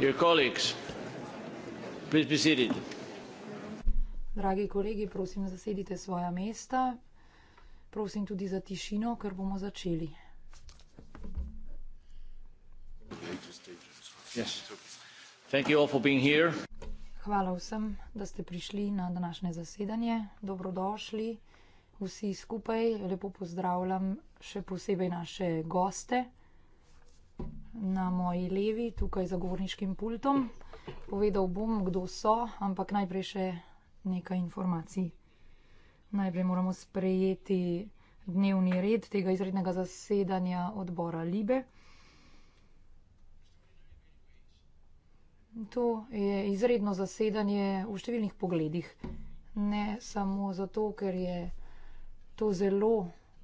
Dear colleagues, please be seated. Dragi kolegi, prosim, zasedite svoja mesta. Prosim tudi za tišino, ker bomo začeli. Yes. Thank you all for being here. Hvala vsem, da ste prišli na današnje zasedanje. Dobrodošli vsi skupaj. Lepo pozdravljam še posebej naše goste na moji levi, tukaj za govorniškim pultom. Povedal bom, kdo so, ampak najprej še nekaj informacij. Najprej moramo sprejeti dnevni red tega izrednega zasedanja odbora Libe. To je izredno zasedanje v številnih pogledih. Ne samo zato, ker je to zelo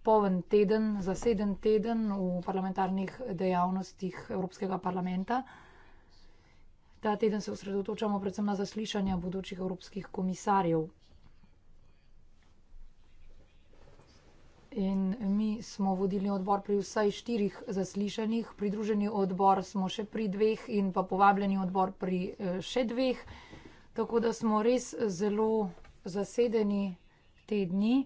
poln teden, zaseden teden v parlamentarnih dejavnostih Evropskega parlamenta. Ta teden se osredotočamo predvsem na zaslišanja bodočih evropskih komisarjev. In mi smo vodili odbor pri vsaj štirih zaslišanjih, pridruženi odbor smo še pri dveh in pa povabljeni odbor pri eh, še dveh. Tako da smo res zelo zasedeni te dni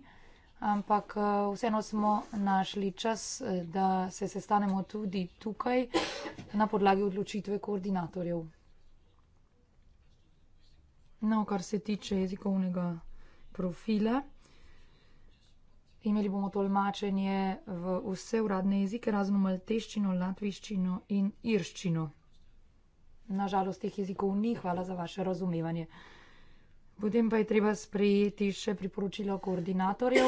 ampak eh, vseeno smo našli čas, eh, da se sestanemo tudi tukaj na podlagi odločitve koordinatorjev. No, kar se tiče jezikovnega profila, imeli bomo tolmačenje v vse uradne jezike, razen malteščino, latviščino in irščino. Nažalost, teh jezikov ni. Hvala za vaše razumevanje. Potem pa je treba sprejeti še priporočilo koordinatorjev.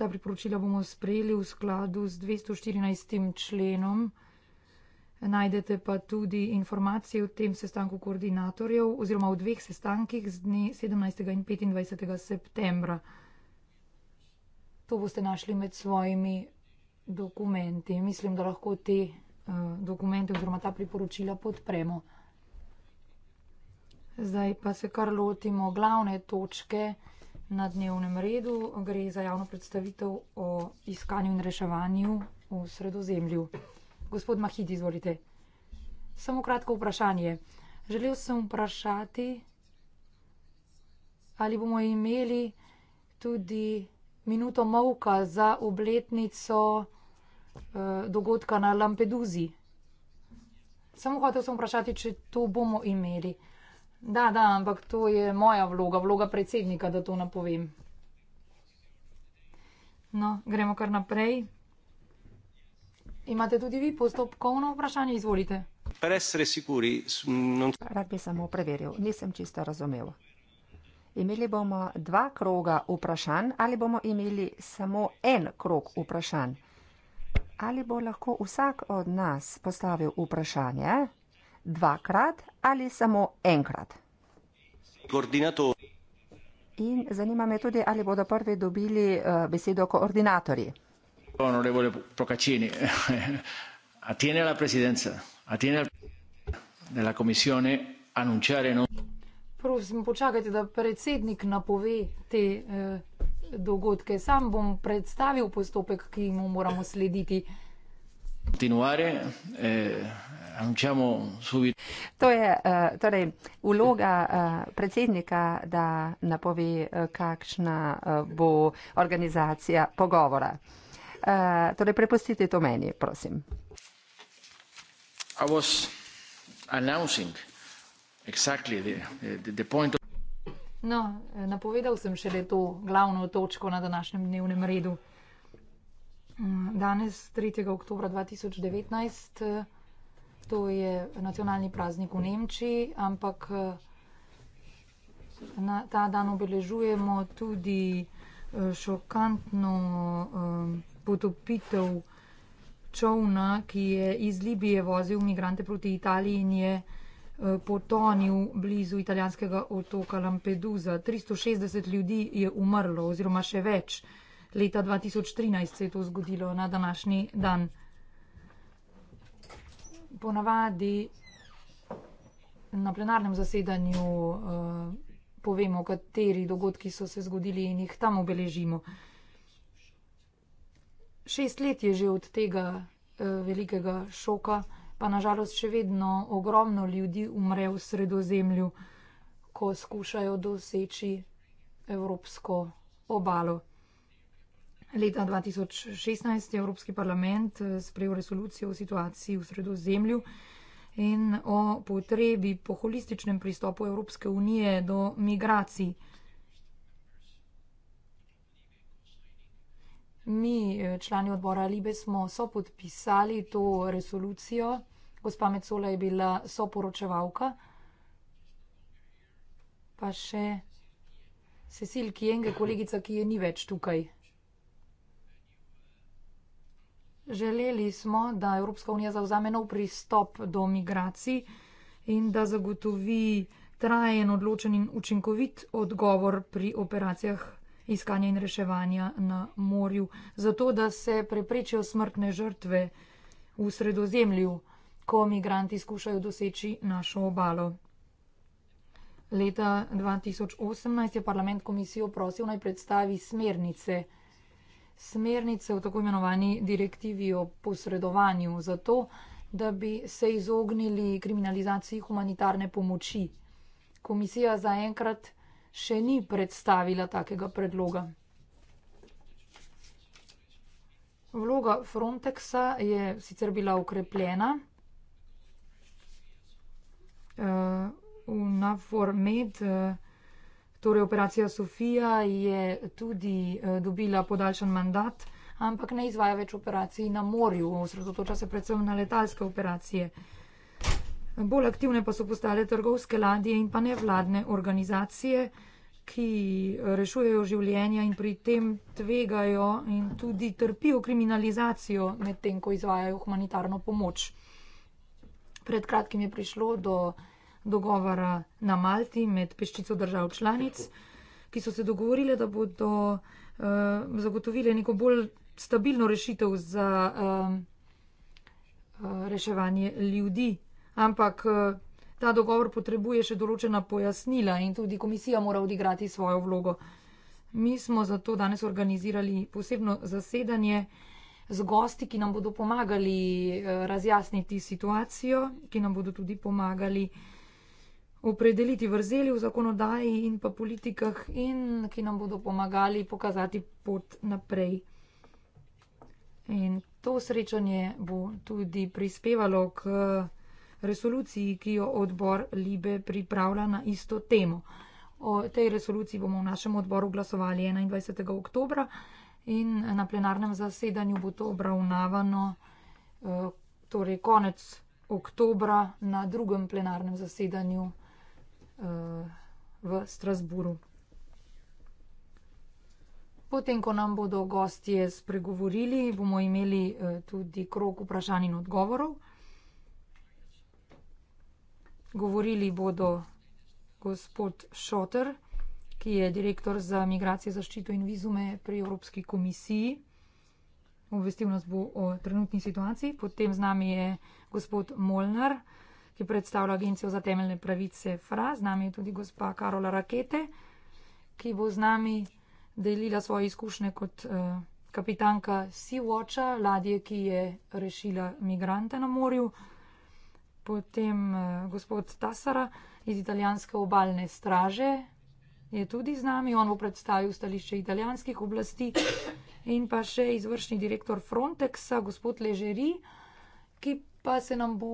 Ta priporočila bomo sprejeli v skladu z 214. členom. Najdete pa tudi informacije o tem sestanku koordinatorjev oziroma o dveh sestankih z dne 17. in 25. septembra. To boste našli med svojimi dokumenti. Mislim, da lahko te Eh, dokumente oziroma ta priporočila podpremo. Zdaj pa se kar lotimo glavne točke na dnevnem redu. Gre za javno predstavitev o iskanju in reševanju v sredozemlju. Gospod Mahid, izvolite. Samo kratko vprašanje. Želel sem vprašati, ali bomo imeli tudi minuto mavka za obletnico. Eh, dogodka na Lampeduzi. Samo hotel sem vprašati, če to bomo imeli. Da, da, ampak to je moja vloga, vloga predsednika, da to napovem. No, gremo kar naprej. Imate tudi vi postopkovno vprašanje, izvolite. Rad bi samo preveril, nisem čisto razumel. Imeli bomo dva kroga vprašanj ali bomo imeli samo en krog vprašanj? ali bo lahko vsak od nas postavil vprašanje dvakrat ali samo enkrat. Koordinator. In zanima me tudi, ali bodo prvi dobili eh, besedo koordinatorji. Onorevole Procaccini, attiene la presidenza, attiene della commissione annunciare. No- Prosim, počakajte, da predsednik napove te. Eh, dogodke. Sam bom predstavil postopek, ki mu moramo slediti. Continuare, eh, anciamo subito. To je eh, torej, vloga eh, predsednika, da napovi, eh, kakšna bo organizacija pogovora. Torej, prepustite to meni, prosim. I was announcing exactly the, the, the point of No, napovedal sem še to glavno točko na današnjem dnevnem redu. Mm, danes, 3. oktober 2019, to je nacionalni praznik v Nemčiji, ampak na ta dan obeležujemo tudi eh, šokantno eh, potopitev čovna, ki je iz Libije vozil migrante proti Italiji in je Eh, potonil blizu italijanskega otoka Lampedusa. 360 ljudi je umrlo oziroma še več. Leta 2013 se je to zgodilo na današnji dan. Ponavadi na plenarnem zasedanju uh, povemo, kateri dogodki so se zgodili in jih tam obeležimo. Šest let je že od tega uh, velikega šoka pa nažalost še vedno ogromno ljudi umre v sredozemlju, ko skušajo doseči evropsko obalo. Leta 2016 je Evropski parlament eh, sprejel resolucijo o situaciji v sredozemlju in o potrebi po holističnem pristopu Evropske unije do migracij. Mi, eh, člani odbora Libe, smo sopodpisali to resolucijo. Gospa Mecola je bila soporočevalka. Pa še Cecil Kienge, kolegica, ki je ni več tukaj. Želeli smo, da Evropska unija zauzame nov pristop do migracij in da zagotovi trajen, odločen in učinkovit odgovor pri operacijah iskanja in reševanja na morju, zato da se preprečijo smrtne žrtve v sredozemlju ko migranti skušajo doseči našo obalo. Leta 2018 je parlament komisijo prosil naj predstavi smernice. Smernice v tako imenovani direktivi o posredovanju za to, da bi se izognili kriminalizaciji humanitarne pomoči. Komisija zaenkrat še ni predstavila takega predloga. Vloga Frontexa je sicer bila ukrepljena. Eh, v Nafor Med, eh, torej operacija Sofija je tudi eh, dobila podaljšan mandat, ampak ne izvaja več operacij na morju, osredotoča se predvsem na letalske operacije. Bolj aktivne pa so postale trgovske ladje in pa nevladne organizacije, ki rešujejo življenja in pri tem tvegajo in tudi trpijo kriminalizacijo med tem, ko izvajajo humanitarno pomoč. Pred kratkim je prišlo do dogovora na Malti med peščico držav članic, ki so se dogovorile, da bodo uh, zagotovile neko bolj stabilno rešitev za uh, uh, reševanje ljudi. Ampak uh, ta dogovor potrebuje še določena pojasnila in tudi komisija mora odigrati svojo vlogo. Mi smo zato danes organizirali posebno zasedanje, uh, z gosti, ki nam bodo pomagali eh, razjasniti situacijo, ki nam bodo tudi pomagali opredeliti vrzeli v zakonodaji in pa politikah in ki nam bodo pomagali pokazati pot naprej. In to srečanje bo tudi prispevalo k resoluciji, ki jo odbor Libe pripravlja na isto temo. O tej resoluciji bomo v našem odboru glasovali 21. oktobra in na plenarnem zasedanju bo to obravnavano eh, torej konec oktobra na drugem plenarnem zasedanju eh, v Strasburu. Potem, ko nam bodo gostje spregovorili, bomo imeli eh, tudi krok vprašanj in odgovorov. Govorili bodo gospod Šoter ki je direktor za migracije, zaščito in vizume pri Evropski komisiji. Obvestil nas bo o trenutni situaciji. Potem z nami je gospod Molnar, ki predstavlja Agencijo za temeljne pravice FRA. Z nami je tudi gospa Karola Rakete, ki bo z nami delila svoje izkušnje kot eh, kapitanka Sea-Watcha, ladje, ki je rešila migrante na morju. Potem eh, gospod Tassara iz italijanske obalne straže, je tudi z nami, on bo predstavil stališče italijanskih oblasti in pa še izvršni direktor Frontexa, gospod Ležeri, ki pa se nam bo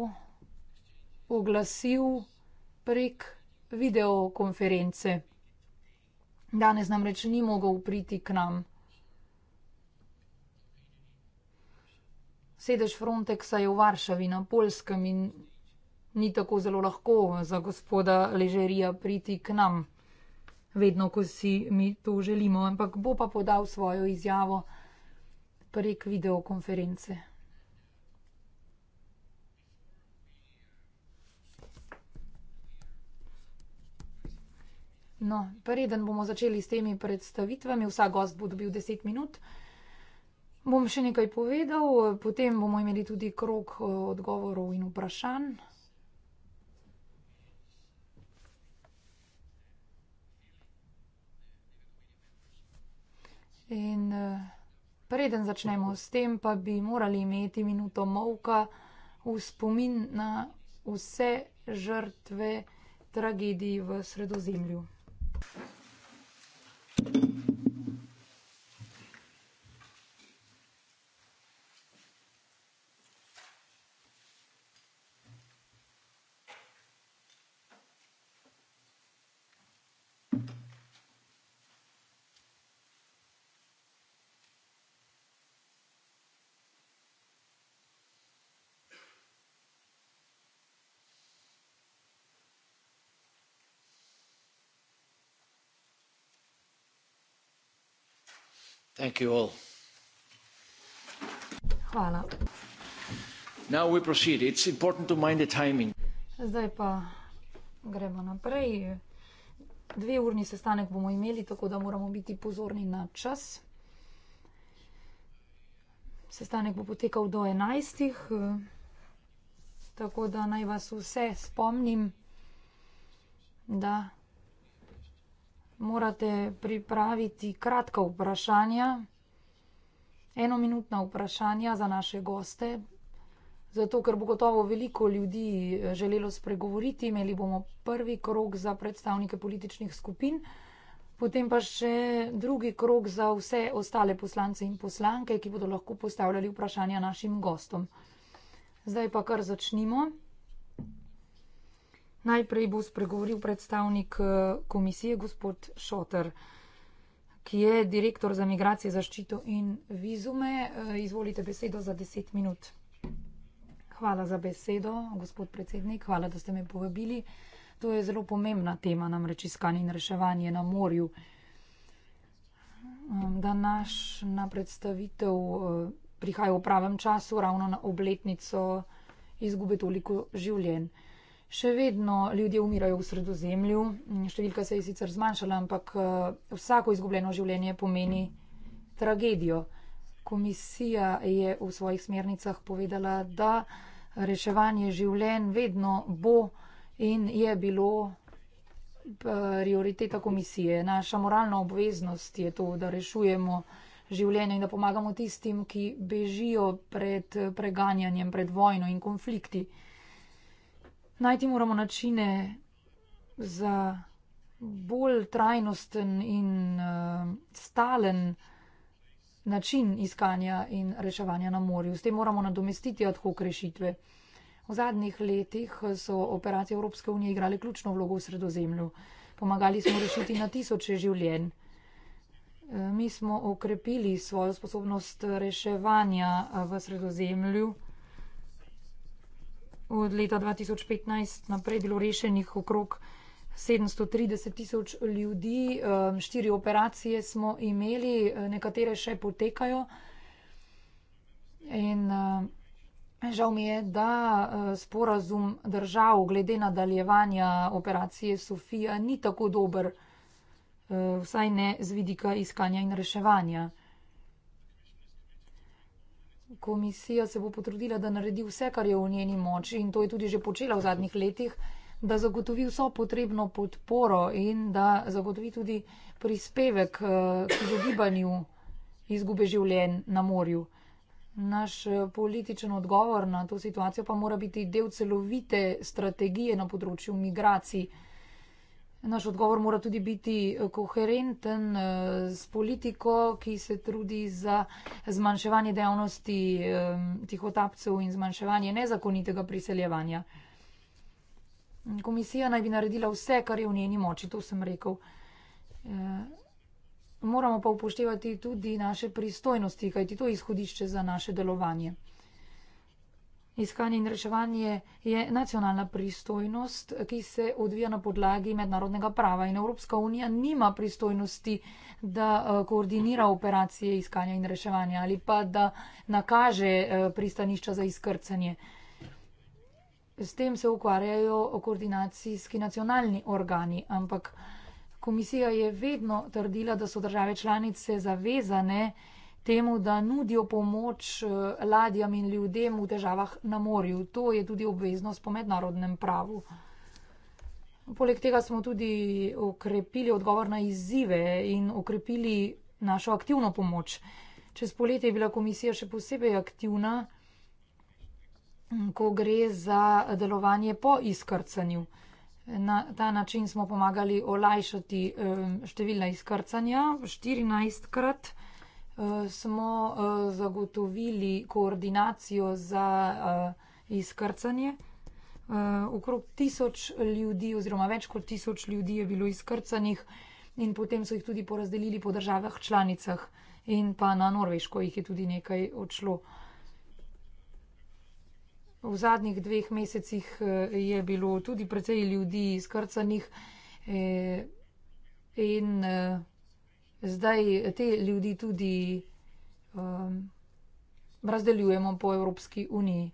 oglasil prek videokonference. Danes nam reč ni mogel priti k nam. Sedež Frontexa je v Varšavi na Polskem in ni tako zelo lahko za gospoda Ležerija priti k nam vedno, ko si mi to želimo, ampak bo pa podal svojo izjavo prek videokonference. No, preden bomo začeli s temi predstavitvami, vsak gost bo dobil 10 minut. Bom še nekaj povedal, potem bomo imeli tudi krok eh, odgovorov in vprašanj. In eh, preden začnemo s tem, pa bi morali imeti minuto molka v spomin na vse žrtve tragediji v sredozemlju. Thank you all. Hvala. Now we proceed. It's important to mind the timing. Zdaj pa gremo naprej. Dve urni sestanek bomo imeli, tako da moramo biti pozorni na čas. Sestanek bo potekal do enajstih, tako da naj vas vse spomnim, da morate pripraviti kratka vprašanja, enominutna vprašanja za naše goste, zato ker bo gotovo veliko ljudi eh, želelo spregovoriti. Imeli bomo prvi krok za predstavnike političnih skupin, potem pa še drugi krok za vse ostale poslance in poslanke, ki bodo lahko postavljali vprašanja našim gostom. Zdaj pa kar začnimo. Najprej bo spregovoril predstavnik eh, komisije, gospod Šoter, ki je direktor za migracije, zaščito in vizume. Eh, izvolite besedo za deset minut. Hvala za besedo, gospod predsednik. Hvala, da ste me povabili. To je zelo pomembna tema, namreč iskanje in reševanje na morju. Eh, da naš na predstavitev prihaja v pravem času, ravno na obletnico izgube toliko življenj. Še vedno ljudje umirajo v sredozemlju, številka se je sicer zmanjšala, ampak eh, vsako izgubljeno življenje pomeni tragedijo. Komisija je v svojih smernicah povedala, da reševanje življenj vedno bo in je bilo eh, prioriteta komisije. Naša moralna obveznost je to, da rešujemo življenje in da pomagamo tistim, ki bežijo pred preganjanjem, pred vojno in konflikti najti moramo načine za bolj trajnosten in uh, stalen način iskanja in reševanja na morju. S tem moramo nadomestiti ad hoc rešitve. V zadnjih letih so operacije Evropske unije igrale ključno vlogo v sredozemlju. Pomagali smo rešiti na tisoče življenj. Eh, mi smo okrepili svojo sposobnost reševanja eh, v sredozemlju od leta 2015 naprej bilo rešenih okrog 730 tisoč ljudi, ehm, štiri operacije smo imeli, eh, nekatere še potekajo. In eh, žal mi je, da eh, sporazum držav glede nadaljevanja operacije Sofija ni tako dober, vsaj ne z vidika iskanja in reševanja komisija se bo potrudila, da naredi vse, kar je v njeni moči in to je tudi že počela v zadnjih letih, da zagotovi vso potrebno podporo in da zagotovi tudi prispevek eh, k izogibanju izgube življenj na morju. Naš eh, političen odgovor na to situacijo pa mora biti del celovite strategije na področju migracij. Naš odgovor mora tudi biti eh, koherenten eh, s politiko, ki se trudi za zmanjševanje dejavnosti eh, tihotapcev in zmanjševanje nezakonitega priseljevanja. Komisija naj bi naredila vse, kar je v njeni moči, to sem rekel. Moramo pa upoštevati tudi naše pristojnosti, kajti to je izhodišče za naše delovanje. Iskanje in reševanje je nacionalna pristojnost, ki se odvija na podlagi mednarodnega prava in Evropska unija nima pristojnosti, da eh, koordinira operacije iskanja in reševanja ali pa da nakaže eh, pristanišča za izkrcanje. S tem se ukvarjajo koordinacijski nacionalni organi, ampak komisija je vedno trdila, da so države članice zavezane, temu, da nudijo pomoč eh, ladjam in ljudem v težavah na morju. To je tudi obveznost po mednarodnem pravu. Poleg tega smo tudi okrepili odgovor na izzive in okrepili našo aktivno pomoč. Čez poletje je bila komisija še posebej aktivna, ko gre za delovanje po izkrcanju. Na ta način smo pomagali olajšati eh, številna izkrcanja, 14 krat. Eh, smo eh, zagotovili koordinacijo za eh, izkrcanje. Okrog tisoč ljudi oziroma več kot tisoč ljudi je bilo izkrcanih in potem so jih tudi porazdelili po državah članicah in pa na Norveško jih je tudi nekaj odšlo. V zadnjih dveh mesecih je bilo tudi precej ljudi izkrcanih in zdaj te ljudi tudi um, razdeljujemo po Evropski uniji.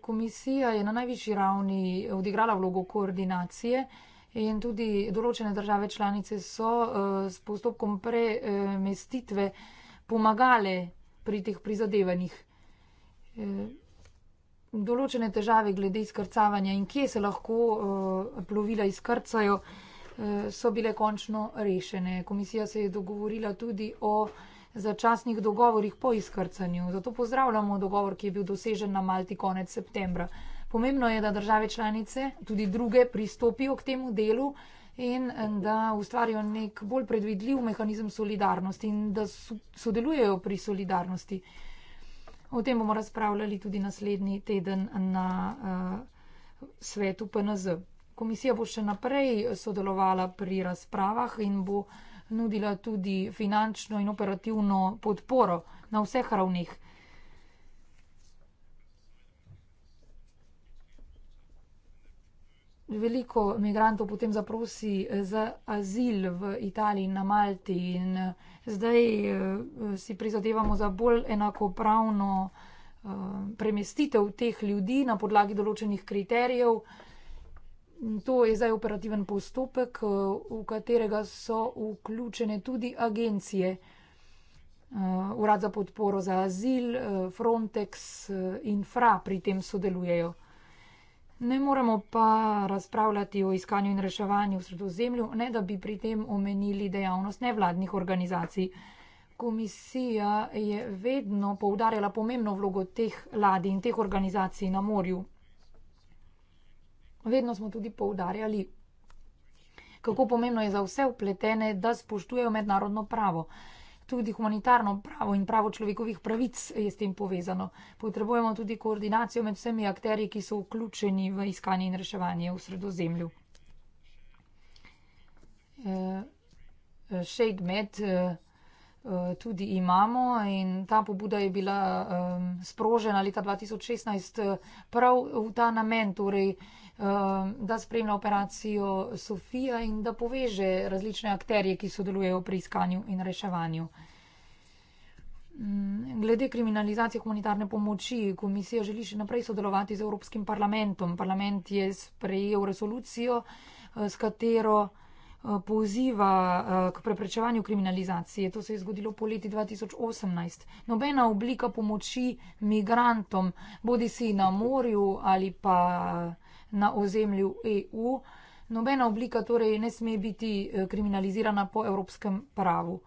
Komisija je na najvišji ravni odigrala vlogo koordinacije in tudi določene države članice so uh, s postopkom premestitve pomagale pri teh prizadevanjih. Uh, določene težave glede izkrcavanja in kje se lahko uh, plovila izkrcajo. Uh, so bile končno rešene. Komisija se je dogovorila tudi o začasnih dogovorih po izkrcanju. Zato pozdravljamo dogovor, ki je bil dosežen na Malti konec septembra. Pomembno je, da države članice, tudi druge, pristopijo k temu delu in da ustvarijo nek bolj predvidljiv mehanizem solidarnosti in da sodelujejo pri solidarnosti. O tem bomo razpravljali tudi naslednji teden na uh, svetu PNZ. Komisija bo še naprej sodelovala pri razpravah in bo nudila tudi finančno in operativno podporo na vseh ravnih. Veliko migrantov potem zaprosi za azil v Italiji in na Malti in eh, zdaj eh, si prizadevamo za bolj enakopravno eh, premestitev teh ljudi na podlagi določenih kriterijev. To je zdaj operativen postopek, eh, v katerega so vključene tudi agencije, eh, Urad za podporo za azil, eh, Frontex in FRA pri tem sodelujejo. Ne moramo pa razpravljati o iskanju in reševanju v sredozemlju, ne da bi pri tem omenili dejavnost nevladnih organizacij. Komisija je vedno poudarjala pomembno vlogo teh ladij in teh organizacij na morju, Vedno smo tudi poudarjali, kako pomembno je za vse upletene, da spoštujejo mednarodno pravo. Tudi humanitarno pravo in pravo človekovih pravic je s tem povezano. Potrebujemo tudi koordinacijo med vsemi akteri, ki so vključeni v iskanje in reševanje v sredozemlju. Uh, eh, eh, shade Med uh, tudi imamo in ta pobuda je bila um, sprožena leta 2016 prav v ta namen, torej uh, Um, da spremlja operacijo Sofija in da poveže različne akterje, ki sodelujejo pri iskanju in reševanju. Mm, glede kriminalizacije humanitarne pomoči, komisija želi še naprej sodelovati z Evropskim parlamentom. Parlament je sprejel resolucijo, eh, s katero eh, poziva eh, k preprečevanju kriminalizacije. To se je zgodilo po leti 2018. Nobena oblika pomoči migrantom, bodi si na morju ali pa na ozemlju EU. Nobena oblika torej ne sme biti eh, kriminalizirana po evropskem pravu.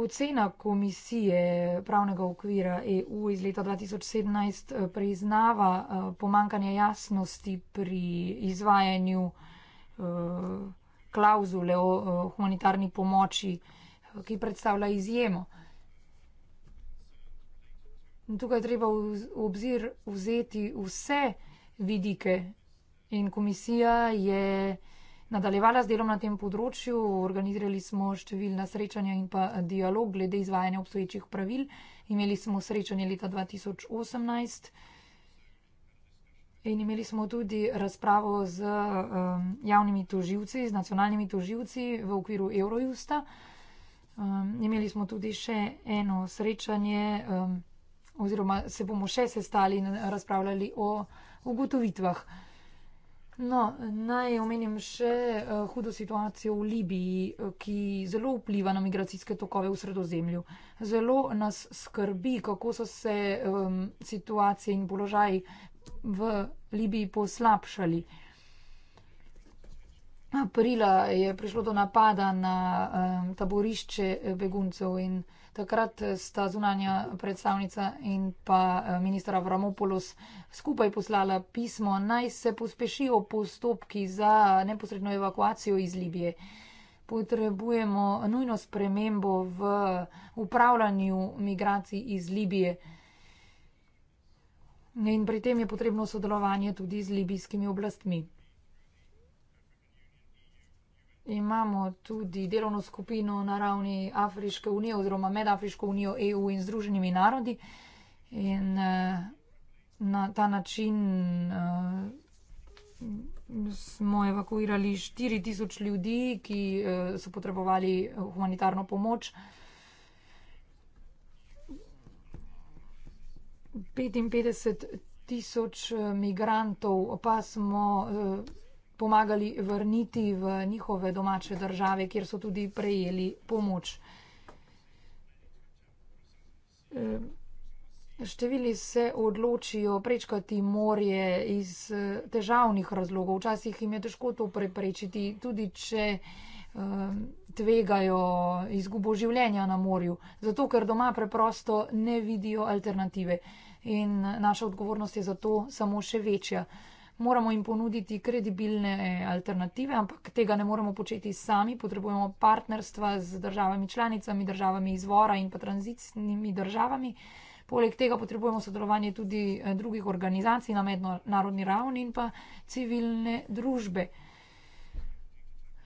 Ocena komisije pravnega okvira EU iz leta 2017 eh, priznava eh, pomankanje jasnosti pri izvajanju klauzule o humanitarni pomoči, ki predstavlja izjemo. In tukaj je treba v obzir vzeti vse vidike. In komisija je nadaljevala z delom na tem področju, organizirali smo številna srečanja in pa dialog glede izvajanja obstoječih pravil. Imeli smo srečanje leta 2018 in imeli smo tudi razpravo z um, javnimi toživci, z nacionalnimi toživci v okviru Eurojusta. Um, imeli smo tudi še eno srečanje. Um, oziroma se bomo še sestali in razpravljali o ugotovitvah. No, naj omenim še eh, hudo situacijo v Libiji, eh, ki zelo vpliva na migracijske tokove v sredozemlju. Zelo nas skrbi, kako so se um, situacije in položaj v Libiji poslabšali. Aprila je prišlo do napada na um, taborišče beguncev in. Takrat eh, sta zunanja predstavnica in pa eh, ministra Vramopolos skupaj poslala pismo, naj se pospešijo postopki za neposredno evakuacijo iz Libije. Potrebujemo nujno spremembo v upravljanju migracij iz Libije. In pri tem je potrebno sodelovanje tudi z libijskimi oblastmi. Imamo tudi delovno skupino na ravni Afriške unije oziroma med Afriško unijo, EU in Združenimi narodi. In eh, na ta način eh, smo evakuirali 4000 ljudi, ki eh, so potrebovali humanitarno pomoč. 55 tisoč migrantov pa smo pomagali vrniti v njihove domače države, kjer so tudi prejeli pomoč. Eh, Števili se odločijo prečkati morje iz eh, težavnih razlogov. Včasih jim je težko to preprečiti, tudi če eh, tvegajo izgubo življenja na morju, zato ker doma preprosto ne vidijo alternative. In naša odgovornost je zato samo še večja moramo jim ponuditi kredibilne alternative, ampak tega ne moramo početi sami. Potrebujemo partnerstva z državami članicami, državami izvora in pa tranzitnimi državami. Poleg tega potrebujemo sodelovanje tudi eh, drugih organizacij na mednarodni ravni in pa civilne družbe.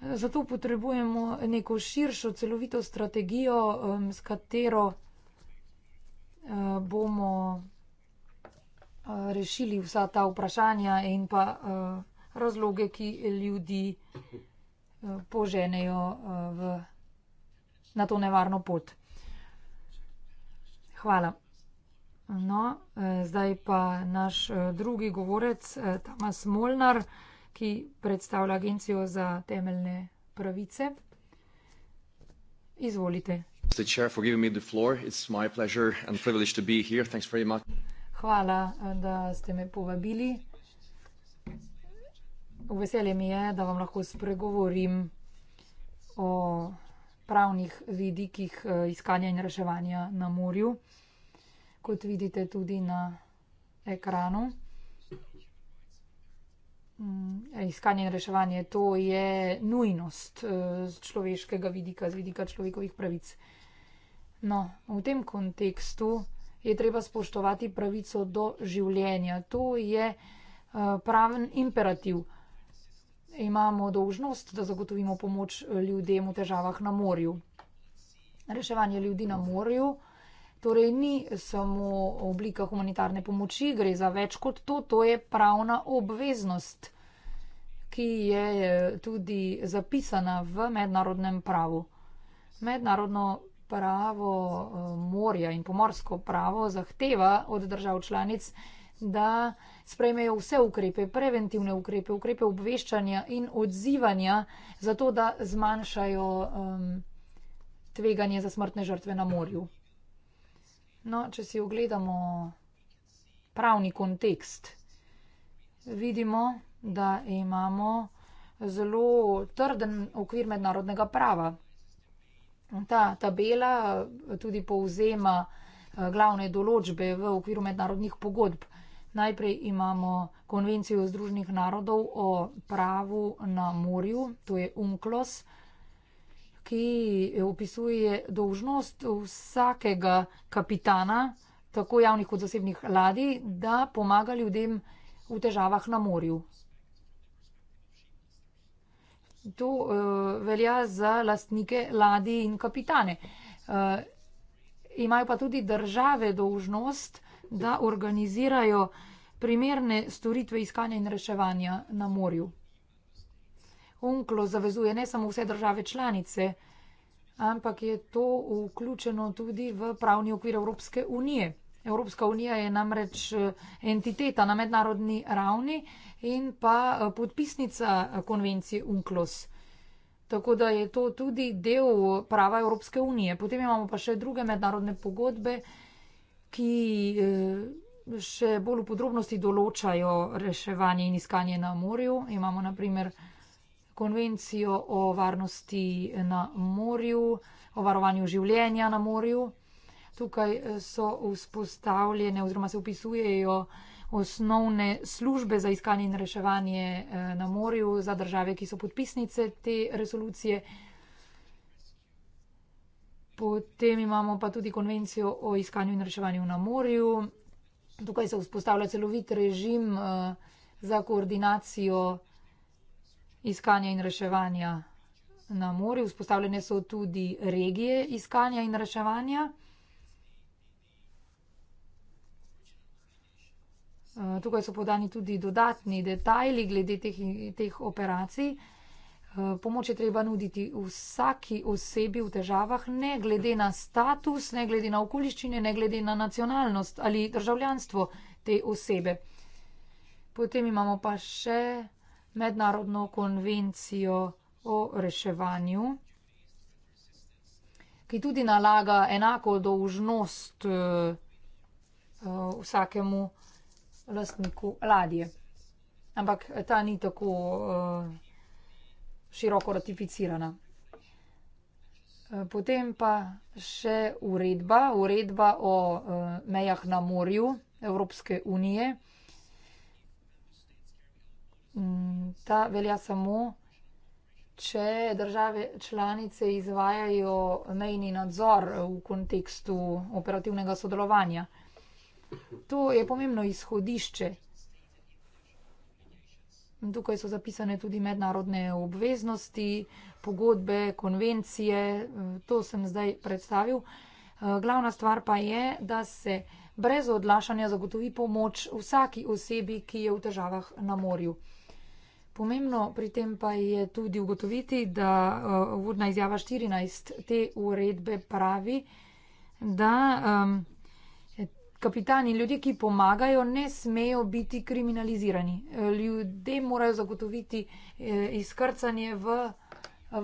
Zato potrebujemo neko širšo, celovito strategijo, eh, s katero eh, bomo Eh, rešili vsa ta vprašanja in pa eh, razloge, ki ljudi eh, poženejo v, na to nevarno pot. Hvala. No, zdaj pa naš drugi govorec, Tamas Molnar, ki predstavlja Agencijo za temeljne pravice. Izvolite. Mr. Chair, for giving me the floor. It's my pleasure and privilege to be here. Thanks very much hvala, da ste me povabili. Veselje mi je, da vam lahko spregovorim o pravnih vidikih eh, iskanja in reševanja na morju, kot vidite tudi na ekranu. Mm, iskanje in reševanje to je nujnost eh, z človeškega vidika, z vidika človekovih pravic. No, v tem kontekstu je treba spoštovati pravico do življenja. To je eh, praven imperativ. Imamo dožnost, da zagotovimo pomoč eh, ljudem v težavah na morju. Reševanje ljudi na morju torej ni samo oblika humanitarne pomoči, gre za več kot to, to je pravna obveznost, ki je eh, tudi zapisana v mednarodnem pravu. Mednarodno pravo mo morja in pomorsko pravo zahteva od držav članic, da sprejmejo vse ukrepe, preventivne ukrepe, ukrepe obveščanja in odzivanja, zato da zmanjšajo um, tveganje za smrtne žrtve na morju. No, če si ogledamo pravni kontekst, vidimo, da imamo zelo trden okvir mednarodnega prava. Ta tabela eh, tudi povzema eh, glavne določbe v okviru mednarodnih pogodb. Najprej imamo konvencijo Združenih narodov o pravu na morju, to je UNCLOS, ki eh, opisuje dožnost vsakega kapitana, tako javnih kot zasebnih ladij, da pomaga ljudem v težavah na morju to uh, velja za lastnike ladi in kapitane. Uh, imajo pa tudi države dolžnost, da organizirajo primerne storitve iskanja in reševanja na morju. UNCLO zavezuje ne samo vse države članice, ampak je to vključeno tudi v pravni okvir Evropske unije. Evropska unija je namreč eh, entiteta na mednarodni ravni in pa eh, podpisnica eh, konvencije UNCLOS. Tako da je to tudi del prava Evropske unije. Potem imamo pa še druge mednarodne pogodbe, ki še bolj v podrobnosti določajo reševanje in iskanje na morju. Imamo naprimer konvencijo o varnosti na morju, o varovanju življenja na morju. Tukaj eh, so vzpostavljene oziroma se upisujejo osnovne službe za iskanje in reševanje eh, na morju za države, ki so podpisnice te resolucije. Potem imamo pa tudi konvencijo o iskanju in reševanju na morju. Tukaj se vzpostavlja celovit režim eh, za koordinacijo iskanja in reševanja na morju. Vzpostavljene so tudi regije iskanja in reševanja. Eh, tukaj so podani tudi dodatni detajli glede teh, teh operacij. Eh, pomoč je treba nuditi vsaki osebi v težavah, ne glede na status, ne glede na okoliščine, ne glede na nacionalnost ali državljanstvo te osebe. Potem imamo pa še mednarodno konvencijo o reševanju, ki tudi nalaga enako dolžnost eh, vsakemu lastniku ladje. Ampak ta ni tako uh, široko ratificirana. Eh, potem pa še uredba, uredba o uh, mejah na morju Evropske unije. Mm, ta velja samo, če države članice izvajajo mejni nadzor v kontekstu operativnega sodelovanja. To je pomembno izhodišče. In tukaj so zapisane tudi mednarodne obveznosti, pogodbe, konvencije. To sem zdaj predstavil. Glavna stvar pa je, da se brez odlašanja zagotovi pomoč vsaki osebi, ki je v težavah na morju. Pomembno pri tem pa je tudi ugotoviti, da vodna izjava 14 te uredbe pravi, da. Um, kapitani, ljudje, ki pomagajo, ne smejo biti kriminalizirani. Ljudje morajo zagotoviti eh, izkrcanje v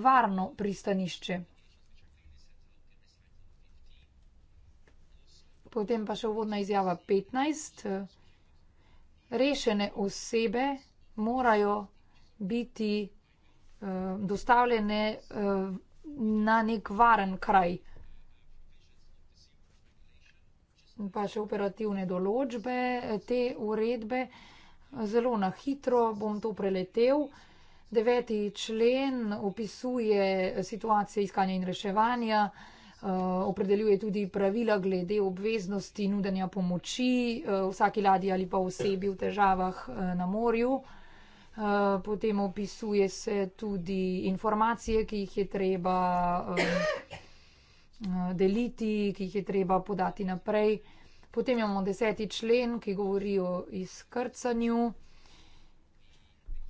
varno pristanišče. Potem pa še uvodna izjava 15. Rešene osebe morajo biti eh, dostavljene eh, na nek varen kraj. pa še operativne določbe eh, te uredbe. Zelo na hitro bom to preletel. Deveti člen opisuje situacije iskanja in reševanja, eh, opredeljuje tudi pravila glede obveznosti nudenja pomoči eh, vsaki ladji ali pa osebi v težavah na morju. Potem opisuje se tudi informacije, ki jih je treba Eh, deliti, ki jih je treba podati naprej. Potem imamo deseti člen, ki govori o izkrcanju.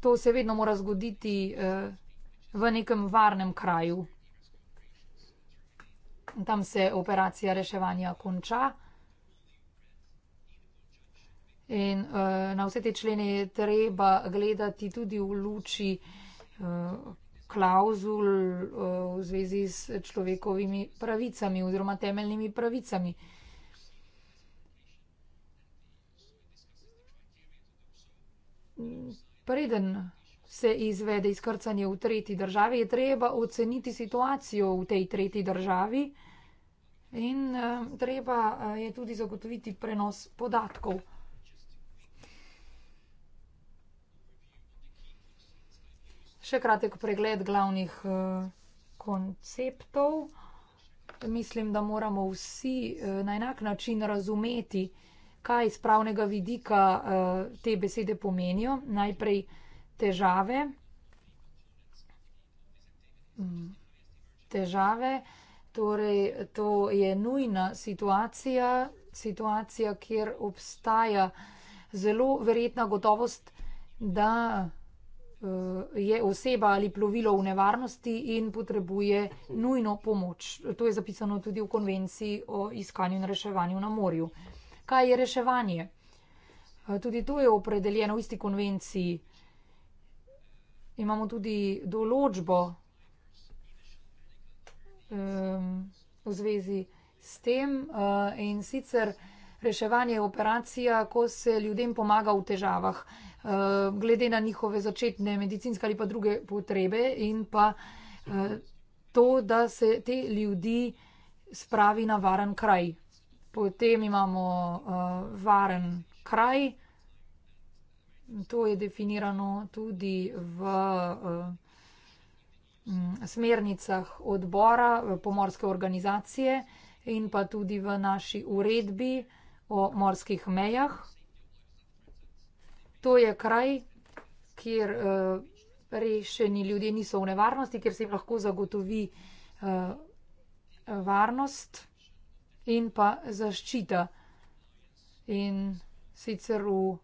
To se vedno mora zgoditi eh, v nekem varnem kraju. Tam se operacija reševanja konča. In uh, na vse te člene je treba gledati tudi v luči uh, klauzul eh, v zvezi s človekovimi pravicami oziroma temeljnimi pravicami. Preden se izvede izkrcanje v tretji državi, je treba oceniti situacijo v tej tretji državi in eh, treba eh, je tudi zagotoviti prenos podatkov. Še kratek pregled glavnih eh, konceptov. Mislim, da moramo vsi eh, na enak način razumeti, kaj iz pravnega vidika eh, te besede pomenijo. Najprej težave. Mm, težave. Torej, to je nujna situacija, situacija, kjer obstaja zelo verjetna gotovost, da Eh, je oseba ali plovilo v nevarnosti in potrebuje nujno pomoč. To je zapisano tudi v konvenciji o iskanju in reševanju na morju. Kaj je reševanje? Eh, tudi to je opredeljeno v isti konvenciji. Imamo tudi določbo um, v zvezi s tem uh, in sicer reševanje je operacija, ko se ljudem pomaga v težavah. Uh, Eh, glede na njihove začetne medicinske ali pa druge potrebe in pa eh, to, da se te ljudi spravi na varen kraj. Potem imamo eh, varen kraj, to je definirano tudi v smernicah odbora pomorske organizacije in pa tudi v naši uredbi o morskih mejah to je kraj, kjer uh, rešeni ljudje niso v nevarnosti, kjer se jim lahko zagotovi uh, varnost in pa zaščita. In sicer v uh,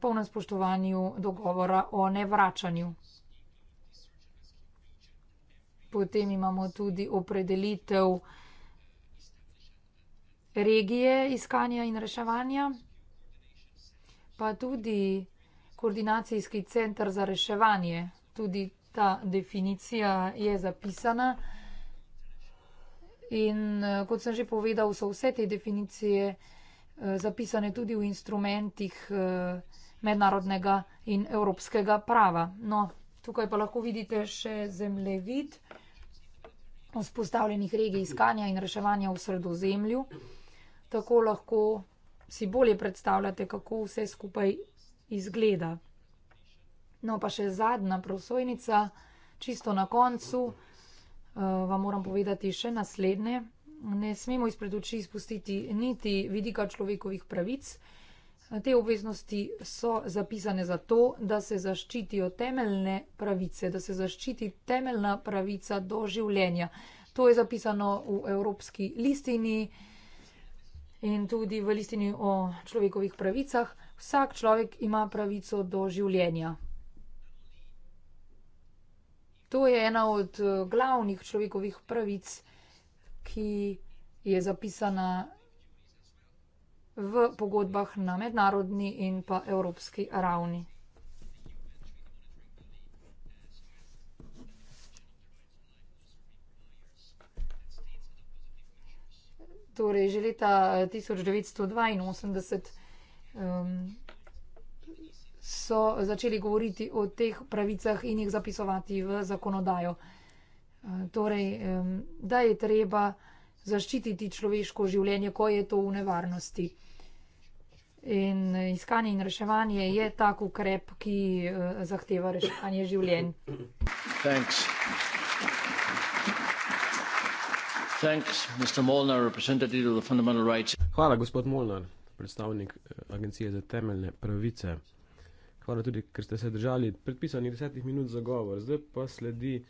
polnem spoštovanju dogovora o nevračanju. Potem imamo tudi opredelitev regije iskanja in reševanja pa tudi koordinacijski center za reševanje. Tudi ta definicija je zapisana. In eh, kot sem že povedal, so vse te definicije eh, zapisane tudi v instrumentih eh, mednarodnega in evropskega prava. No, tukaj pa lahko vidite še zemljevid vzpostavljenih regij iskanja in reševanja v sredozemlju. Tako lahko si bolje predstavljate, kako vse skupaj izgleda. No, pa še zadnja prosojnica, čisto na koncu, uh, vam moram povedati še naslednje. Ne smemo izpred oči izpustiti niti vidika človekovih pravic. Te obveznosti so zapisane zato, da se zaščitijo temeljne pravice, da se zaščiti temeljna pravica do življenja. To je zapisano v Evropski listini. Uh, in tudi v listini o človekovih pravicah. Vsak človek ima pravico do življenja. To je ena od eh, glavnih človekovih pravic, ki je zapisana v pogodbah na mednarodni in pa evropski ravni. torej že leta 1982 eh, um, so začeli govoriti o teh pravicah in jih zapisovati v zakonodajo. Eh, torej, da je treba zaščititi človeško življenje, ko je to v nevarnosti. In iskanje in reševanje je tak ukrep, ki eh, zahteva reševanje življenj. Thanks. Hvala, gospod Molnar, predstavnik eh, Agencije za temeljne pravice. Hvala tudi, ker ste se držali predpisanih desetih minut za govor. Zdaj pa sledi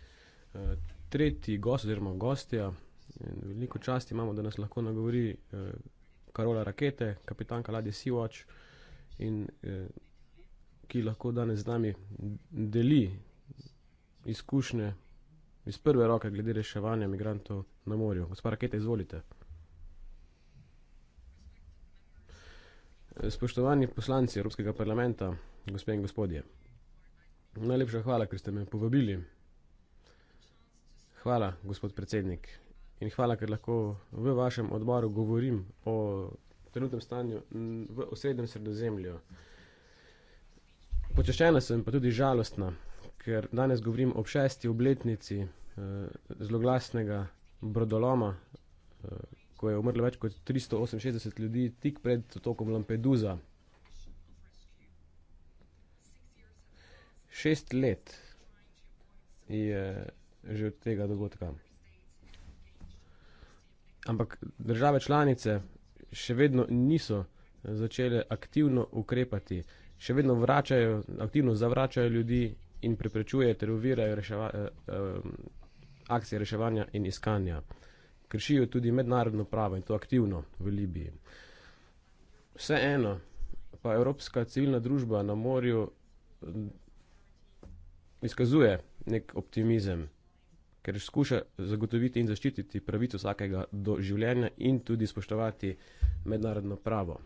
uh, tretji gost oziroma gostja. In veliko časti imamo, da nas lahko nagovori uh, Karola Rakete, kapitanka ladje Sea-Watch, in, uh, ki lahko danes z nami deli izkušnje iz prve roke glede reševanja migrantov на морю. Господа ракета, изволите. Spoštovani poslanci Evropskega parlamenta, gospe in gospodje, najlepša hvala, ker ste me povabili. Hvala, gospod predsednik. In hvala, ker lahko v vašem odboru govorim o trenutnem stanju v osrednjem sredozemlju. Počaščena sem pa tudi žalostna, ker danes govorim ob šesti obletnici eh, zloglasnega brodoloma, eh, ko je umrlo več kot 368 ljudi, tik pred otokom Lampedusa. Šest let je že od tega dogodka. Ampak države članice še vedno niso eh, začele aktivno ukrepati, še vedno vračajo, aktivno zavračajo ljudi in preprečujejo ter ovirajo reševanje. Eh, eh, akcije reševanja in iskanja. Kršijo tudi mednarodno pravo in to aktivno v Libiji. Vseeno pa evropska civilna družba na morju mm, izkazuje nek optimizem, ker skuša zagotoviti in zaščititi pravico vsakega do življenja in tudi spoštovati mednarodno pravo.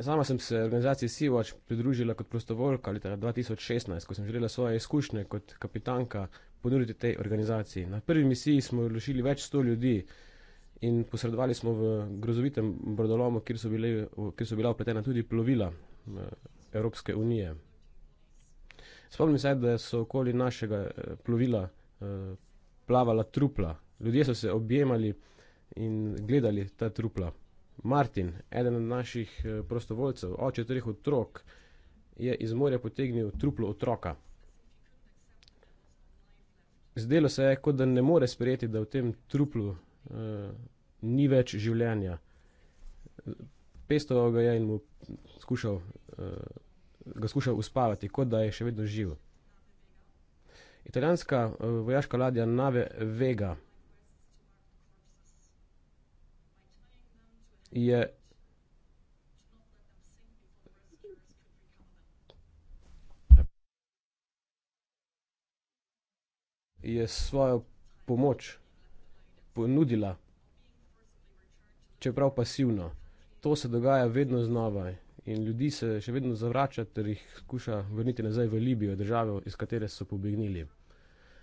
Sama sem se organizaciji Sivač pridružila kot prostovoljka leta 2016, ko sem želela svoje izkušnje kot kapitanka ponuditi tej organizaciji. Na prvi misiji smo rešili več sto ljudi in posredovali smo v grozovitem brodolomu, kjer so, bile, kjer so bila upletena tudi plovila eh, Evropske unije. Spomnim se, da so okoli našega eh, plovila eh, plavala trupla. Ljudje so se objemali in gledali ta trupla. Martin, eden od naših eh, prostovoljcev, oče treh otrok, je iz morja potegnil truplo otroka. Zdelo se je, kot da ne more sprejeti, da v tem truplu uh, ni več življenja. Pestoval ga je in mu skušal, uh, ga skušal uspavati, kot da je še vedno živ. Italijanska uh, vojaška ladja Nave Vega je. Je svojo pomoč ponudila, čeprav pasivno. To se dogaja vedno znova in ljudi se še vedno zavrača, ter jih skuša vrniti nazaj v Libijo, državo, iz katere so pobegnili.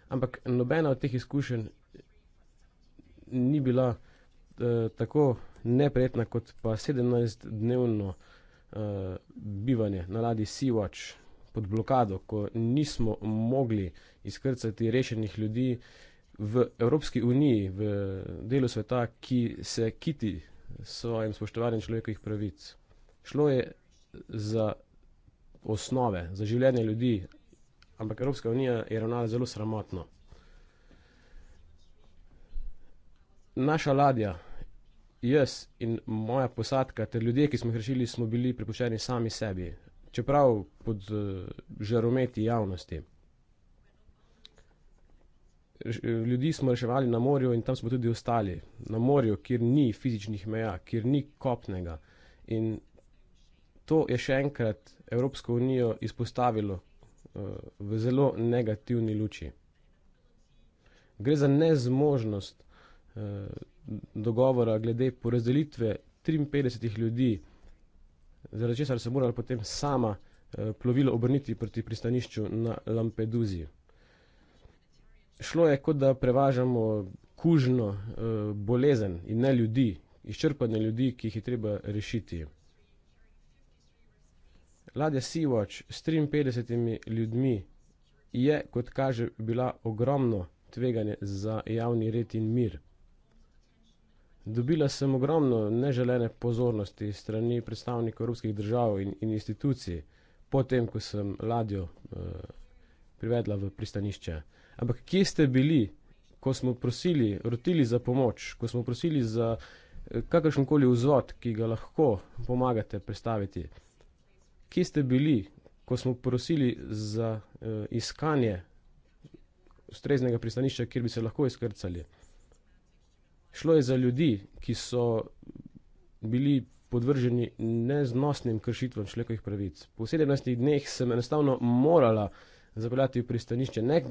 Ampak nobena od teh izkušenj ni bila eh, tako neprijetna kot pa 17-dnevno uh, eh, bivanje na ladji Sea-Watch pod blokado, ko nismo mogli izkrcati rešenih ljudi v Evropski uniji, v delu sveta, ki se kiti svojim spoštovanjem človekovih pravic. Šlo je za osnove, za življenje ljudi, ampak Evropska unija je ravnala zelo sramotno. Naša ladja, jaz in moja posadka ter ljudje, ki smo jih rešili, smo bili prepuščeni sami sebi, čeprav pod uh, žarometi javnosti. Eh, ljudi smo reševali na morju in tam smo tudi ostali, na morju, kjer ni fizičnih meja, kjer ni kopnega. In to je še enkrat Evropsko unijo izpostavilo uh, v zelo negativni luči. Gre za nezmožnost uh, dogovora glede porazdelitve 53 ljudi, zaradi česar se morala potem sama eh, plovilo obrniti proti pristanišču na Lampeduzi. Šlo je, kot da prevažamo kužno eh, bolezen in ne ljudi, izčrpane ljudi, ki jih je treba rešiti. Ladja Sea-Watch s 53 ljudmi je, kot kaže, bila ogromno tveganje za javni red in mir. Dobila sem ogromno neželene pozornosti strani predstavnikov evropskih držav in, in institucij, potem, ko sem ladjo eh, privedla v pristanišče. Ampak kje ste bili, ko smo prosili, rotili za pomoč, ko smo prosili za eh, kakršen koli vzvod, ki ga lahko pomagate predstaviti? Kje ste bili, ko smo prosili za eh, iskanje ustreznega pristanišča, kjer bi se lahko izkrcali? Šlo je za ljudi, ki so bili podvrženi neznosnim kršitvam človekovih pravic. Po 17 dneh sem enostavno morala zapeljati v pristanišče, ne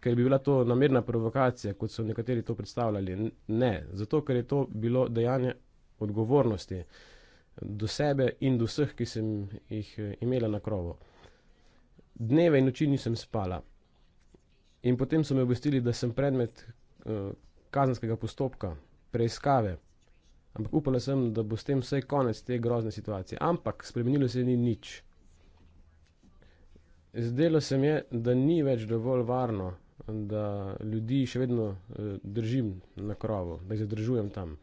ker bi bila to namerna provokacija, kot so nekateri to predstavljali, ne, zato ker je to bilo dejanje odgovornosti do sebe in do vseh, ki sem jih eh, imela na krovo. Dneve in noči nisem spala. In potem so me obvestili, da sem predmet eh, kazenskega postopka, preiskave. Ampak upala sem, da bo s tem vse konec te grozne situacije. Ampak spremenilo se ni nič. Zdelo se mi je, da ni več dovolj varno, da ljudi še vedno eh, držim na krovu, da jih zadržujem tam.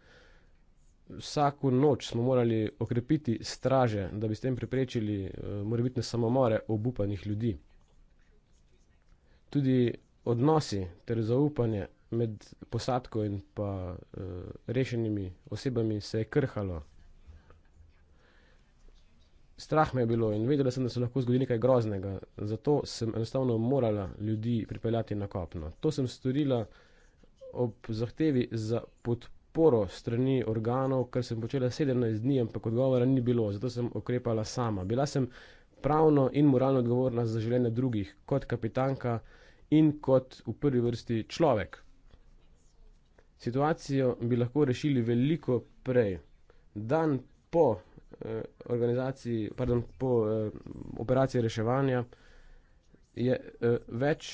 Vsako noč smo morali okrepiti straže, da bi s tem preprečili eh, morebitne samomore obupanih ljudi. Tudi odnosi ter zaupanje med posadko in pa uh, rešenimi osebami se je krhalo. Strah me je bilo in vedela sem, da se lahko zgodi nekaj groznega, zato sem enostavno morala ljudi pripeljati na kopno. To sem storila ob zahtevi za podporo strani organov, kar sem počela 17 dni, ampak odgovora ni bilo, zato sem okrepala sama. Bila sem pravno in moralno odgovorna za življenje drugih, kot kapitanka in kot v prvi vrsti človek. Situacijo bi lahko rešili veliko prej. Dan po, eh, pardon, po eh, operaciji reševanja je eh, več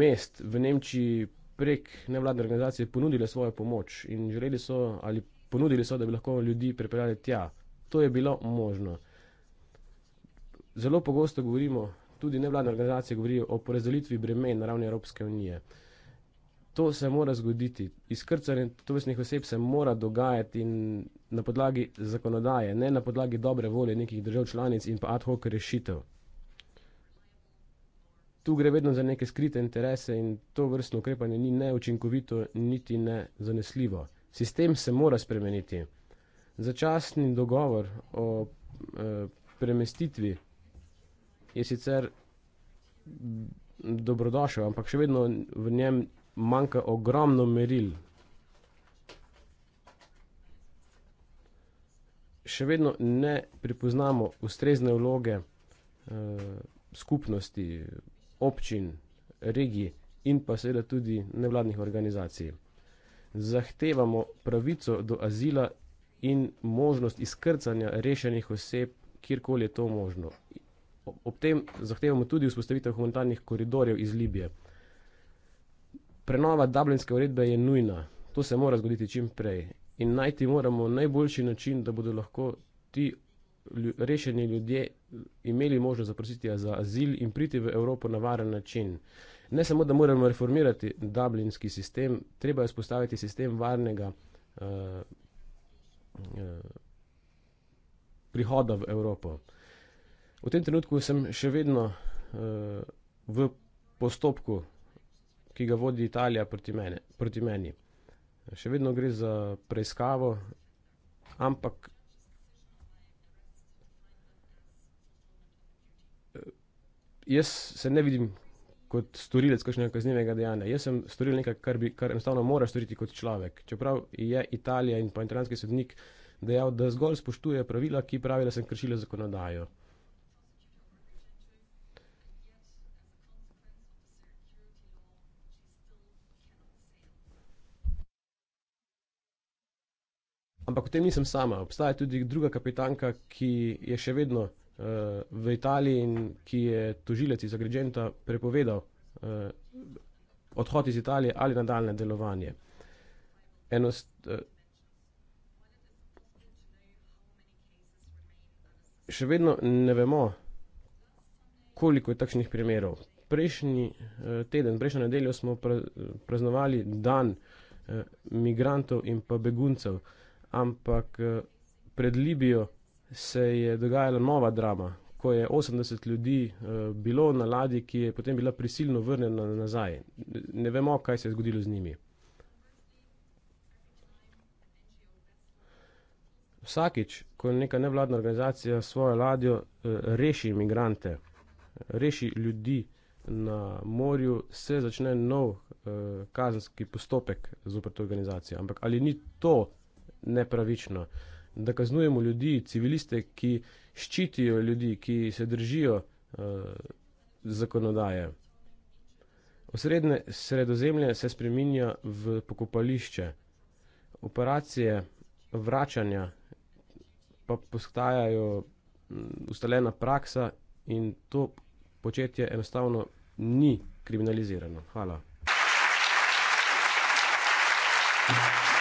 mest v Nemčiji prek nevladne organizacije ponudile svojo pomoč in želeli so ali ponudili so, da bi lahko ljudi pripeljali tja. To je bilo možno. Zelo pogosto govorimo, tudi nevladne organizacije govorijo o porazdelitvi bremen na ravni Evropske unije. Eh, To se mora zgoditi. Izkrcanje tovrstnih oseb se mora dogajati na podlagi zakonodaje, ne na podlagi dobre volje nekih držav članic in pa ad hoc rešitev. Tu gre vedno za neke skrite interese in to vrstno ukrepanje ni neučinkovito, niti ne zanesljivo. Sistem se mora spremeniti. Začasni dogovor o e, premestitvi je sicer dobrodošel, ampak še vedno v njem manjka ogromno meril. Še vedno ne pripoznamo ustrezne vloge eh, skupnosti, občin, regij in pa seveda tudi nevladnih organizacij. Zahtevamo pravico do azila in možnost izkrcanja rešenih oseb, kjerkoli je to možno. Ob tem zahtevamo tudi vzpostavitev humanitarnih koridorjev iz Libije prenova Dublinske uredbe je nujna. To se mora zgoditi čim prej. In najti moramo najboljši način, da bodo lahko ti rešeni ljudje imeli možnost zaprositi ja za azil in priti v Evropo na varen način. Ne samo, da moramo reformirati dublinski sistem, treba je spostaviti sistem varnega uh, uh, prihoda v Evropo. V tem trenutku sem še vedno uh, v postopku ki ga vodi Italija proti, mene, proti meni. Še vedno gre za preiskavo, ampak. Eh, jaz se ne vidim kot storilec kakšnega kaznivega dejanja. Jaz sem storil nekaj, kar, bi, kar enostavno moraš storiti kot človek. Čeprav je Italija in pa italijanski sodnik dejal, da zgolj spoštuje pravila, ki pravijo, da sem kršil zakonodajo. Ampak v tem nisem sama. Obstaja tudi druga kapitanka, ki je še vedno uh, v Italiji in ki je tožilec iz Agrigenta prepovedal uh, odhod iz Italije ali nadaljne delovanje. Enost, uh, eh, še vedno ne vemo, koliko je takšnih primerov. Prejšnji uh, teden, prejšnjo nedeljo smo pra, praznovali dan uh, migrantov in pa beguncev ampak eh, pred Libijo se je dogajala nova drama, ko je 80 ljudi eh, bilo na ladji, ki je potem bila prisilno vrnjena nazaj. Ne vemo, kaj se je zgodilo z njimi. Vsakič, ko neka nevladna organizacija svojo ladjo eh, reši imigrante, reši ljudi na morju, se začne nov eh, kazenski postopek zoprto organizacijo. Ampak ali ni to nepravično. Da kaznujemo ljudi, civiliste, ki ščitijo ljudi, ki se držijo uh, zakonodaje. Osrednje sredozemlje se spreminja v pokopališče. Operacije vračanja pa postajajo mm, ustaljena praksa in to početje enostavno ni kriminalizirano. Hvala. Thank you.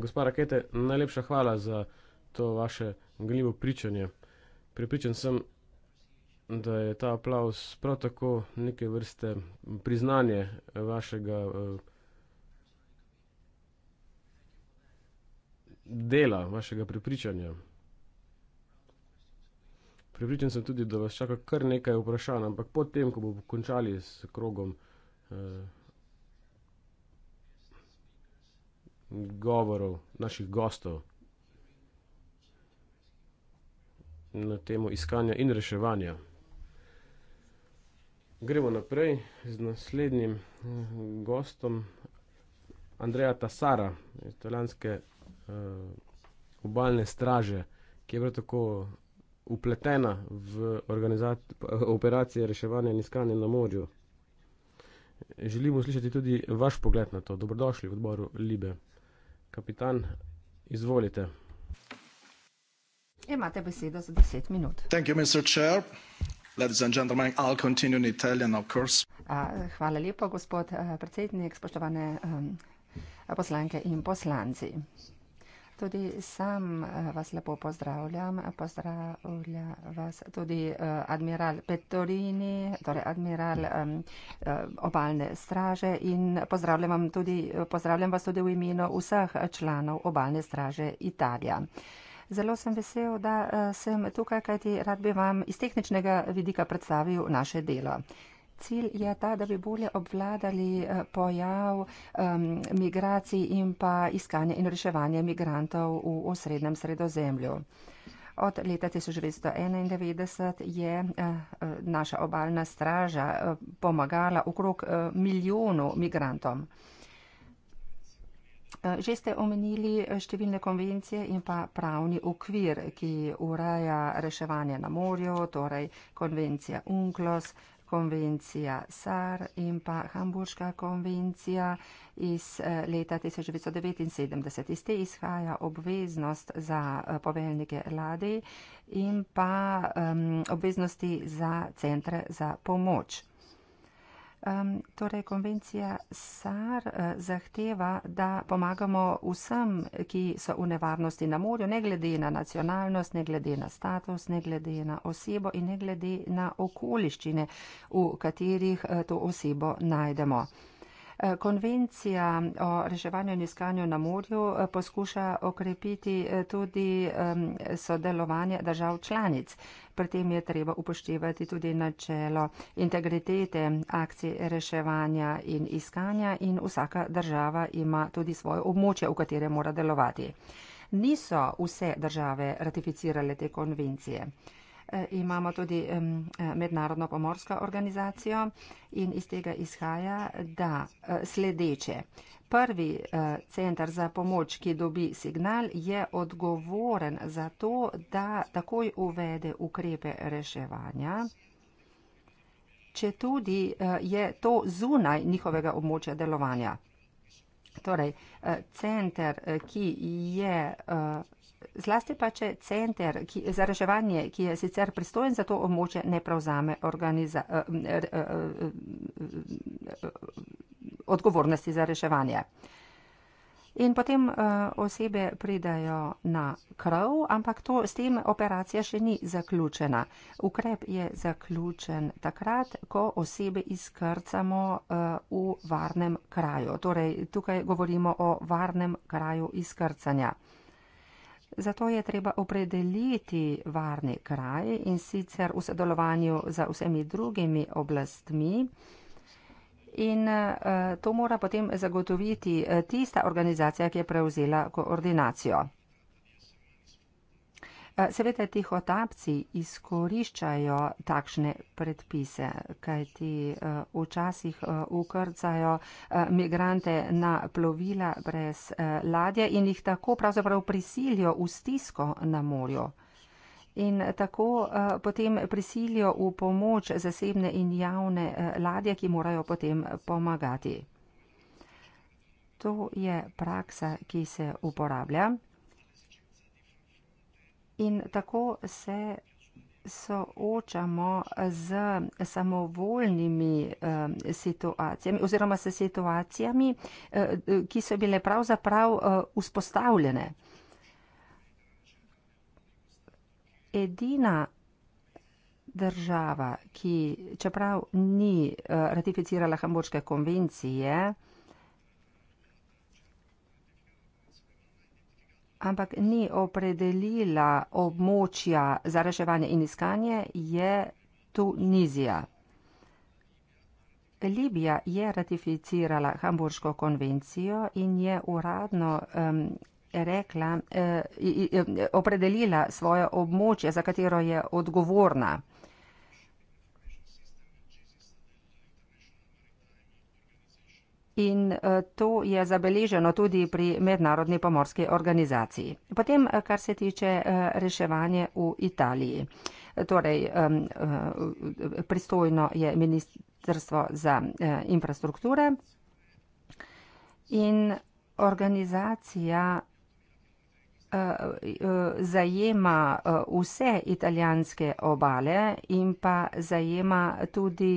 Gospa Rakete, najlepša hvala za to vaše gljivo pričanje. Pripričan sem, da je ta aplaus prav tako neke vrste priznanje vašega eh, dela, vašega pripričanja. Pripričan sem tudi, da vas čaka kar nekaj vprašanj, ampak potem, ko bomo končali s krogom eh, govorov naših gostov na temo iskanja in reševanja. Gremo naprej z naslednjim eh, gostom, Andreja Tassara iz italijanske uh, eh, obaljne straže, ki je prav tako upletena v operacije reševanja in iskanja na morju. Želimo slišati tudi vaš pogled na to. Dobrodošli v odboru Libe kapitan, izvolite. Imate besedo za 10 minut. You, Italian, uh, hvala lepa, gospod uh, predsednik, spoštovane um, poslanke in poslanci. Tudi sam eh, vas lepo pozdravljam. Pozdravlja vas tudi uh, admiral Petorini, torej admiral um, uh, obalne straže in pozdravljam, vam tudi, pozdravljam vas tudi v imenu vseh članov obalne straže Italija. Zelo sem vesel, da sem tukaj, kajti rad bi vam iz tehničnega vidika predstavil naše delo cilj je ta, da bi bolje obvladali eh, pojav um, migracij in pa iskanje in reševanje migrantov v osrednjem sredozemlju. Od leta 1991 je eh, eh, naša obaljna straža pomagala okrog milijonu migrantom. Že ste omenili številne konvencije in pa pravni okvir, ki ureja reševanje na morju, torej konvencija UNCLOS, konvencija SAR in pa Hamburška konvencija iz eh, leta 1979. Iz te izhaja obveznost za eh, poveljnike ladej in pa um, obveznosti za centre za pomoč. Um, torej, konvencija SAR eh, zahteva, da pomagamo vsem, ki so v nevarnosti na morju, ne glede na nacionalnost, ne glede na status, ne glede na osebo in ne glede na okoliščine, v katerih eh, to osebo najdemo. Konvencija o reševanju in iskanju na morju eh, poskuša okrepiti eh, tudi sodelovanje držav članic. Pri tem je treba upoštevati tudi načelo integritete akcij reševanja in iskanja in vsaka država ima tudi svoje območje, v katerem mora delovati. Niso vse države ratificirale te konvencije. E, imamo tudi e, mednarodno pomorsko organizacijo in iz tega izhaja, da e, sledeče. Prvi centar za pomoč, ki dobi signal, je odgovoren za to, da takoj uvede ukrepe reševanja. Če tudi je to zunaj njihovega območja delovanja. Torej, center, ki je zlasti pa, če center ki, za reševanje, ki je sicer pristojen za to območje, ne prevzame eh, eh, eh, odgovornosti za reševanje. In potem uh, osebe pridajo na krov, ampak to s tem operacija še ni zaključena. Ukrep je zaključen takrat, ko osebe izkrcamo uh, v varnem kraju. Torej, tukaj govorimo o varnem kraju izkrcanja. Zato je treba opredeliti varni kraj in sicer v sodelovanju z vsemi drugimi oblastmi. In eh, to mora potem zagotoviti eh, tista organizacija, ki je prevzela koordinacijo. Eh, seveda tiho tapci izkoriščajo takšne predpise, kajti eh, včasih eh, ukrcajo migrante na plovila brez ladje in jih tako pravzaprav prisilijo v stisko na morju. In tako potem prisilijo v pomoč zasebne in javne ladje, ki morajo potem pomagati. To je praksa, ki se uporablja. In tako se soočamo z samovoljnimi eh, situacijami oziroma s situacijami, eh, ki so bile pravzaprav eh, vzpostavljene. Edina država, ki čeprav ni eh, ratificirala Hamburške konvencije, eh, ampak ni opredelila območja za reševanje in iskanje, je Tunizija. Libija je ratificirala Hamburško konvencijo in je uradno um, rekla, uh, opredelila svoje območje, za katero je odgovorna. in eh, to je zabeleženo tudi pri mednarodni pomorski organizaciji. Potem, eh, kar se tiče eh, reševanje v Italiji. Torej, pristojno je Ministrstvo za infrastrukture in organizacija Eh, eh, zajema eh, vse italijanske obale in pa zajema tudi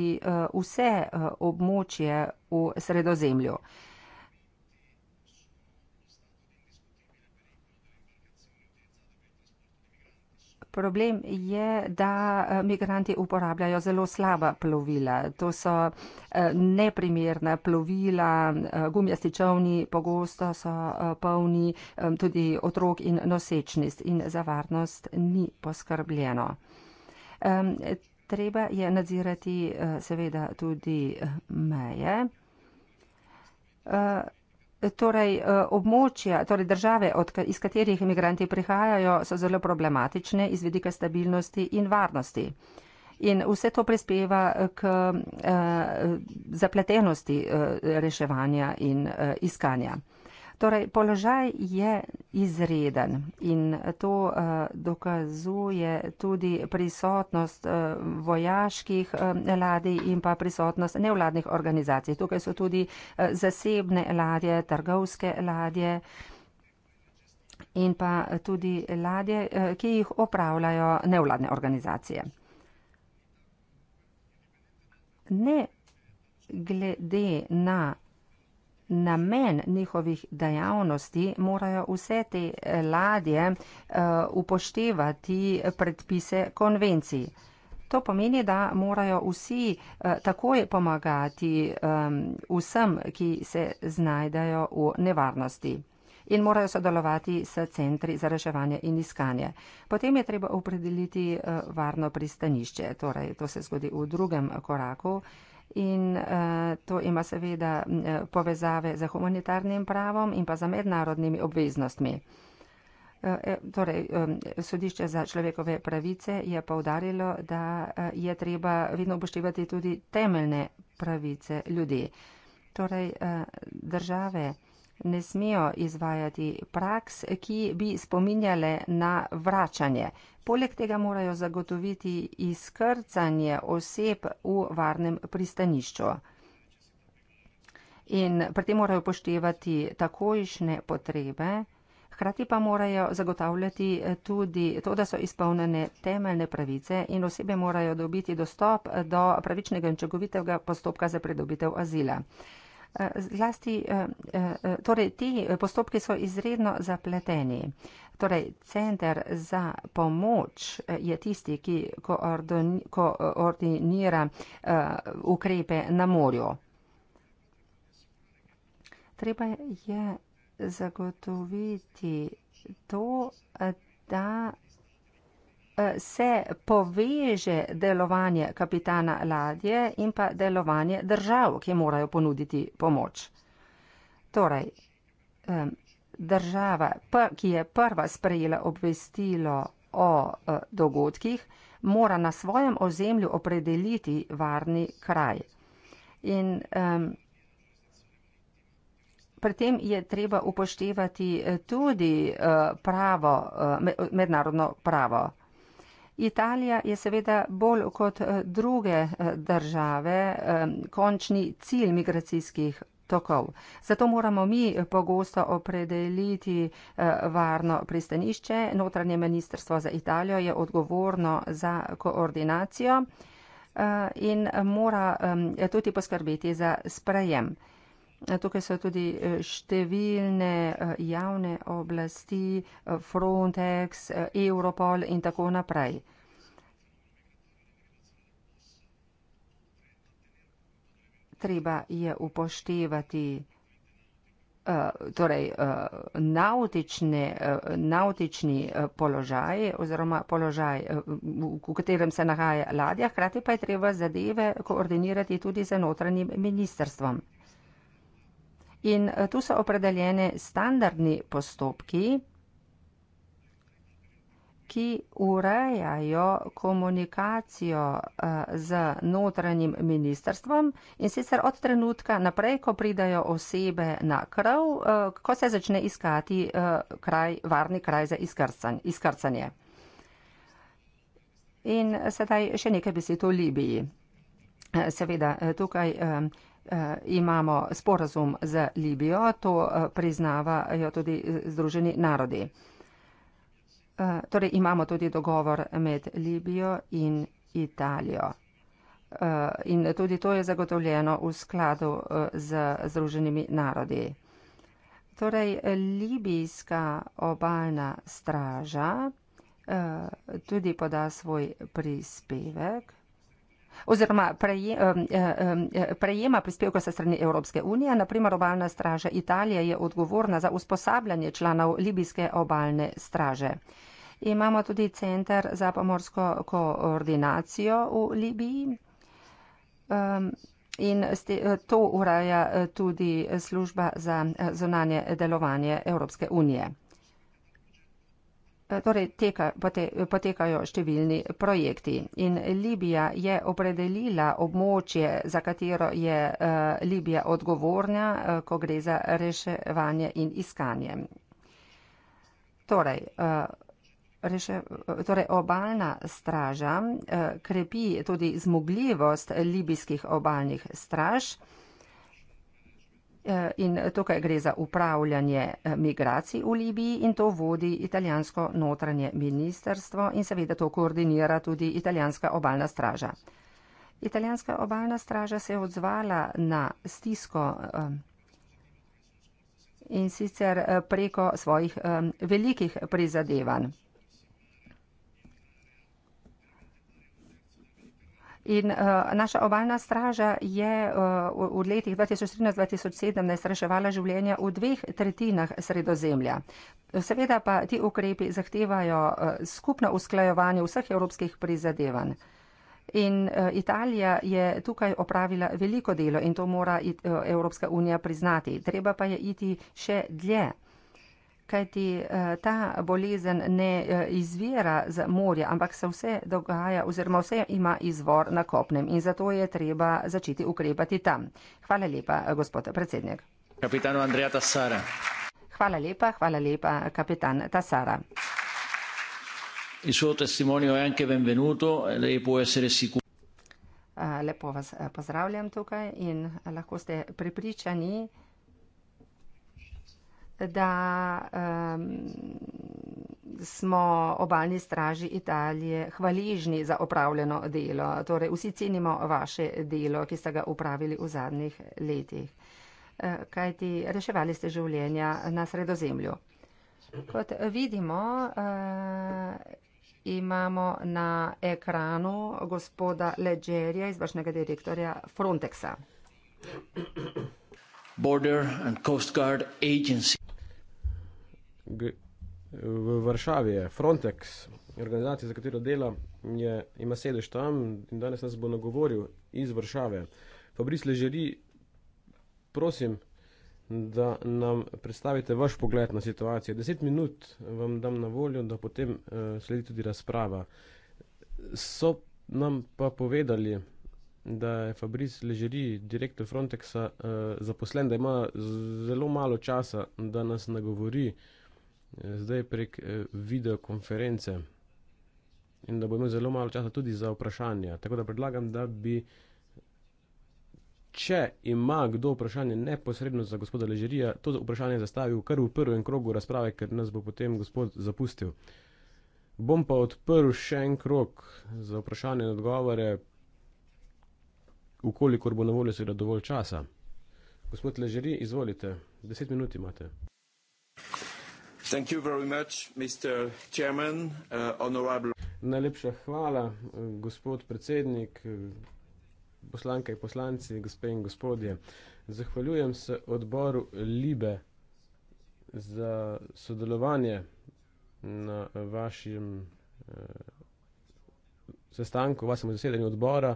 vse območje v Sredozemlju. Problem je, da eh, migranti uporabljajo zelo slaba plovila. To so eh, neprimerna plovila, eh, gumijasti čovni, pogosto so polni tudi otrok in nosečnist in za varnost ni poskrbljeno. Treba je nadzirati seveda tudi meje. Torej, eh, območja, torej države, od, iz katerih imigranti prihajajo, so zelo problematične izvedika stabilnosti in varnosti. In vse to prispeva eh, k eh, zapletenosti eh, reševanja in eh, iskanja. Torej, položaj je izreden in to eh, dokazuje tudi prisotnost eh, vojaških eh, ladij in pa prisotnost nevladnih organizacij. Tukaj so tudi zasebne ladje, trgovske ladje in pa tudi ladje, ki jih opravljajo nevladne organizacije. Ne glede na namen njihovih dejavnosti, morajo vse te ladje eh, upoštevati predpise konvencij. To pomeni, da morajo vsi eh, takoj pomagati ehm, vsem, ki se znajdajo v nevarnosti in morajo sodelovati s centri za reševanje in iskanje. Potem je treba opredeliti eh, varno pristanišče, torej to se zgodi v drugem koraku in eh, to ima seveda eh, povezave z humanitarnim pravom in pa za mednarodnimi obveznostmi. Eh, torej, sodišče za človekove pravice je povdarilo, da je treba vedno upoštevati tudi temeljne pravice ljudi. Torej, države ne smejo izvajati praks, ki bi spominjale na vračanje. Poleg tega morajo zagotoviti izkrcanje oseb v varnem pristanišču. In pri tem morajo poštevati takojšne potrebe, hkrati pa morajo zagotavljati tudi to, da so izpolnjene temeljne pravice in osebe morajo dobiti dostop do pravičnega in čegovitega postopka za predobitev azila. Zlasti, eh, eh, eh, torej, ti postopki so izredno zapleteni. Torej, center za pomoč je tisti, ki koordinira ukrepe na morju. Treba je zagotoviti to, da se poveže delovanje kapitana ladje in pa delovanje držav, ki morajo ponuditi pomoč. Torej, država, ki je prva sprejela obvestilo o e, dogodkih, mora na svojem ozemlju opredeliti varni kraj. In um, pri tem je treba upoštevati e, tudi uh, pravo, uh, mednarodno pravo. Italija je seveda bolj kot eh, druge eh, države eh, končni cilj migracijskih. Tokov. Zato moramo mi pogosto opredeliti varno pristanišče. Notranje ministrstvo za Italijo je odgovorno za koordinacijo in mora tudi poskrbeti za sprejem. Eh, tukaj so tudi eh, številne eh, javne oblasti, Frontex, Europol in tako naprej. Treba je upoštevati torej, nautične, nautični položaj oziroma položaj, v katerem se nahaja ladja, hkrati pa je treba zadeve koordinirati tudi z notranjim ministrstvom. In eh, tu so opredeljene standardni postopki, ki urejajo komunikacijo eh, z notranjim ministrstvom in sicer od trenutka naprej, ko pridajo osebe na krv, eh, ko se začne iskati kraj, varni kraj za izkrcanje. In sedaj še nekaj besed o Libiji. Seveda, tukaj Eh, imamo sporazum z Libijo, to eh, priznavajo tudi eh, Združeni narodi. Torej imamo tudi dogovor med Libijo in Italijo. In tudi to je zagotovljeno v skladu z Združenimi narodi. Torej, libijska obaljna straža tudi poda svoj prispevek oziroma preje, prejema prispevka se strani Evropske unije. Naprimer, obalna straža Italije je odgovorna za usposabljanje članov libijske obalne straže. Imamo tudi centr za pomorsko koordinacijo v Libiji. In to uraja tudi služba za zunanje delovanje Evropske unije. Eh, torej, teka, pote, potekajo številni projekti in Libija je opredelila območje, za katero je uh, Libija odgovorna, uh, ko gre za reševanje in iskanje. Torej, uh, reše, torej obaljna straža uh, krepi tudi zmogljivost libijskih obaljnih straž. Eh, in tukaj gre za upravljanje eh, migracij v Libiji in to vodi italijansko notranje ministerstvo in seveda to koordinira tudi italijanska obalna straža. Italijanska obalna straža se je odzvala na stisko eh, in sicer preko svojih velikih prizadevanj. In uh, naša obaljna straža je uh, v, v letih 2013-2017 reševala življenja v dveh tretjinah sredozemlja. Seveda pa ti ukrepi zahtevajo uh, skupno usklajevanje vseh evropskih prizadevanj. In uh, Italija je tukaj opravila veliko delo in to mora it, uh, Evropska unija priznati. Treba pa je iti še dlje kajti eh, ta bolezen ne eh, izvira z morja, ampak se vse dogaja oziroma vse ima izvor na kopnem in zato je treba začeti ukrepati tam. Hvala lepa, eh, gospod predsednik. Kapitano Andreja Tassara. Hvala lepa, hvala lepa, kapitan Tassara. Lepo vas pozdravljam tukaj in lahko ste prepričani, da um, smo obalni straži Italije hvaližni za opravljeno delo. Torej, vsi cenimo vaše delo, ki ste ga upravili v zadnjih letih. Eh, kajti reševali ste življenja na sredozemlju. Kot vidimo, uh, imamo na ekranu gospoda Leggerija, izvršnega direktorja Frontexa. Border and Coast Guard Agency v Varšavi je Frontex, organizacija, za katero dela, je, ima sedež tam in danes nas bo nagovoril iz Varšave. Fabric Leželi, prosim, da nam predstavite vaš pogled na situacijo. Deset minut vam dam na voljo, da potem uh, sledi tudi razprava. So nam pa povedali, da je Fabric Leželi, direktor Frontexa, uh, zaposlen, da ima zelo malo časa, da nas nagovori zdaj prek eh, videokonference in da bo imel zelo malo časa tudi za vprašanja. Tako da predlagam, da bi, če ima kdo vprašanje neposredno za gospoda Ležerija, to vprašanje zastavil kar v prvem krogu razprave, ker nas bo potem gospod zapustil. Bom pa odprl še en krok za vprašanje in odgovore, ukolikor bo na voljo seveda dovolj časa. Gospod Ležeri, izvolite, deset minut imate. Thank you very much, Mr. Chairman, uh, honorable... Najlepša hvala, gospod predsednik, poslanke in poslanci, gospe in gospodje. Zahvaljujem se odboru Libe za sodelovanje na vašem eh, sestanku, vašem zasedanju odbora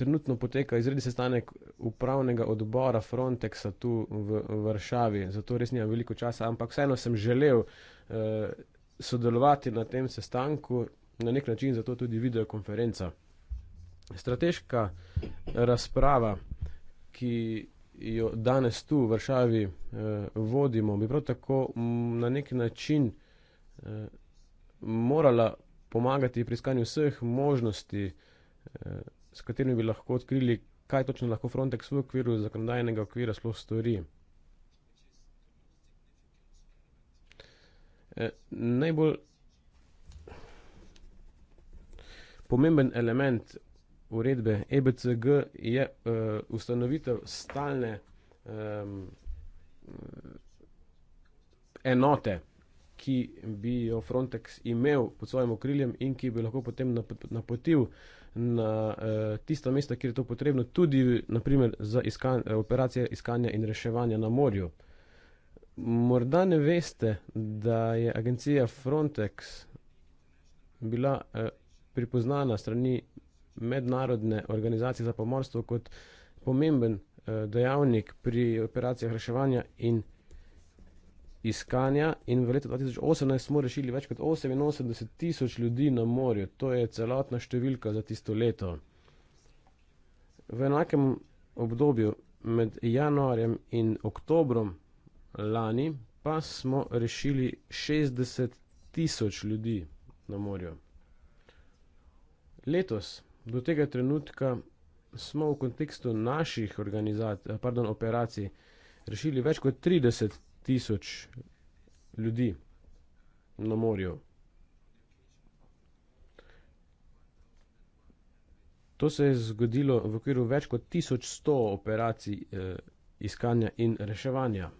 trenutno poteka izredni sestanek upravnega odbora Frontexa tu v Varšavi, zato res nimam veliko časa, ampak vseeno sem želel eh, sodelovati na tem sestanku, na nek način zato tudi videokonferenca. Strateška razprava, ki jo danes tu v Varšavi eh, vodimo, bi prav tako na nek način eh, morala pomagati pri iskanju vseh možnosti. Eh, s katerimi bi lahko odkrili, kaj točno lahko Frontex v okviru zakonodajnega okvira sploh stori. E, najbolj pomemben element uredbe EBCG je uh, ustanovitev stalne um, enote, ki bi jo Frontex imel pod svojim okriljem in ki bi lahko potem napotil uh, na eh, tista mesta, kjer je to potrebno, tudi naprimer, za iskan, operacije iskanja in reševanja na morju. Morda ne veste, da je agencija Frontex bila eh, pripoznana strani mednarodne organizacije za pomorstvo kot pomemben eh, dejavnik pri operacijah reševanja in iskanja in v letu 2018 smo rešili več kot 88 tisoč ljudi na morju. To je celotna številka za tisto leto. V enakem obdobju med januarjem in oktobrom lani pa smo rešili 60 tisoč ljudi na morju. Letos do tega trenutka smo v kontekstu naših pardon, operacij rešili več kot 30 tisoč tisoč ljudi na morju. To se je zgodilo v okviru več kot tisoč sto operacij eh, iskanja in reševanja.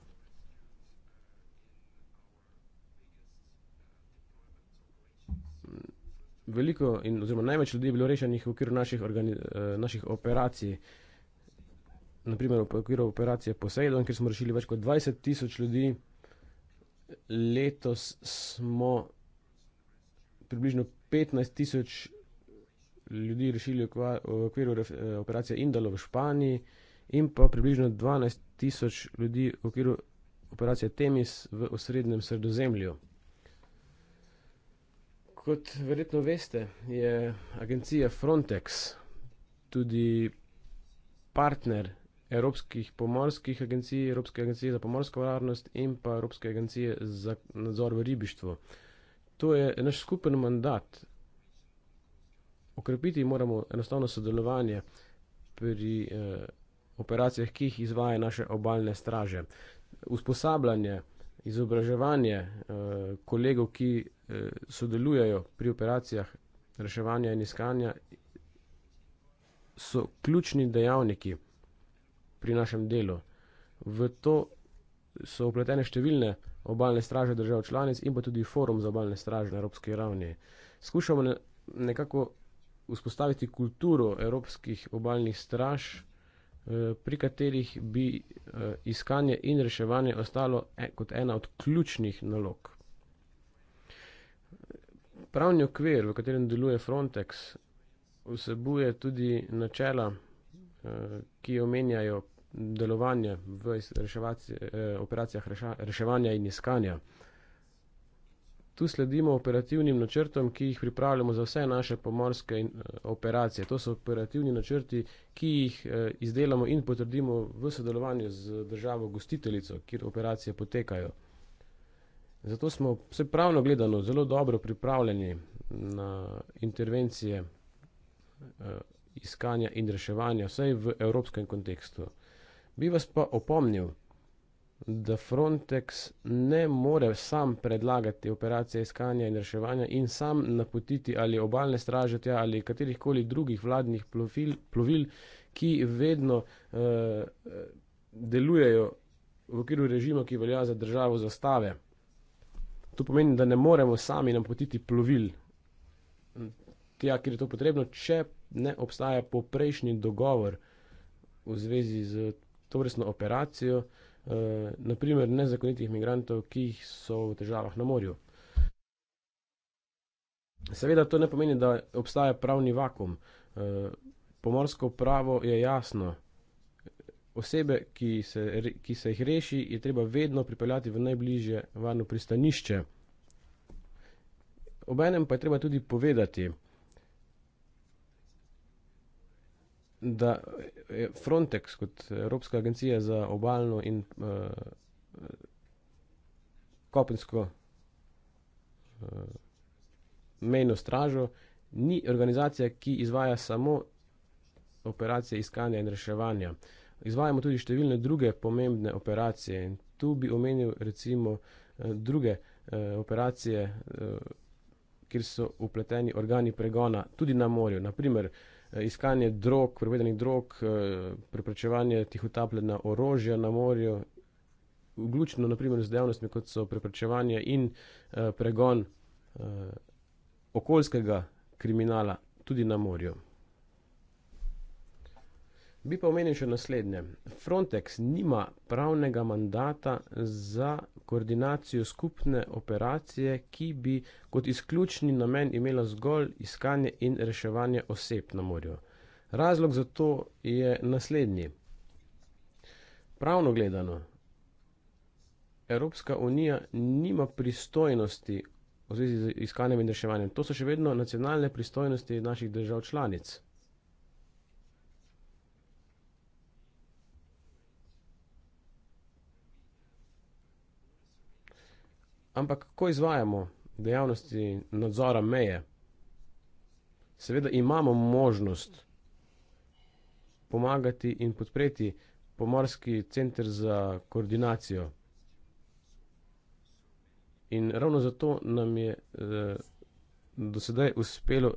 Veliko in oziroma največ ljudi je bilo rešenih v okviru naših eh, naših operacij naprimer v okviru operacije Poseidon, kjer smo rešili več kot 20 tisoč ljudi, letos smo približno 15 tisoč ljudi rešili v okviru eh, operacije Indalo v Španiji in pa približno 12 tisoč ljudi v okviru operacije Temis v osrednjem sredozemlju. Kot verjetno veste, je agencija Frontex tudi partner Evropskih pomorskih agencij, Evropske agencije za pomorsko varnost in pa Evropske agencije za nadzor v ribištvu. To je naš skupen mandat. Okrepiti moramo enostavno sodelovanje pri eh, operacijah, ki jih izvaja naše obaljne straže. Usposabljanje, izobraževanje eh, kolegov, ki eh, sodelujejo pri operacijah reševanja in iskanja, so ključni dejavniki pri našem delu. V to so upletene številne obaljne straže držav članic in pa tudi forum za obaljne straže na evropski ravni. Skušamo nekako vzpostaviti kulturo evropskih obaljnih straž, eh, pri katerih bi eh, iskanje in reševanje ostalo e, kot ena od ključnih nalog. Pravni okvir, v katerem deluje Frontex, vsebuje tudi načela Eh, ki omenjajo delovanje v eh, operacijah reševanja in iskanja. Tu sledimo operativnim načrtom, ki jih pripravljamo za vse naše pomorske eh, operacije. To so operativni načrti, ki jih izdelamo in potrdimo v sodelovanju z državo gostiteljico, kjer operacije potekajo. Zato smo vse pravno gledano zelo dobro pripravljeni na intervencije iskanja in reševanja, vsaj v evropskem kontekstu. Bi vas pa opomnil, da Frontex ne more sam predlagati operacije iskanja in reševanja in sam napotiti ali obalne straže tja ali katerihkoli drugih vladnih plovil, plovil ki vedno eh, delujejo v okviru režima, ki velja za državo zastave. To pomeni, da ne moremo sami napotiti plovil mm, tja, kjer je to potrebno, če ne obstaja poprejšnji dogovor v zvezi z to vrstno operacijo, eh, naprimer nezakonitih migrantov, ki so v težavah na morju. Seveda to ne pomeni, da obstaja pravni vakum. Eh, pomorsko pravo je jasno. Osebe, ki se, ki se jih reši, je treba vedno pripeljati v najbližje varno pristanišče. Obenem pa je treba tudi povedati, da je Frontex kot Evropska agencija za obalno in uh, kopensko uh, mejno stražo ni organizacija, ki izvaja samo operacije iskanja in reševanja. Izvajamo tudi številne druge pomembne operacije in tu bi omenil recimo uh, druge uh, operacije, uh, kjer so upleteni organi pregona tudi na morju. Naprimer, uh, Eh, iskanje drog, prepovedanih drog, eh, preprečevanje tihotapljena orožja na morju, vključno naprimer z dejavnostmi, kot so preprečevanje in eh, pregon okoljskega kriminala tudi na morju. Bi pa omenil še naslednje. Frontex nima pravnega mandata za koordinacijo skupne operacije, ki bi kot izključni namen imela zgolj iskanje in reševanje oseb na morju. Razlog za to je naslednji. Pravno gledano, Evropska unija nima pristojnosti v zvezi z iskanjem in reševanjem. To so še vedno nacionalne pristojnosti naših držav članic. Ampak ko izvajamo dejavnosti nadzora meje, seveda imamo možnost pomagati in podpreti pomorski center za koordinacijo. In ravno zato nam je eh, dosedaj uspelo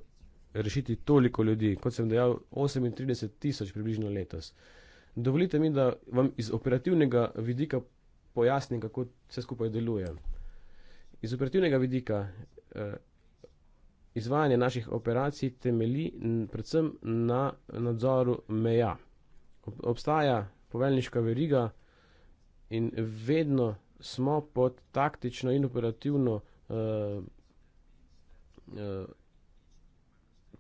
rešiti toliko ljudi, kot sem dejal, 38 tisoč približno letos. Dovolite mi, da vam iz operativnega vidika pojasnim, kako vse skupaj deluje. Iz operativnega vidika eh, izvajanje naših operacij temelji predvsem na nadzoru meja. Obstaja poveljniška veriga in vedno smo pod taktično in operativno eh, eh,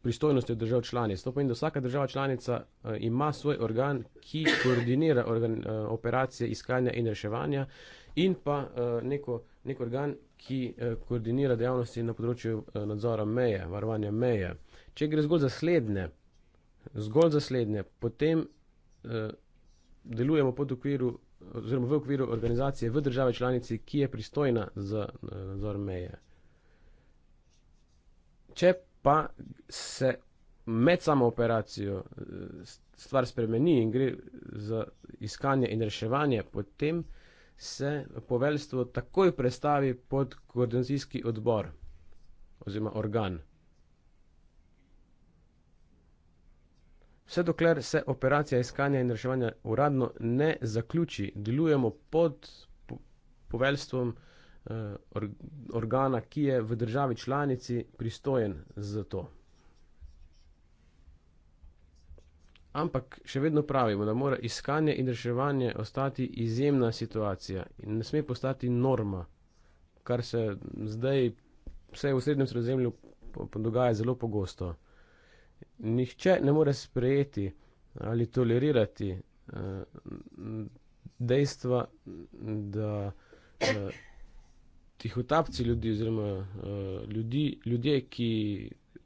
pristojnostjo držav članic. To pomeni, da vsaka država članica ima svoj organ, ki koordinira organ, operacije iskanja in reševanja in pa neko, nek organ, ki eh, koordinira dejavnosti na področju eh, nadzora meje, varovanja meje. Če gre zgolj za slednje, zgolj za slednje, potem eh, delujemo pod okviru oziroma v okviru organizacije v države članici, ki je pristojna za eh, nadzor meje. Če pa se med samo operacijo stvar spremeni in gre za iskanje in reševanje, potem eh, se poveljstvo takoj predstavi pod koordinacijski odbor oziroma organ. Vse dokler se operacija iskanja in reševanja uradno ne zaključi, delujemo pod poveljstvom eh, organa, ki je v državi članici pristojen za to. ampak še vedno pravimo, da mora iskanje in reševanje ostati izjemna situacija in ne sme postati norma, kar se zdaj vse v srednjem sredozemlju dogaja zelo pogosto. Nihče ne more sprejeti ali tolerirati uh, dejstva, da uh, tihotapci ljudi oziroma uh, ljudi, ljudje, ki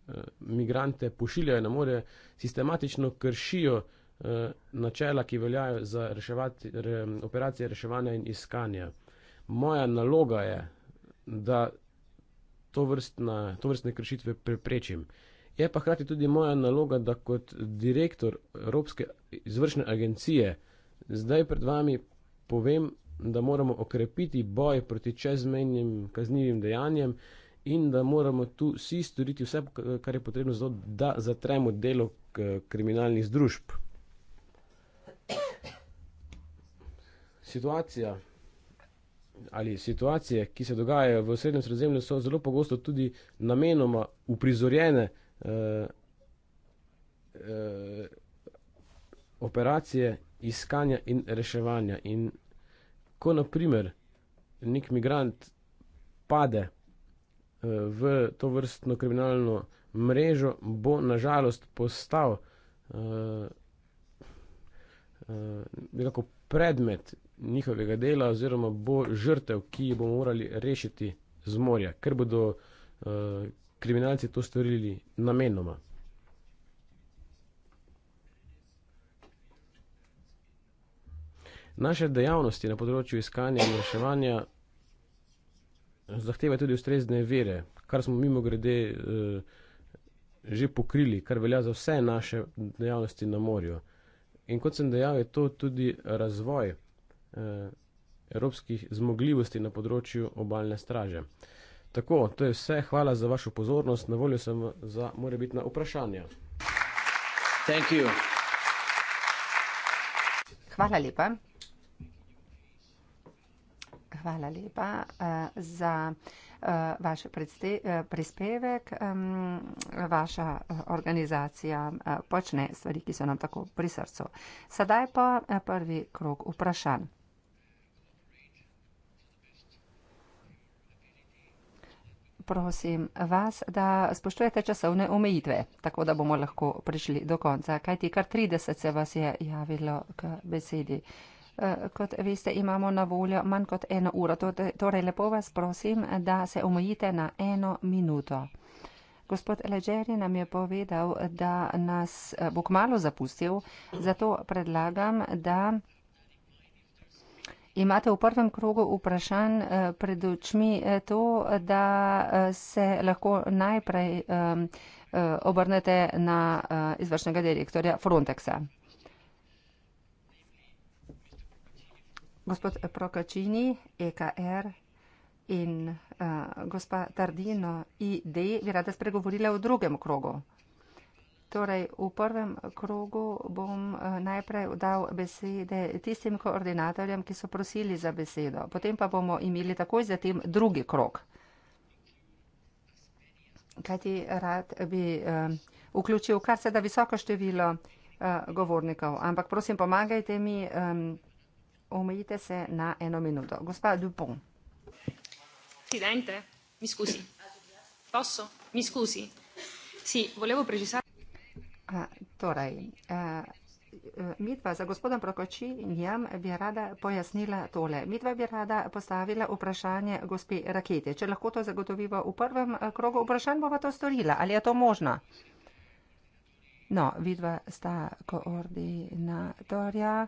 Eh, migrante pošiljajo na more, sistematično kršijo eh, načela, ki veljajo za reševati, re, operacije reševanja in iskanja. Moja naloga je, da to, vrstna, to vrstne kršitve preprečim. Je pa hkrati tudi moja naloga, da kot direktor Evropske izvršne agencije zdaj pred vami povem, da moramo okrepiti boj proti čezmenjim kaznivim dejanjem in da moramo tu vsi storiti vse, kar je potrebno, zato, da zatremo delo kriminalnih združb. Situacija ali situacije, ki se dogajajo v srednjem sredozemlju, so zelo pogosto tudi namenoma uprizorjene eh, eh, operacije iskanja in reševanja. In ko naprimer nek migrant pade v to vrstno kriminalno mrežo, bo nažalost postal uh, uh, predmet njihovega dela, oziroma bo žrtev, ki jo bomo morali rešiti z morja, ker bodo uh, kriminalci to storili namenoma. Naše dejavnosti na področju iskanja in reševanja zahteva tudi ustrezne vere, kar smo mimo grede eh, že pokrili, kar velja za vse naše dejavnosti na morju. In kot sem dejal, je to tudi razvoj eh, evropskih zmogljivosti na področju obaljne straže. Tako, to je vse. Hvala za vašo pozornost. Na voljo sem za morebitna vprašanja. Thank you. Hvala lepa. Hvala lepa uh, za uh, vaš predste, uh, prispevek. Um, vaša organizacija uh, počne stvari, ki so nam tako pri srcu. Sedaj pa prvi krok vprašanj. Prosim vas, da spoštujete časovne omejitve, tako da bomo lahko prišli do konca. Kaj ti kar 30 se vas je javilo k besedi? Uh, Eh, kot veste, imamo na voljo manj kot eno uro. Torej, lepo vas prosim, da se omejite na eno minuto. Gospod Leđeri nam je povedal, da nas eh, bo kmalo zapustil, zato predlagam, da imate v prvem krogu vprašanj eh, pred očmi to, da se lahko najprej obrnete na izvršnega direktorja Frontexa. gospod Prokačini, EKR in uh, gospa Tardino, ID, bi rada spregovorila v drugem krogu. Torej, v prvem krogu bom uh, najprej dal besede tistim koordinatorjem, ki so prosili za besedo. Potem pa bomo imeli takoj zatem drugi krog. Kajti rad bi uh, vključil kar se da visoko število uh, govornikov. Ampak prosim, pomagajte mi. Um, omejite se na eno minuto. Gospa Dupont. Presidente, mi scusi. Posso? Mi scusi. Sì, volevo precisare. Uh, torej, uh, midva za gospodom Prokoči njem bi rada pojasnila tole. Midva bi rada postavila vprašanje gospe Rakete. Če lahko to zagotovimo v prvem krogu vprašanj, bova to storila. Ali je to možno? No, vidva sta koordinatorja, eh,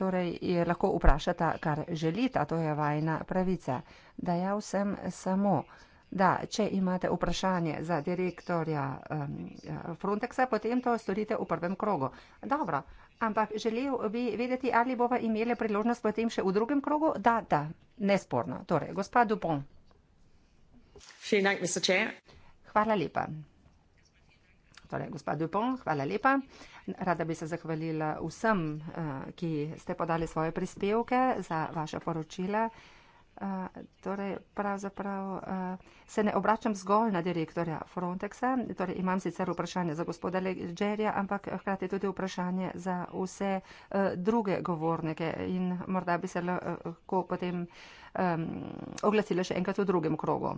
torej je lahko vprašata, kar želita, to je vajna pravica. Dajal sem samo, da če imate vprašanje za direktorja eh, Frontexa, potem to storite v prvem krogu. Dobro, ampak želel bi vedeti, ali bova imela priložnost potem še v drugem krogu? Da, da, nesporno. Torej, gospa Dupont. Hvala lepa. Torej, gospa Dupont, hvala lepa. Rada bi se zahvalila vsem, eh, ki ste podali svoje prispevke za vaše poročila. Eh, torej, pravzaprav eh, se ne obračam zgolj na direktorja Frontexa, torej imam sicer vprašanje za gospoda Leggerja, ampak hkrati tudi vprašanje za vse druge govornike in morda bi se lahko potem um, oglasile še enkrat v drugem krogu.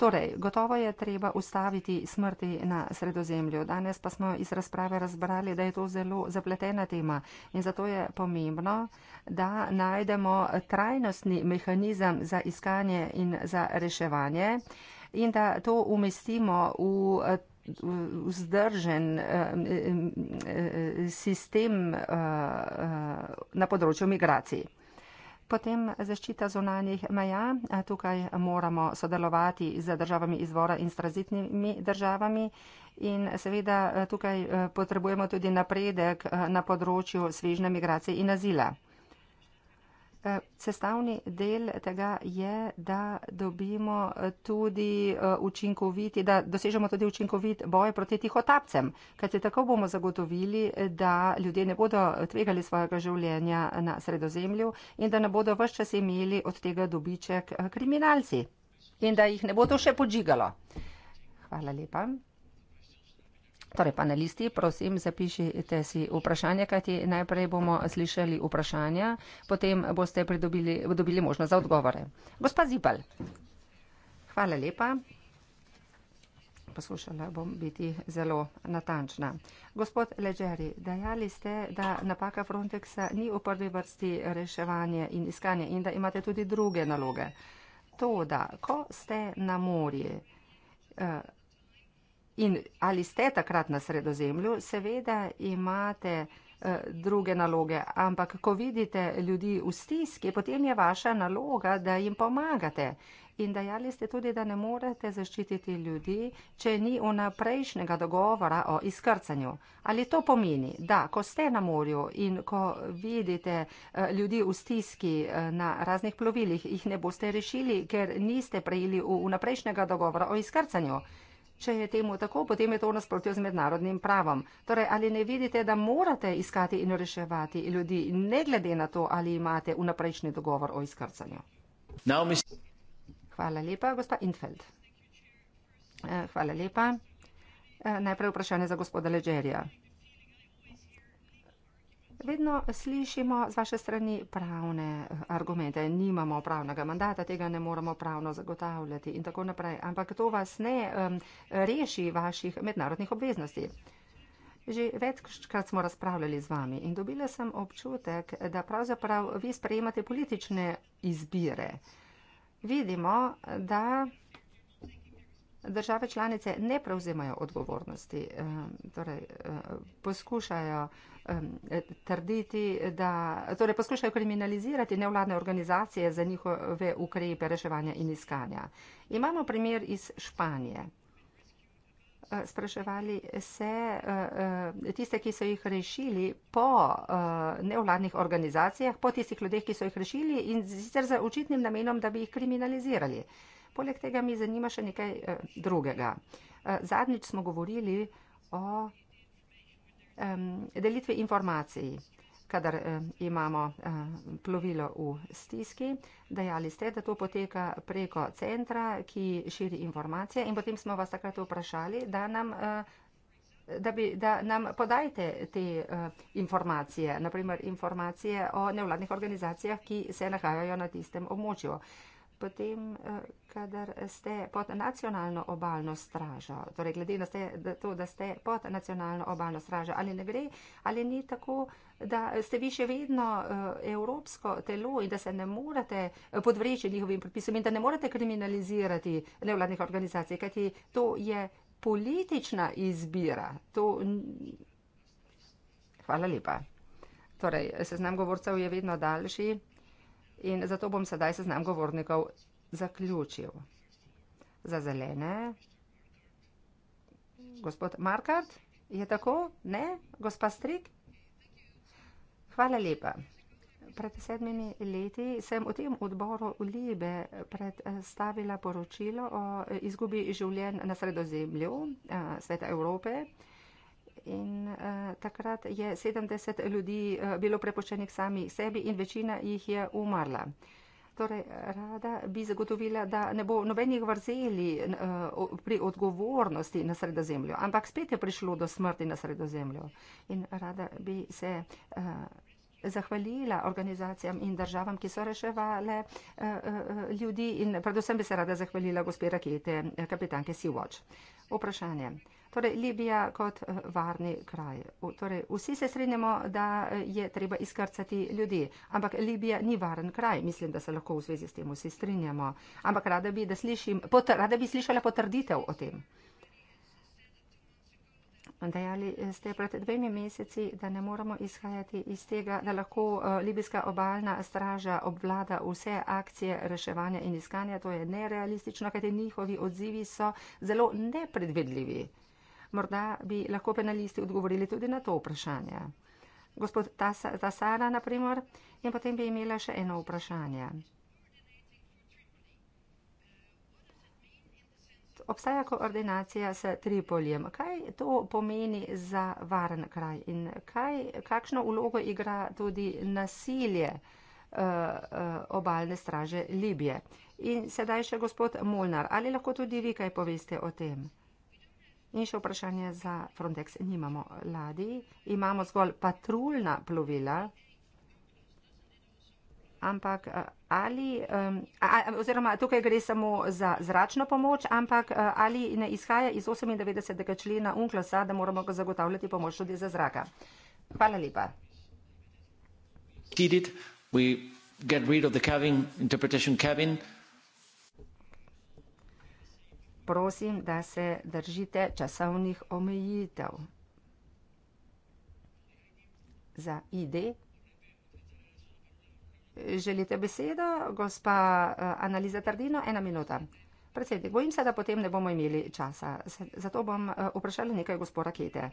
Torej, gotovo je treba ustaviti smrti na sredozemlju. Danes pa smo iz razprave razbrali, da je to zelo zapletena tema in zato je pomembno, da najdemo trajnostni mehanizem za iskanje in za reševanje in da to umestimo v vzdržen sistem eh, eh, na področju migracij. Potem zaščita zunanjih meja. Tukaj moramo sodelovati z državami izvora in s tranzitnimi državami. In seveda tukaj potrebujemo tudi napredek na področju svežne migracije in azila. Eh, sestavni del tega je, da dobimo eh, tudi eh, učinkoviti, da dosežemo tudi učinkovit boj proti tihotapcem, kajti tako bomo zagotovili, da ljudje ne bodo tvegali svojega življenja na sredozemlju in da ne bodo vse čas imeli od tega dobiček kriminalci in da jih ne bodo še podžigalo. Hvala lepa. Torej, panelisti, prosim, zapišite si vprašanje, kajti najprej bomo slišali vprašanja, potem boste pridobili, dobili možnost za odgovore. Gospa Zipal, hvala lepa. Poslušala bom biti zelo natančna. Gospod Leđeri, dejali ste, da napaka Frontexa ni v prvi vrsti reševanje in iskanje in da imate tudi druge naloge. To, da ko ste na morju, eh, In ali ste takrat na sredozemlju, seveda imate eh, druge naloge, ampak ko vidite ljudi v stiski, potem je vaša naloga, da jim pomagate. In dejali ste tudi, da ne morete zaščititi ljudi, če ni vnaprejšnjega dogovora o izkrcanju. Ali to pomeni, da ko ste na morju in ko vidite eh, ljudi v stiski eh, na raznih plovilih, jih ne boste rešili, ker niste prejeli vnaprejšnjega dogovora o izkrcanju? Če je temu tako, potem je to nasprotjo z mednarodnim pravom. Torej, ali ne vidite, da morate iskati in reševati ljudi, ne glede na to, ali imate vnaprejšnji dogovor o izkrcanju? Hvala lepa, gospa Infeld. Eh, hvala lepa. Eh, najprej vprašanje za gospoda Leđerja. Vedno slišimo z vaše strani pravne eh, argumente, nimamo pravnega mandata, tega ne moremo pravno zagotavljati in tako naprej. Ampak to vas ne um, reši vaših mednarodnih obveznosti. Že večkrat smo razpravljali z vami in dobila sem občutek, da pravzaprav vi sprejemate politične izbire. Vidimo, da države članice ne prevzemajo odgovornosti, eh, torej eh, poskušajo eh, trditi, da, torej poskušajo kriminalizirati nevladne organizacije za njihove ukrepe reševanja in iskanja. Imamo primer iz Španije. Spraševali se tiste, ki so jih rešili po nevladnih organizacijah, po tistih ljudeh, ki so jih rešili in sicer za očitnim namenom, da bi jih kriminalizirali. Poleg tega mi zanima še nekaj eh, drugega. Eh, zadnjič smo govorili o eh, delitvi informacij, kadar eh, imamo eh, plovilo v stiski. Dejali ste, da to poteka preko centra, ki širi informacije in potem smo vas takrat vprašali, da nam. Eh, Da, bi, da nam podajte te uh, informacije, naprimer informacije o nevladnih organizacijah, ki se nahajajo na tistem območju. Uh, potem, eh, kadar ste pod nacionalno obalno stražo, torej glede na to, da ste pod nacionalno obalno stražo, ali ne gre, ali ni tako, da ste vi še vedno eh, evropsko telo in da se ne morete eh, podvreči njihovim predpisom in da ne morete kriminalizirati nevladnih organizacij, kajti to je politična izbira. To... Hvala lepa. Torej, seznam govorcev je vedno daljši. In zato bom sedaj seznam govornikov zaključil. Za zelene. Gospod Markart, je tako? Ne? Gospa Strik? Hvala lepa. Pred sedmimi leti sem v tem odboru Libe predstavila poročilo o izgubi življenj na sredozemlju eh, Sveta Evrope in uh, takrat je 70 ljudi uh, bilo prepoščenih sami sebi in večina jih je umrla. Torej, rada bi zagotovila, da ne bo nobenih vrzeli uh, pri odgovornosti na sredozemlju, ampak spet je prišlo do smrti na sredozemlju in rada bi se. Uh, zahvalila organizacijam in državam, ki so reševale uh, uh, ljudi in predvsem bi se rada zahvalila gospe rakete, kapitanke Sea-Watch. Vprašanje. Torej, Libija kot eh, varni kraj. Torej, vsi se strinjamo, da eh, je treba izkrcati ljudi, ampak Libija ni varen kraj. Mislim, da se lahko v zvezi s tem vsi strinjamo. Ampak rada bi, slišim, potr, rada bi slišala potrditev o tem. Dejali eh, ste pred dvemi meseci, da ne moramo izhajati iz tega, da lahko libijska obaljna straža obvlada vse akcije reševanja in iskanja. To je nerealistično, kajti njihovi odzivi so zelo nepredvidljivi. Morda bi lahko penalisti odgovorili tudi na to vprašanje. Gospod Tasara, naprimer, in potem bi imela še eno vprašanje. Obstaja koordinacija s Tripoljem. Kaj to pomeni za varen kraj in kaj, kakšno vlogo igra tudi nasilje uh, obalne straže Libije? In sedaj še gospod Molnar, ali lahko tudi vi kaj poveste o tem? In še vprašanje za Frontex. Nimamo ladij, imamo zgolj patruljna plovila. Ampak eh, ali, oziroma tukaj gre samo za zračno pomoč, ampak eh, ali ne izhaja iz 98. člena UNKLASA, da moramo zagotavljati pomoč tudi za zraka. Hvala lepa. Tidit, we get rid of the cabin, interpretation cabin prosim, da se držite časovnih omejitev. Za ID. Želite besedo, gospa eh, Analiza Tardino? Ena minuta. Predsednik, bojim se, da potem ne bomo imeli časa. Zato bom eh, vprašala nekaj gospoda Kete.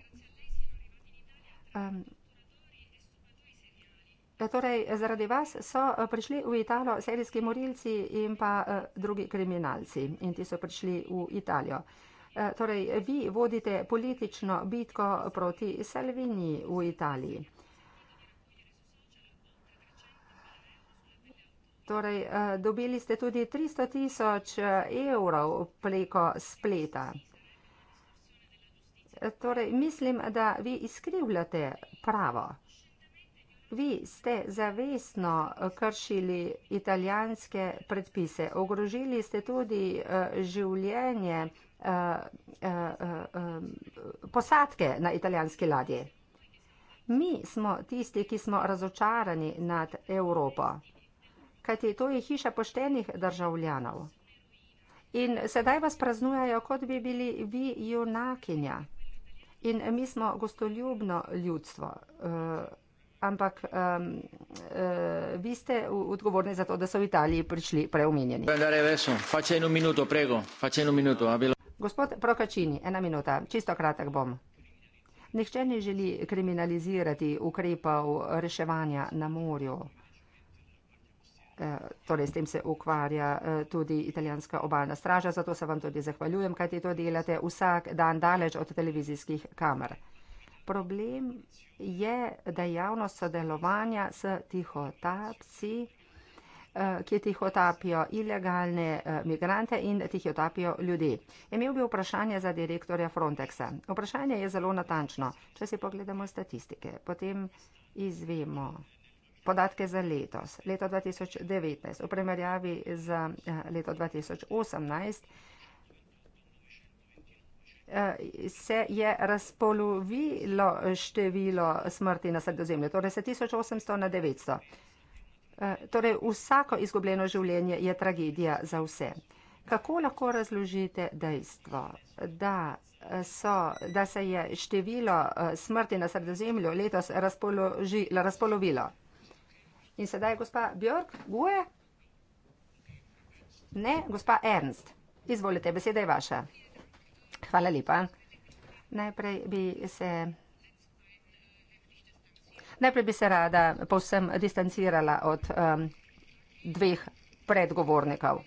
Um, Torej, zaradi vas so eh, prišli v Italijo serijski morilci in pa eh, drugi kriminalci in ti so prišli v Italijo. Eh, torej, vi vodite politično bitko proti Salviniji v Italiji. Torej, dobili ste tudi 300 tisoč evrov preko spleta. Torej, mislim, da vi izkrivljate pravo. Vi ste zavestno eh, kršili italijanske predpise, ogrožili ste tudi eh, življenje eh, posadke na italijanski ladji. Mi smo tisti, ki smo razočarani nad Evropo, kajti to je hiša poštenih državljanov. In sedaj vas praznujajo, kot bi bili vi junakinja. In mi smo gostoljubno ljudstvo ampak um, uh, vi ste odgovorni za to, da so v Italiji prišli preomenjeni. Gospod Prokačini, ena minuta, čisto kratek bom. Nihče ne želi kriminalizirati ukrepov reševanja na morju. Eh, torej, s tem se ukvarja eh, tudi italijanska obalna straža, zato se vam tudi zahvaljujem, kajti to delate vsak dan daleč od televizijskih kamer. Problem je dejavnost sodelovanja s tihotapci, eh, ki tihotapijo ilegalne eh, migrante in tihotapijo ljudi. Imel bi vprašanje za direktorja Frontexa. Vprašanje je zelo natančno. Če si pogledamo statistike, potem izvemo podatke za letos, leto 2019, v primerjavi z eh, leto 2018. Eh, se je razpolovilo število smrti na sredozemlju, torej se 1800 na 900. Eh, torej vsako izgubljeno življenje je tragedija za vse. Kako lahko razložite dejstvo, da, eh, so, da se je število smrti na sredozemlju letos razpoložilo, razpolovilo? In sedaj gospa Björk, Gue? Ne, gospa Ernst. Izvolite, beseda je vaša. Hvala lepa. Najprej bi se najprej bi se rada povsem distancirala od um, dveh predgovornikov.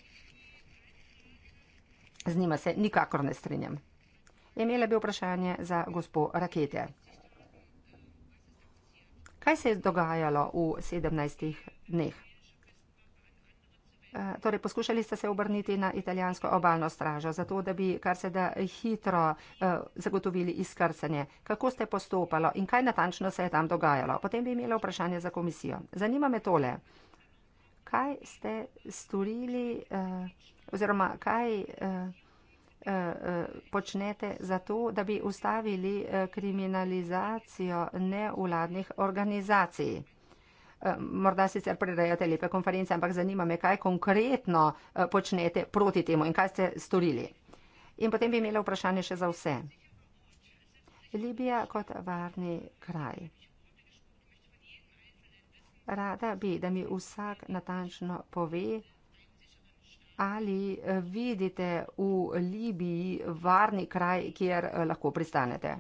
Z njima se nikakor ne strinjam. Imela bi vprašanje za gospo Rakete. Kaj se je dogajalo v 17 dneh? Eh, torej poskušali ste se obrniti na italijansko obalno stražo, zato da bi kar se da hitro eh, zagotovili izkrcanje. Kako ste postopalo in kaj natančno se je tam dogajalo? Potem bi imela vprašanje za komisijo. Zanima me tole. Kaj ste storili eh, oziroma kaj počnete za to, da bi ustavili kriminalizacijo neuladnih organizacij? Eh, morda sicer prirejate lepe konference, ampak zanima me, kaj konkretno eh, počnete proti temu in kaj ste storili. In potem bi imela vprašanje še za vse. Libija kot varni kraj. Rada bi, da mi vsak natančno pove, ali eh, vidite v Libiji varni kraj, kjer lahko pristanete.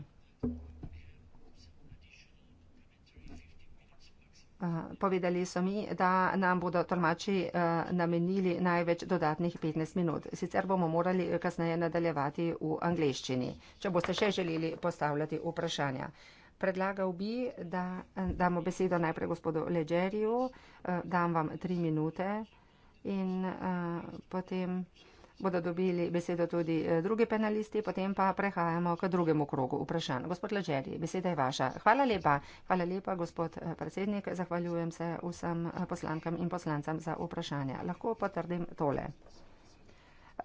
Eh, povedali so mi, da nam bodo tolmači eh, namenili največ dodatnih 15 minut. Sicer bomo morali eh, kasneje nadaljevati v angleščini, če boste še želeli postavljati vprašanja. Predlagal bi, da damo besedo najprej gospodu Leđeriju, dam vam tri minute in potem bodo dobili besedo tudi eh, drugi penalisti, potem pa prehajamo k drugemu krogu vprašanj. Gospod Leđeri, beseda je vaša. Hvala lepa. Hvala lepa, gospod eh, predsednik. Zahvaljujem se vsem eh, poslankam in poslancem za vprašanja. Lahko potrdim tole.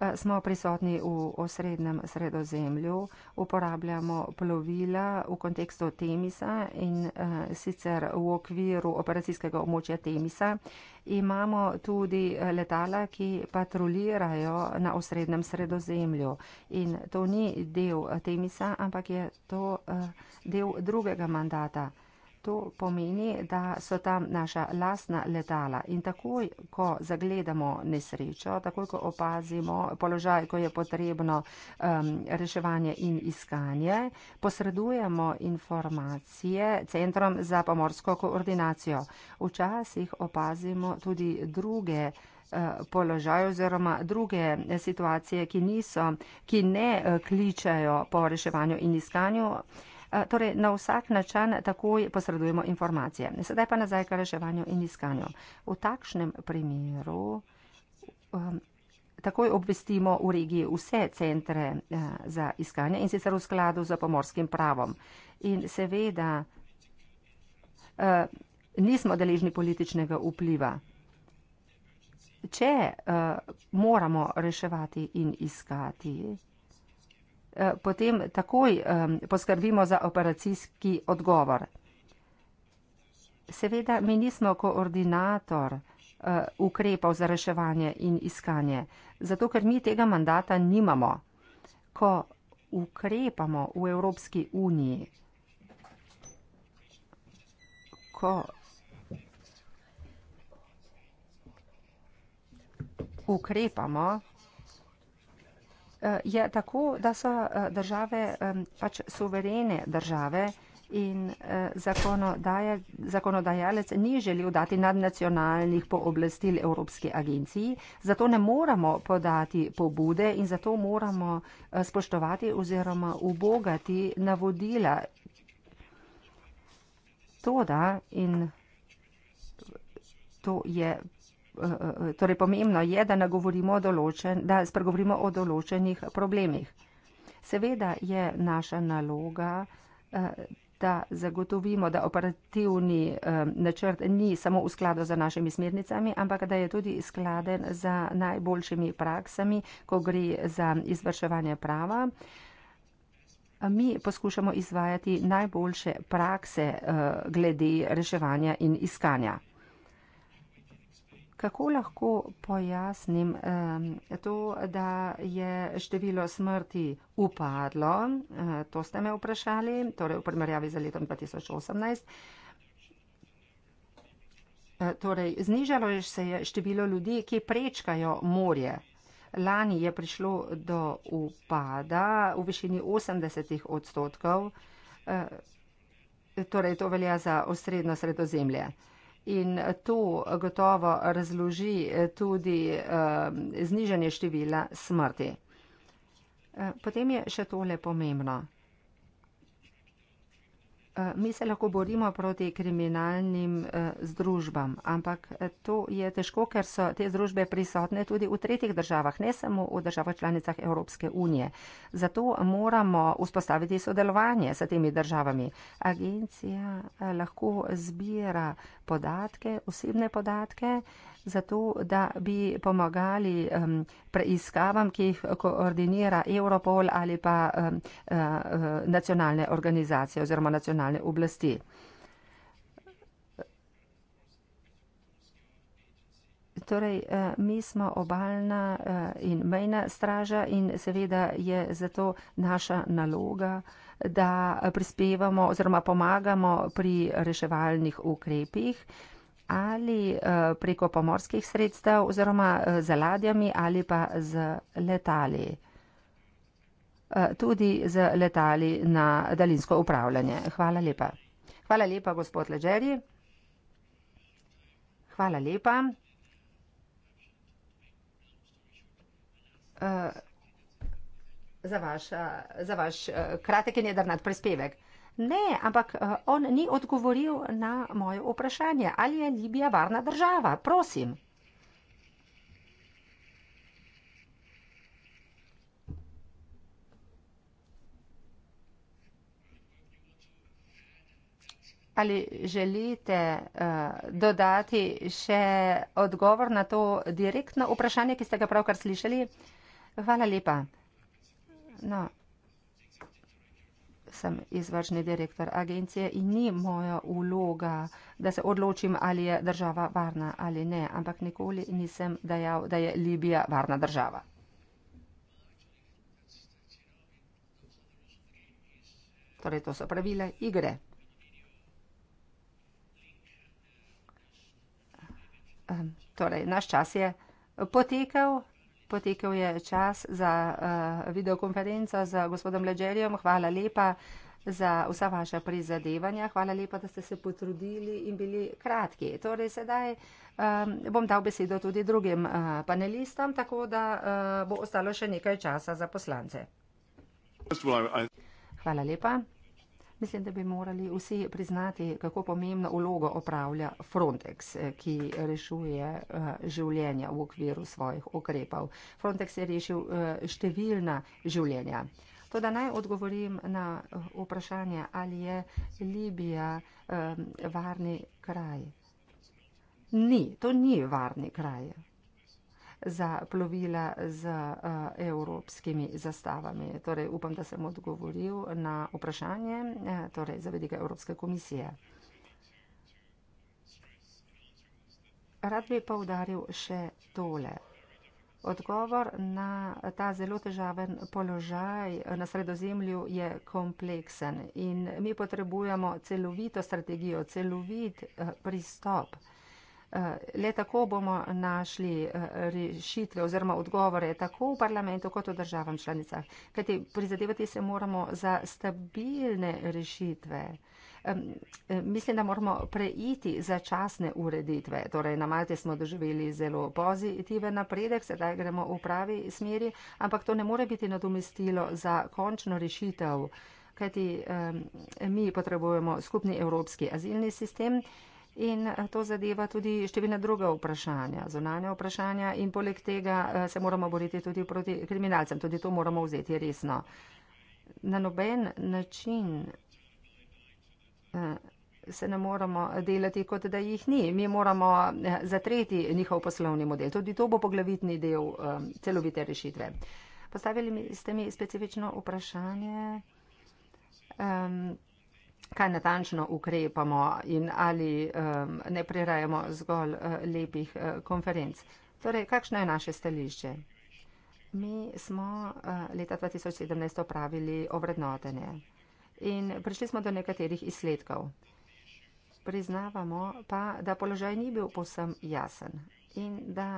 Eh, smo prisotni v osrednjem sredozemlju, uporabljamo plovila v kontekstu Temisa in eh, sicer v okviru operacijskega območja Temisa. Imamo tudi eh, letala, ki patrulirajo na osrednjem sredozemlju in to ni del Temisa, ampak je to del drugega mandata. To pomeni, da so tam naša lastna letala in takoj, ko zagledamo nesrečo, takoj, ko opazimo položaj, ko je potrebno um, reševanje in iskanje, posredujemo informacije Centrom za pomorsko koordinacijo. Včasih opazimo tudi druge uh, položaj oziroma druge situacije, ki, niso, ki ne uh, kličajo po reševanju in iskanju, Eh, torej, na vsak način takoj posredujemo informacije. Sedaj pa nazaj k reševanju in iskanju. V takšnem primeru um, takoj obvestimo v regiji vse centre uh, za iskanje in sicer v skladu z pomorskim pravom. In seveda uh, nismo deležni političnega vpliva. Če uh, moramo reševati in iskati, Eh, potem takoj ehm, poskrbimo za operacijski odgovor. Seveda, mi nismo koordinator eh, ukrepov za reševanje in iskanje, zato ker mi tega mandata nimamo. Ko ukrepamo v Evropski uniji, ko ukrepamo, Eh, je tako, da so eh, države pač suverene države in eh, zakonodaje, zakonodajalec ni želel dati nadnacionalnih pooblastil Evropske agenciji, zato ne moramo podati pobude in zato moramo spoštovati oziroma ubogati navodila. To da in to je torej pomembno je, da nagovorimo določen, da spregovorimo o določenih problemih. Seveda je naša naloga, eh, da zagotovimo, da operativni eh, načrt ni samo v skladu za našimi smernicami, ampak da je tudi skladen za najboljšimi praksami, ko gre za izvrševanje prava. Mi poskušamo izvajati najboljše prakse eh, glede reševanja in iskanja. Kako lahko pojasnim to, da je število smrti upadlo? E, to ste me vprašali, torej v primerjavi za letom 2018. E, torej, znižalo se je število ljudi, ki prečkajo morje. Lani je prišlo do upada v višini 80 odstotkov, e, torej to velja za osrednjo sredozemlje. In to gotovo razloži tudi ehm, znižanje števila smrti. Eh, potem je še tole pomembno. Eh, mi se lahko borimo proti kriminalnim eh, združbam, ampak eh, to je težko, ker so te združbe prisotne tudi v tretjih državah, ne samo v državah članicah Evropske unije. Zato moramo vzpostaviti sodelovanje s temi državami. Agencija lahko zbira podatke, osebne podatke, zato da bi pomagali um, preiskavam, ki jih koordinira Europol ali pa um, uh, nacionalne organizacije oziroma nacionalne oblasti. Torej, eh, mi smo obaljna in mejna straža in seveda je zato naša naloga, da prispevamo oziroma pomagamo pri reševalnih ukrepih ali eh, preko pomorskih sredstev oziroma eh, z ladjami ali pa z letali. Eh, tudi z letali na dalinsko upravljanje. Hvala lepa. Hvala lepa, gospod Leđeri. Hvala lepa. Uh, za, vaš, uh, za vaš kratek in jedrnat prispevek. Ne, ampak eh, on ni odgovoril na moje vprašanje, ali je Libija varna država, prosim. Ali želite uh, dodati še odgovor na to direktno vprašanje, ki ste ga pravkar slišali? Hvala lepa. No sem izvršni direktor agencije in ni moja uloga, da se odločim, ali je država varna ali ne, ampak nikoli nisem dejal, da je Libija varna država. Torej, to so pravile igre. Ehm, torej, naš čas je potekal potekel je čas za uh, videokonferenco z gospodom Leđerjem. Hvala lepa za vsa vaša prizadevanja. Hvala lepa, da ste se potrudili in bili kratki. Torej, sedaj um, bom dal besedo tudi drugim uh, panelistom, tako da uh, bo ostalo še nekaj časa za poslance. Hvala lepa. Mislim, da bi morali vsi priznati, kako pomembno ulogo opravlja Frontex, eh, ki rešuje eh, življenja v okviru svojih ukrepov. Frontex je rešil eh, številna življenja. Toda naj odgovorim na vprašanje, ali je Libija varni kraj. Ni, to ni varni kraj za plovila z uh, evropskimi zastavami. Torej, upam, da sem odgovoril na vprašanje uh, torej, za vedika Evropske komisije. Rad bi povdaril še tole. Odgovor na ta zelo težaven položaj na sredozemlju je kompleksen in mi potrebujemo celovito strategijo, celovit eh, pristop. Eh, le tako bomo našli eh, rešitve oziroma odgovore tako v parlamentu kot v državam članicah. Kajti prizadevati se moramo za stabilne rešitve. Eh, mislim, da moramo preiti začasne ureditve. Torej, na Malte smo doživeli zelo pozitiven napredek, sedaj gremo v pravi smeri, ampak to ne more biti nadomestilo za končno rešitev, kajti mi potrebujemo skupni evropski azilni sistem in eh, to zadeva tudi številna druga vprašanja, zonanja vprašanja in poleg tega eh, se moramo boriti tudi proti kriminalcem. Tudi to moramo vzeti resno. Na noben način eh, se ne moramo delati, kot da jih ni. Mi moramo zatreti njihov poslovni model. Tudi to bo poglavitni del celovite rešitve. Postavili ste mi specifično vprašanje. Ehm, kaj natančno ukrepamo in ali um, ne prirajamo zgolj uh, lepih uh, konferenc. Torej, kakšno je naše stališče? Mi smo uh, leta 2017 opravili ovrednotenje in prišli smo do nekaterih izsledkov. Priznavamo pa, da položaj ni bil posem jasen in da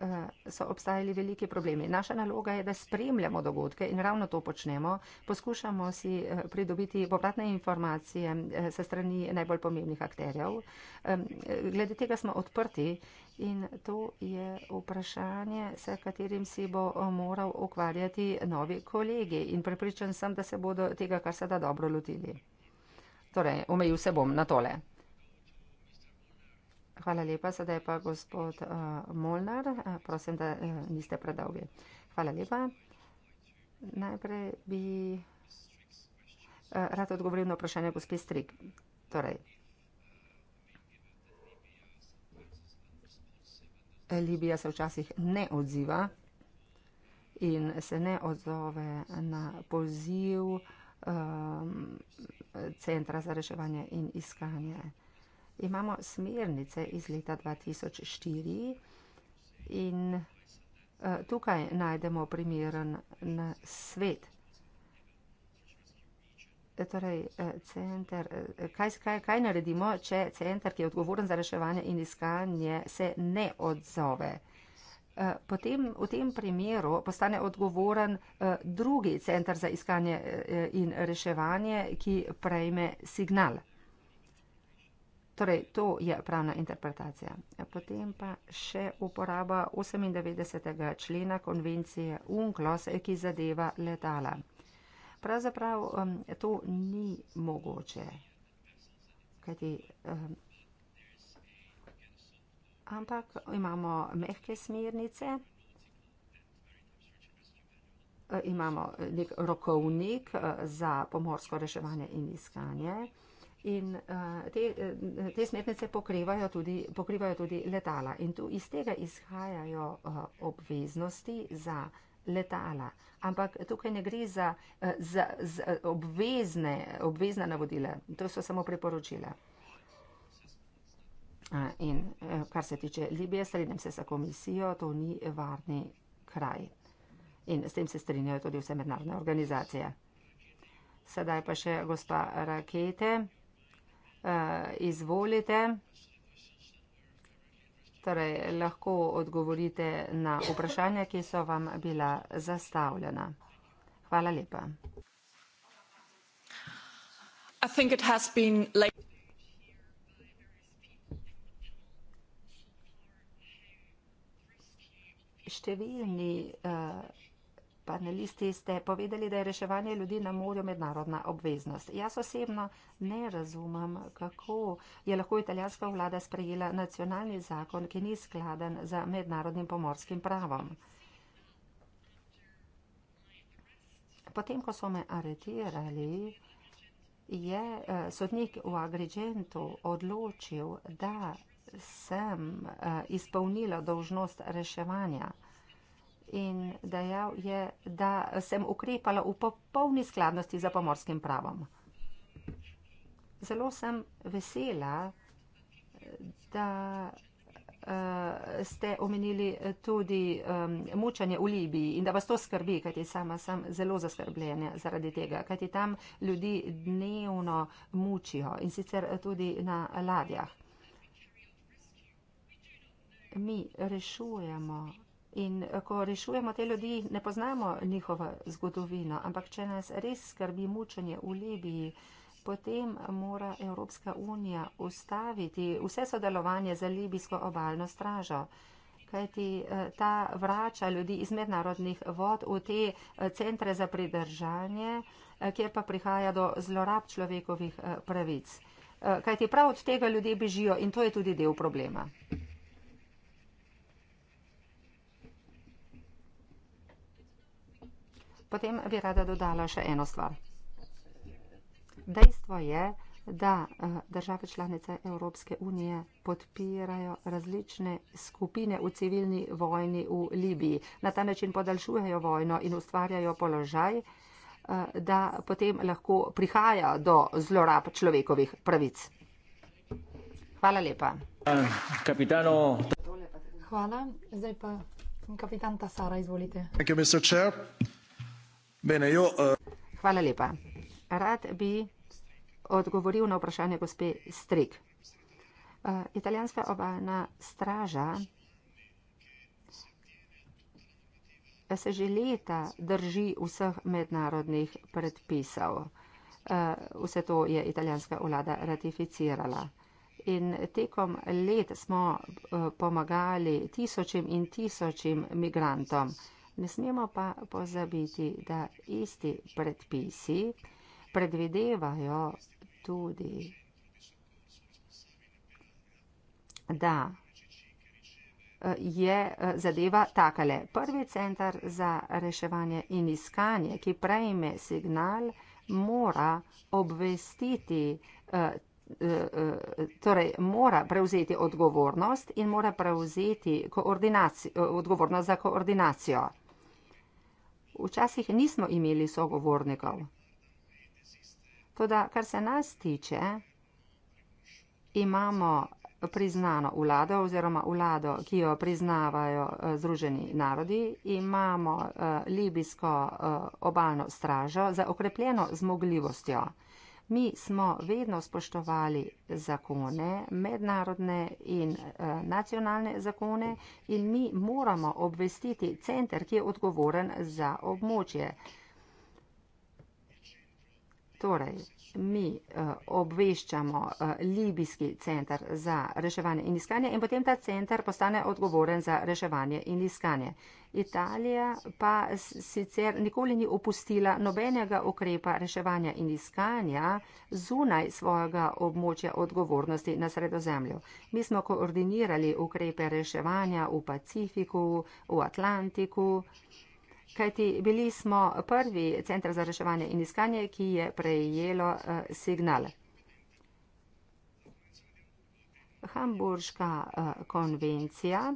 Eh, so obstajali veliki problemi. Naša naloga je, da spremljamo dogodke in ravno to počnemo. Poskušamo si eh, pridobiti povratne informacije eh, se strani najbolj pomembnih akterjev. Glede tega smo odprti in to je vprašanje, s katerim si bo moral ukvarjati novi kolegi in pripričan sem, da se bodo tega kar se da dobro lotili. Torej, omejil se bom na tole. Hvala lepa. Sedaj je pa gospod uh, Molnar. Uh, prosim, da uh, niste predolgi. Hvala lepa. Najprej bi uh, rad odgovoril na vprašanje gospe Strik. Torej, Libija se včasih ne odziva in se ne odzove na poziv um, Centra za reševanje in iskanje imamo smernice iz leta 2004 in eh, tukaj najdemo primeren na svet. E, torej, e, center, e, kaj, kaj, kaj naredimo, če center, ki je odgovoren za reševanje in iskanje, se ne odzove? Potem v tem primeru postane odgovoren drugi center za iskanje in reševanje, ki prejme signal. Torej, to je pravna interpretacija. Potem pa še uporaba 98. člena konvencije UNCLOS, ki zadeva letala. Pravzaprav um, to ni mogoče. Kajti, um, ampak imamo mehke smernice, imamo nek rokovnik uh, za pomorsko reševanje in iskanje in eh, te, eh, te smetnice pokrivajo tudi, pokrivajo tudi letala. In tu iz tega izhajajo eh, obveznosti za letala. Ampak tukaj ne gre za, za, za obvezne, obvezna navodila, to so samo priporočila. In kar se tiče Libije, strinjam se sa komisijo, to ni varni kraj. In s tem se strinjajo tudi vse mednarodne organizacije. Sedaj pa še gospa Rakete. Eh, izvolite. Torej, lahko odgovorite na vprašanja, ki so vam bila zastavljena. Hvala lepa. Številni uh, panelisti ste povedali, da je reševanje ljudi na morju mednarodna obveznost. Jaz osebno ne razumem, kako je lahko italijanska vlada sprejela nacionalni zakon, ki ni skladen za mednarodnim pomorskim pravom. Potem, ko so me aretirali, je eh, sodnik v Agrigentu odločil, da sem eh, izpolnila dolžnost reševanja in dejal je, da sem ukrepala v popolni skladnosti za pomorskim pravom. Zelo sem vesela, da uh, ste omenili tudi um, mučanje v Libiji in da vas to skrbi, kajti sama sem zelo zaskrbljena zaradi tega, kajti tam ljudi dnevno mučijo in sicer tudi na ladjah. Mi rešujemo In eh, ko rešujemo te ljudi, ne poznamo njihovo zgodovino, ampak če nas res skrbi mučenje v Libiji, potem mora Evropska unija ustaviti vse sodelovanje za libijsko obaljno stražo, kajti eh, ta vrača ljudi iz mednarodnih vod v te eh, centre za pridržanje, kjer pa prihaja do zlorab človekovih pravic. Kajti prav od tega ljudje bežijo in to je tudi del problema. Potem bi rada dodala še eno stvar. Dejstvo je, da eh, države članice Evropske unije podpirajo različne skupine v civilni vojni v Libiji. Na ta način podaljšujejo vojno in ustvarjajo položaj, eh, da potem lahko prihaja do zlorab človekovih pravic. Hvala lepa. Kapitano. Hvala. Zdaj pa kapitan Tasara, izvolite. Thank you, Mr. Chair. Bene, jo, uh... Eh, Hvala lepa. Rad bi odgovoril na vprašanje gospe Strik. Uh, italijanska obalna straža se že leta drži vseh mednarodnih predpisov. Uh, vse to je italijanska vlada ratificirala. In tekom let smo uh, pomagali tisočim in tisočim migrantom. Uh, Ne smemo pa pozabiti, da isti predpisi predvidevajo tudi, da eh, je eh, zadeva takale. Prvi centar za reševanje in iskanje, ki prejme signal, mora obvestiti, eh, torej mora prevzeti odgovornost in mora prevzeti koordinacijo, odgovornost za koordinacijo včasih nismo imeli sogovornikov. Toda, kar se nas tiče, imamo priznano vlado oziroma vlado, ki jo priznavajo eh, Združeni narodi, imamo eh, Libijsko eh, obalno stražo za okrepljeno zmogljivostjo. Mi smo vedno spoštovali zakone, mednarodne in eh, nacionalne zakone in mi moramo obvestiti center, ki je odgovoren za območje. Torej, mi uh, obveščamo uh, Libijski centar za reševanje in iskanje in potem ta centar postane odgovoren za reševanje in iskanje. Italija pa sicer nikoli ni opustila nobenega ukrepa reševanja in iskanja zunaj svojega območja odgovornosti na sredozemlju. Mi smo koordinirali ukrepe reševanja v Pacifiku, v Atlantiku kajti bili smo prvi centr za reševanje in iskanje, ki je prejelo eh, signal. Hamburška eh, konvencija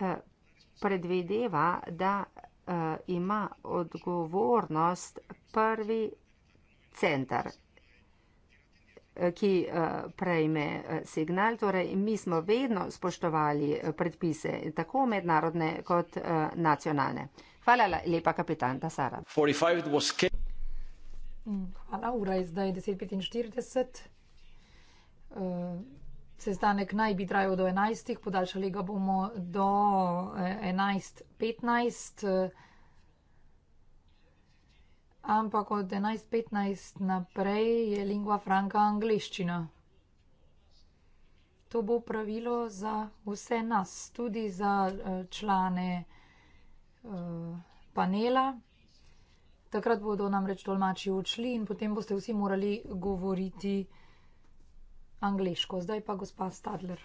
eh, predvideva, da ima odgovornost prvi centr ki eh, prejme eh, signal. Torej, mi smo vedno spoštovali eh, predpise, tako mednarodne kot nacionalne. Hvala lepa, kapitan Tasara. Mm, hvala, ura je zdaj 10.45. Sestanek naj bi trajal do 11. Podaljšali ga bomo do 11.15 ampak od 11.15 naprej je lingua franca angliščina. To bo pravilo za vse nas, tudi za eh, člane eh, panela. Takrat bodo namreč tolmači odšli in potem boste vsi morali govoriti angliško. Zdaj pa gospa Stadler.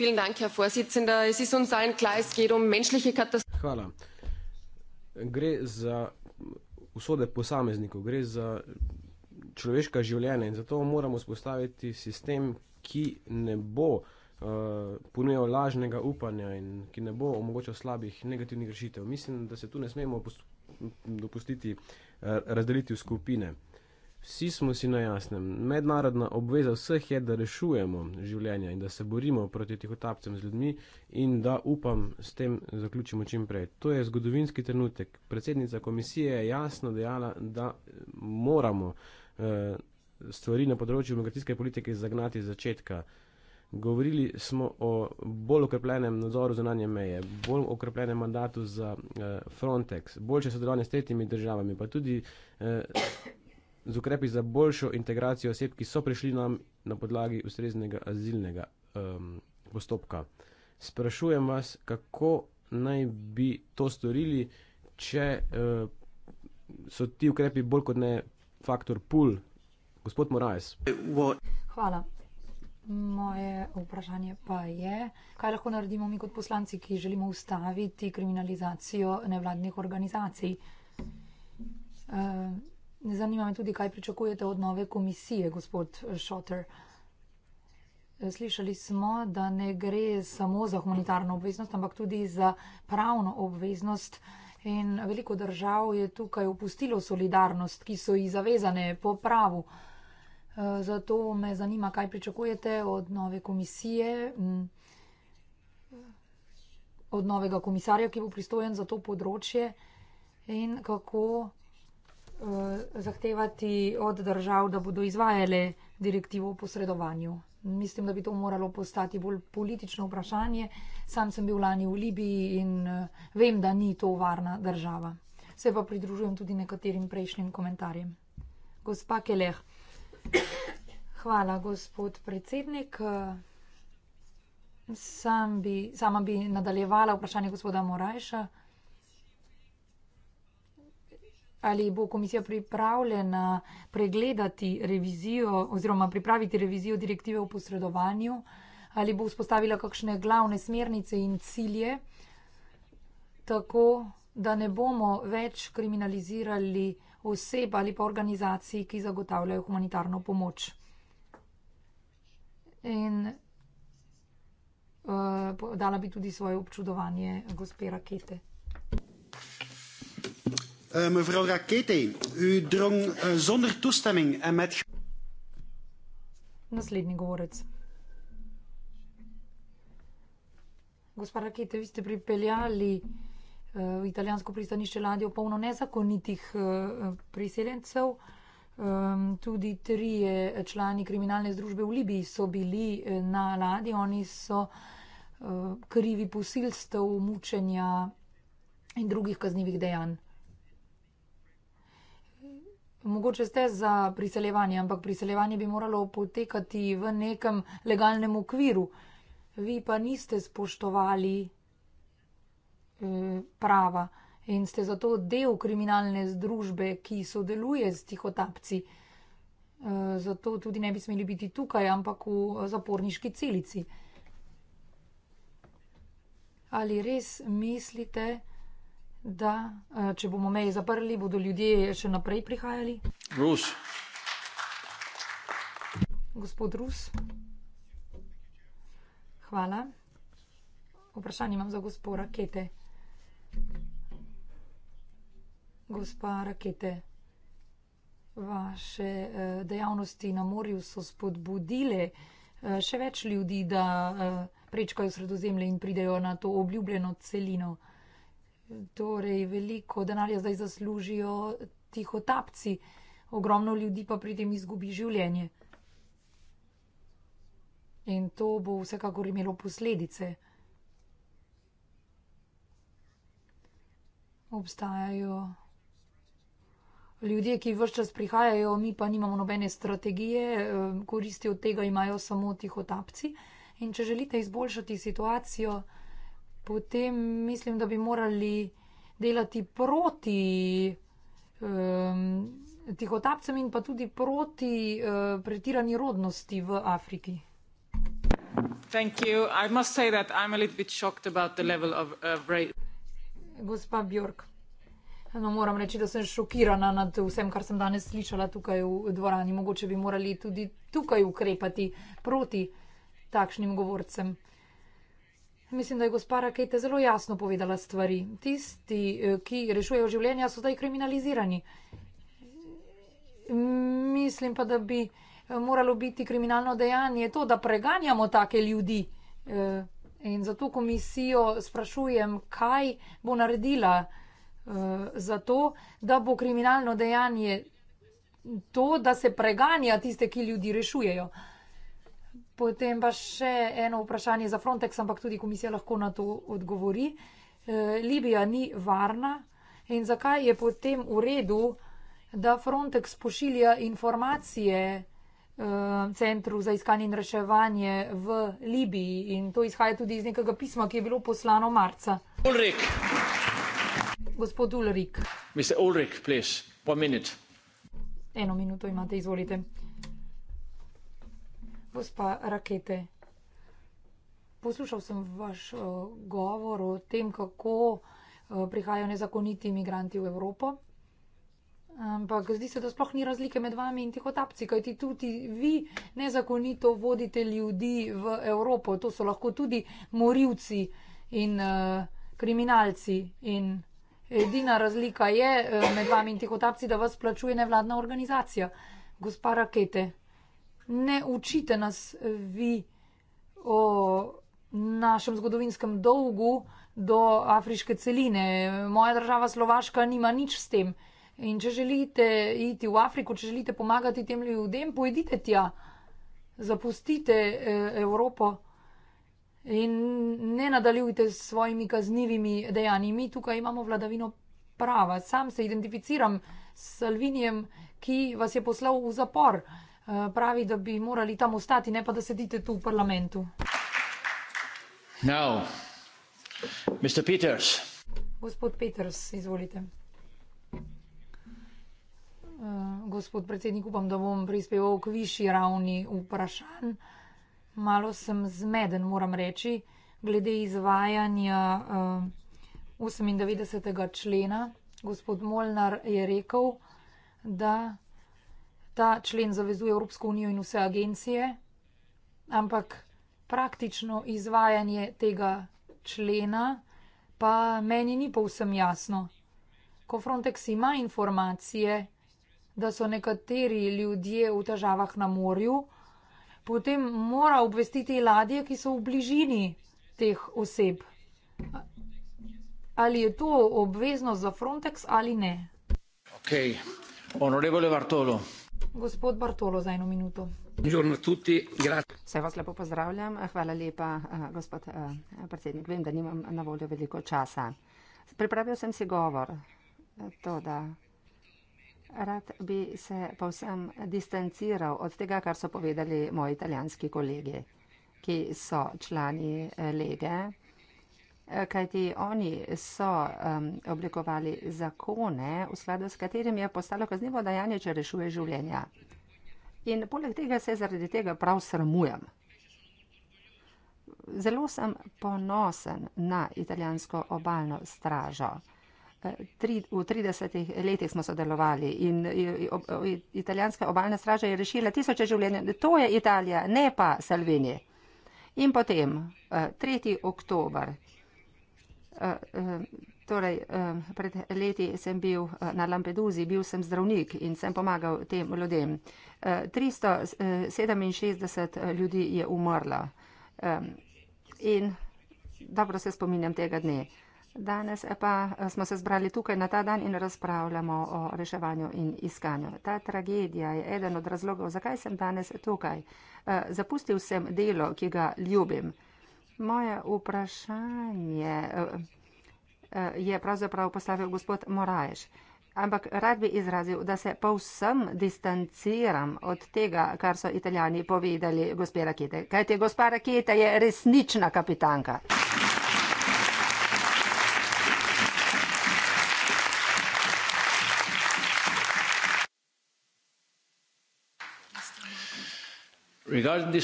Um Hvala. Gre za usode posameznikov, gre za človeška življenja in zato moramo spostaviti sistem, ki ne bo uh, ponujal lažnega upanja in ki ne bo omogočal slabih negativnih rešitev. Mislim, da se tu ne smemo dopustiti uh, razdeliti v skupine. Vsi smo si na jasnem, mednarodna obveza vseh je, da rešujemo življenja in da se borimo proti tihotapcem z ljudmi in da upam s tem zaključimo čim prej. To je zgodovinski trenutek. Predsednica komisije je jasno dejala, da moramo eh, stvari na področju migracijske politike zagnati iz začetka. Govorili smo o bolj okrepljenem nadzoru zunanje meje, bolj okrepljenem mandatu za eh, Frontex, boljše sodelovanje s tretjimi državami, pa tudi. Eh, z ukrepi za boljšo integracijo oseb, ki so prišli nam na podlagi ustreznega azilnega um, postopka. Sprašujem vas, kako naj bi to storili, če uh, so ti ukrepi bolj kot ne faktor pull. Gospod Morales. Hvala. Moje vprašanje pa je, kaj lahko naredimo mi kot poslanci, ki želimo ustaviti kriminalizacijo nevladnih organizacij. Uh, Ne zanima me tudi, kaj pričakujete od nove komisije, gospod Šoter. Slišali smo, da ne gre samo za humanitarno obveznost, ampak tudi za pravno obveznost. In veliko držav je tukaj upustilo solidarnost, ki so jih zavezane po pravu. Zato me zanima, kaj pričakujete od nove komisije, od novega komisarja, ki bo pristojen za to področje in kako Eh, zahtevati od držav, da bodo izvajale direktivo o posredovanju. Mislim, da bi to moralo postati bolj politično vprašanje. Sam sem bil lani v Libiji in eh, vem, da ni to varna država. Se pa pridružujem tudi nekaterim prejšnjim komentarjem. Gospa Keleh. Hvala, gospod predsednik. Sam bi, sama bi nadaljevala vprašanje gospoda Morajša ali bo komisija pripravljena pregledati revizijo oziroma pripraviti revizijo direktive o posredovanju, ali bo vzpostavila kakšne glavne smernice in cilje, tako da ne bomo več kriminalizirali oseb ali pa organizacij, ki zagotavljajo humanitarno pomoč. In uh, eh, dala bi tudi svoje občudovanje gospe Rakete. Uh, mevrouw Rakete, u drong uh, zonder toestemming en met. Naslednji govorec. Gospa Rakete, vi ste pripeljali uh, eh, v italijansko pristanišče ladjo polno nezakonitih uh, priseljencev. Um, tudi trije člani kriminalne združbe v Libiji so bili na ladji. Oni so uh, krivi posilstev, mučenja in drugih kaznjivih dejanj. Mogoče ste za priseljevanje, ampak priseljevanje bi moralo potekati v nekem legalnem okviru. Vi pa niste spoštovali eh, prava in ste zato del kriminalne združbe, ki sodeluje s tihotapci. Eh, zato tudi ne bi smeli biti tukaj, ampak v eh, zaporniški celici. Ali res mislite, da? da eh, če bomo meje zaprli, bodo ljudje še naprej prihajali? Rus. Gospod Rus. Hvala. Vprašanje imam za gospod Rakete. Gospa Rakete, vaše eh, dejavnosti na morju so spodbudile eh, še več ljudi, da prečkajo sredozemlje in pridejo na to obljubljeno celino torej veliko denarja zdaj zaslužijo tihotapci, ogromno ljudi pa pri tem izgubi življenje. In to bo vsekakor imelo posledice. Obstajajo ljudje, ki vse čas prihajajo, mi pa nimamo nobene strategije, eh, koristi od tega imajo samo tihotapci. In če želite izboljšati situacijo, potem mislim, da bi morali delati proti um, tihotapcem in pa tudi proti uh, pretirani rodnosti v Afriki. Gospa Bjork, no, moram reči, da sem šokirana nad vsem, kar sem danes slišala tukaj v dvorani. Mogoče bi morali tudi tukaj ukrepati proti takšnim govorcem. Mislim, da je gospara Kejte zelo jasno povedala stvari. Tisti, eh, ki rešujejo življenja, so zdaj kriminalizirani. Mislim pa, da bi eh, moralo biti kriminalno dejanje to, da preganjamo take ljudi. Eh, in zato komisijo sprašujem, kaj bo naredila za to, da bo kriminalno dejanje to, da se preganja tiste, ki ljudi rešujejo. Potem pa še eno vprašanje za Frontex, ampak tudi komisija lahko na to odgovori. E, Libija ni varna in zakaj je potem v redu, da Frontex pošilja informacije e, Centru za iskanje in reševanje v Libiji in to izhaja tudi iz nekega pisma, ki je bilo poslano marca. Ulrik. Gospod Ulrik. Mr. Ulrik, please, one minute. Eno minuto imate, izvolite gospa Rakete, poslušal sem vaš eh, govor o tem, kako eh, prihajajo nezakoniti imigranti v Evropo. Ampak zdi se, da sploh ni razlike med vami in tihotapci, kajti tudi vi nezakonito vodite ljudi v Evropo. To so lahko tudi morilci in uh, kriminalci. In edina razlika je uh, med vami in tihotapci, da vas plačuje nevladna organizacija, gospa Rakete ne učite nas vi o našem zgodovinskem dolgu do afriške celine. Moja država Slovaška nima nič s tem. In če želite iti v Afriko, če želite pomagati tem ljudem, pojedite tja, zapustite eh, Evropo in ne nadaljujte s svojimi kaznivimi dejanji. Mi tukaj imamo vladavino prava. Sam se identificiram s Salvinijem, ki vas je poslal v zapor. Eh, pravi, da bi morali tam ostati, ne pa da sedite tu v parlamentu. Now, Peters. Gospod Peters, izvolite. Uh, gospod predsednik, upam, da bom prispeval k višji ravni vprašanj. Malo sem zmeden, moram reči, glede izvajanja uh, eh, 98. člena. Gospod Molnar je rekel, da ta člen zavezuje Evropsko unijo in vse agencije, ampak praktično izvajanje tega člena pa meni ni povsem jasno. Ko Frontex ima informacije, da so nekateri ljudje v težavah na morju, potem mora obvestiti ladje, ki so v bližini teh oseb. Ali je to obveznost za Frontex ali ne? Ok, honorable Bartolo. Gospod Bartolo, za eno minuto. Vse vas lepo pozdravljam. Hvala lepa, eh, gospod eh, predsednik. Vem, da nimam na voljo veliko časa. Pripravil sem si govor, to, da rad bi se povsem distanciral od tega, kar so povedali moji italijanski kolege, ki so člani eh, lege. Eh, kajti oni so um, oblikovali zakone, v skladu s katerim je postalo kaznivo dajanje, če rešuje življenja. In poleg tega se zaradi tega prav sramujem. Zelo sem ponosen na italijansko obalno stražo. Eh, v 30 letih smo sodelovali in italijanska obalna straža je rešila tisoče življenj. To je Italija, ne pa Salvini. In potem 3. Eh, oktober Eh, eh, torej, eh, pred leti sem bil na Lampeduzi, bil sem zdravnik in sem pomagal tem ljudem. 367 ljudi je umrlo. In dobro se spominjam tega dne. Danes pa smo se zbrali tukaj na ta dan in razpravljamo o reševanju in iskanju. Ta tragedija je eden od razlogov, zakaj sem danes tukaj. Zapustil sem delo, ki ga ljubim. Moje vprašanje eh, eh, je pravzaprav postavil gospod Moraješ, ampak rad bi izrazil, da se povsem distanciram od tega, kar so italijani povedali gospe Rakete. Kajte, gospa Rakete je resnična kapitanka.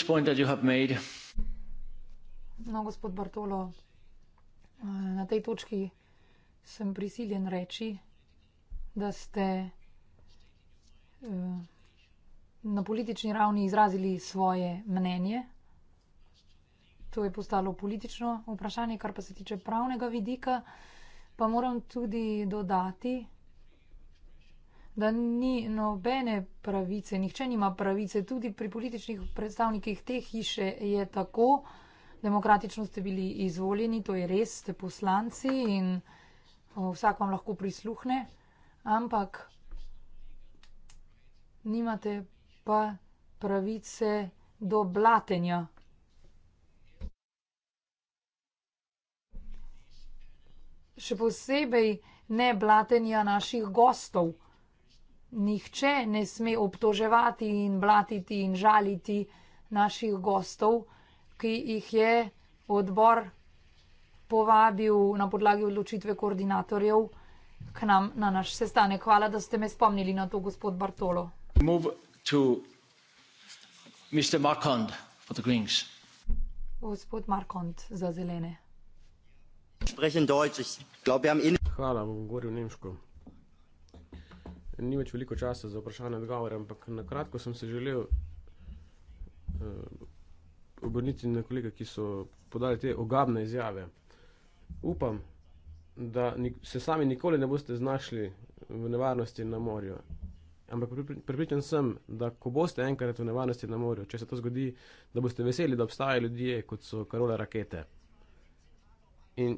Point, made, No, gospod Bartolo, eh, na tej točki sem prisiljen reči, da ste eh, na politični ravni izrazili svoje mnenje. To je postalo politično vprašanje, kar pa se tiče pravnega vidika, pa moram tudi dodati, da ni nobene pravice, nihče nima pravice, tudi pri političnih predstavnikih te hiše je tako, demokratično ste bili izvoljeni, to je res, ste poslanci in vsak vam lahko prisluhne, ampak nimate pa pravice do blatenja. Še posebej ne blatenja naših gostov. Nihče ne sme obtoževati in blatiti in žaliti naših gostov ki jih je odbor povabil na podlagi odločitve koordinatorjev k nam na naš sestanek. Hvala, da ste me spomnili na to, gospod Bartolo. Markand, gospod Markond za zelene. Hvala, bom govoril nemško. Ni več veliko časa za vprašanje odgovore, ampak na kratko sem se želel eh, obrniti na kolega, ki so podali te ogabne izjave. Upam, da se sami nikoli ne boste znašli v nevarnosti na morju. Ampak pripričan sem, da ko boste enkrat v nevarnosti na morju, če se to zgodi, da boste veseli, da obstajajo ljudje, kot so karole rakete. In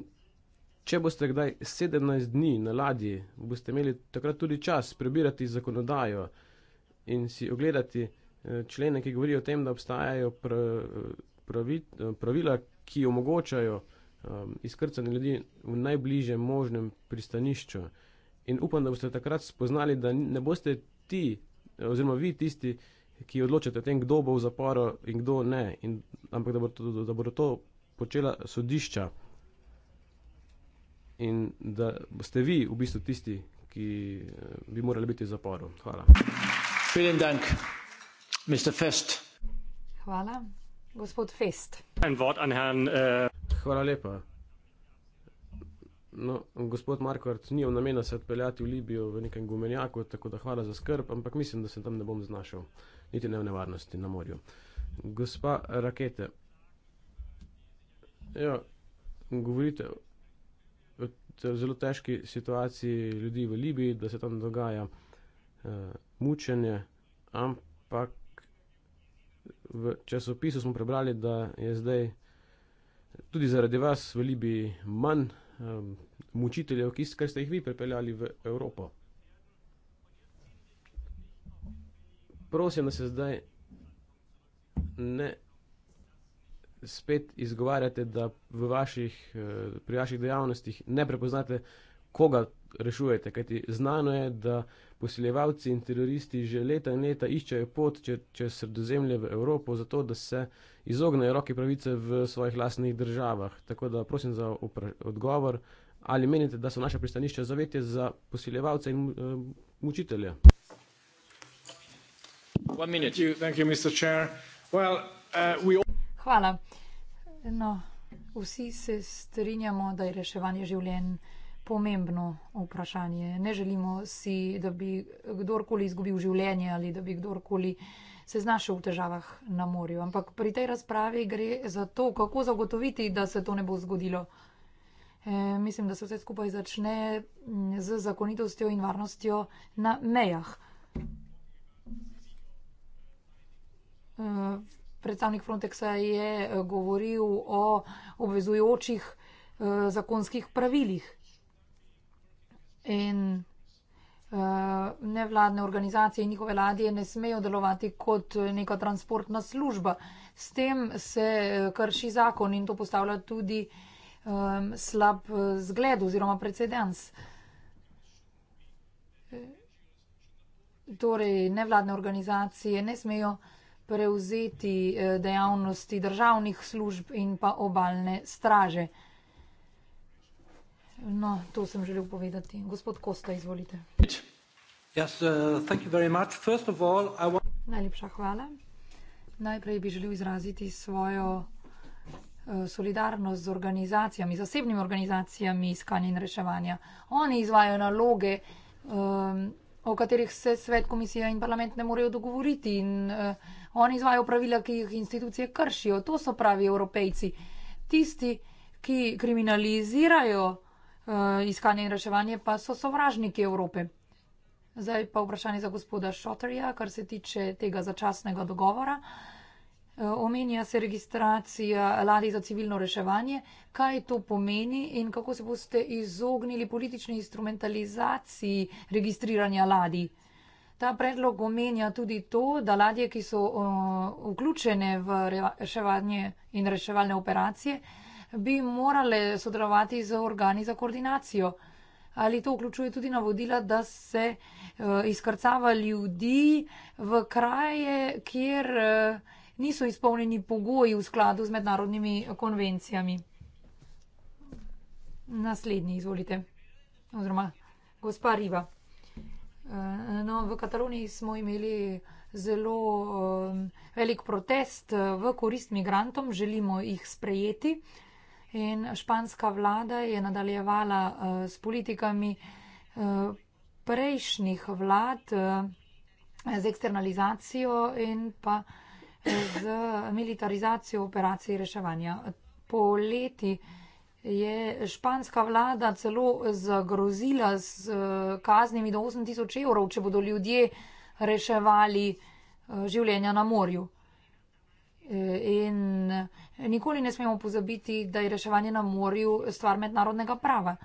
če boste kdaj 17 dni na ladji, boste imeli takrat tudi čas prebirati zakonodajo in si ogledati, Eh, člene, ki govorijo o tem, da obstajajo pra, eh, pravi, eh, pravila, ki omogočajo um, izkrcanje ljudi v najbližje možnem pristanišču. In upam, da boste takrat spoznali, da ne boste ti, oziroma vi tisti, ki odločate o tem, kdo bo v zaporu in kdo ne, in, ampak da bodo to, da bodo to počela sodišča. In da ste vi v bistvu tisti, ki bi morali biti v zaporu. Hvala. Vielen Dank. Hvala. Gospod Fest. Äh, hvala lepa. No, gospod Markovart, ni v namena se odpeljati v Libijo v nekem gumenjaku, tako da hvala za skrb, ampak mislim, da se tam ne bom znašel, niti ne v nevarnosti na morju. Gospa Rakete, jo, ja, govorite o zelo težki situaciji ljudi v Libiji, da se tam dogaja e, mučenje, ampak v časopisu smo prebrali, da je zdaj tudi zaradi vas v Libiji manj um, mučiteljev, ki ste jih vi prepeljali v Evropo. Prosim, da se zdaj ne spet izgovarjate, da v vaših, eh, pri vaših dejavnostih ne prepoznate, koga rešujete, kajti znano je, da posiljevalci in teroristi že leta in leta iščejo pot čez sredozemlje v Evropo, zato da se izognejo roki pravice v svojih lastnih državah. Tako da prosim za odgovor, ali menite, da so naše pristanišče zavetje za posiljevalce in eh, uh, mučitelje? Hvala. No, vsi se strinjamo, da je reševanje življenj pomembno vprašanje. Ne želimo si, da bi kdorkoli izgubil življenje ali da bi kdorkoli se znašel v težavah na morju. Ampak pri tej razpravi gre za to, kako zagotoviti, da se to ne bo zgodilo. E, mislim, da se vse skupaj začne z zakonitostjo in varnostjo na mejah. E, predstavnik Frontexa je e, govoril o obvezujočih e, zakonskih pravilih in uh, nevladne organizacije in njihove ladje ne smejo delovati kot neka transportna služba. S tem se eh, krši zakon in to postavlja tudi um, slab eh, zgled oziroma precedens. Torej, nevladne organizacije ne smejo prevzeti dejavnosti državnih služb in pa obalne straže. No, to sem želel povedati. Gospod Kosta, izvolite. Yes, uh, all, want... Najlepša hvala. Najprej bi želel izraziti svojo uh, solidarnost z organizacijami, zasebnimi organizacijami iskanja in reševanja. Oni izvajo naloge, um, o katerih se svet, komisija in parlament ne morejo dogovoriti in uh, oni izvajo pravila, ki jih institucije kršijo. To so pravi evropejci. Tisti, ki kriminalizirajo uh, uh, iskanje in reševanje, pa so sovražniki Evrope. Zdaj pa vprašanje za gospoda Šotarja, kar se tiče tega začasnega dogovora. Eh, omenja se registracija ladi za civilno reševanje. Kaj to pomeni in kako se boste izognili politični instrumentalizaciji registriranja ladi? Ta predlog omenja tudi to, da ladje, ki so uh, vključene v reševanje in reševalne operacije, uh, bi morale sodelovati z organi za koordinacijo. Ali to vključuje tudi navodila, da se eh, izkrcava ljudi v kraje, kjer eh, niso izpolnjeni pogoji v skladu z mednarodnimi konvencijami? Naslednji, izvolite. Oziroma, gospa Riva. Eh, no, v Kataloniji smo imeli zelo velik protest v korist migrantom, želimo jih sprejeti in španska vlada je nadaljevala eh, s politikami eh, prejšnjih vlad, eh, z eksternalizacijo in pa z militarizacijo operacij reševanja. Po leti je španska vlada celo zagrozila z kaznimi do 8000 evrov, če bodo ljudje reševali življenja na morju. In Nikoli ne smemo pozabiti, da je reševanje na morju stvar mednarodnega prava.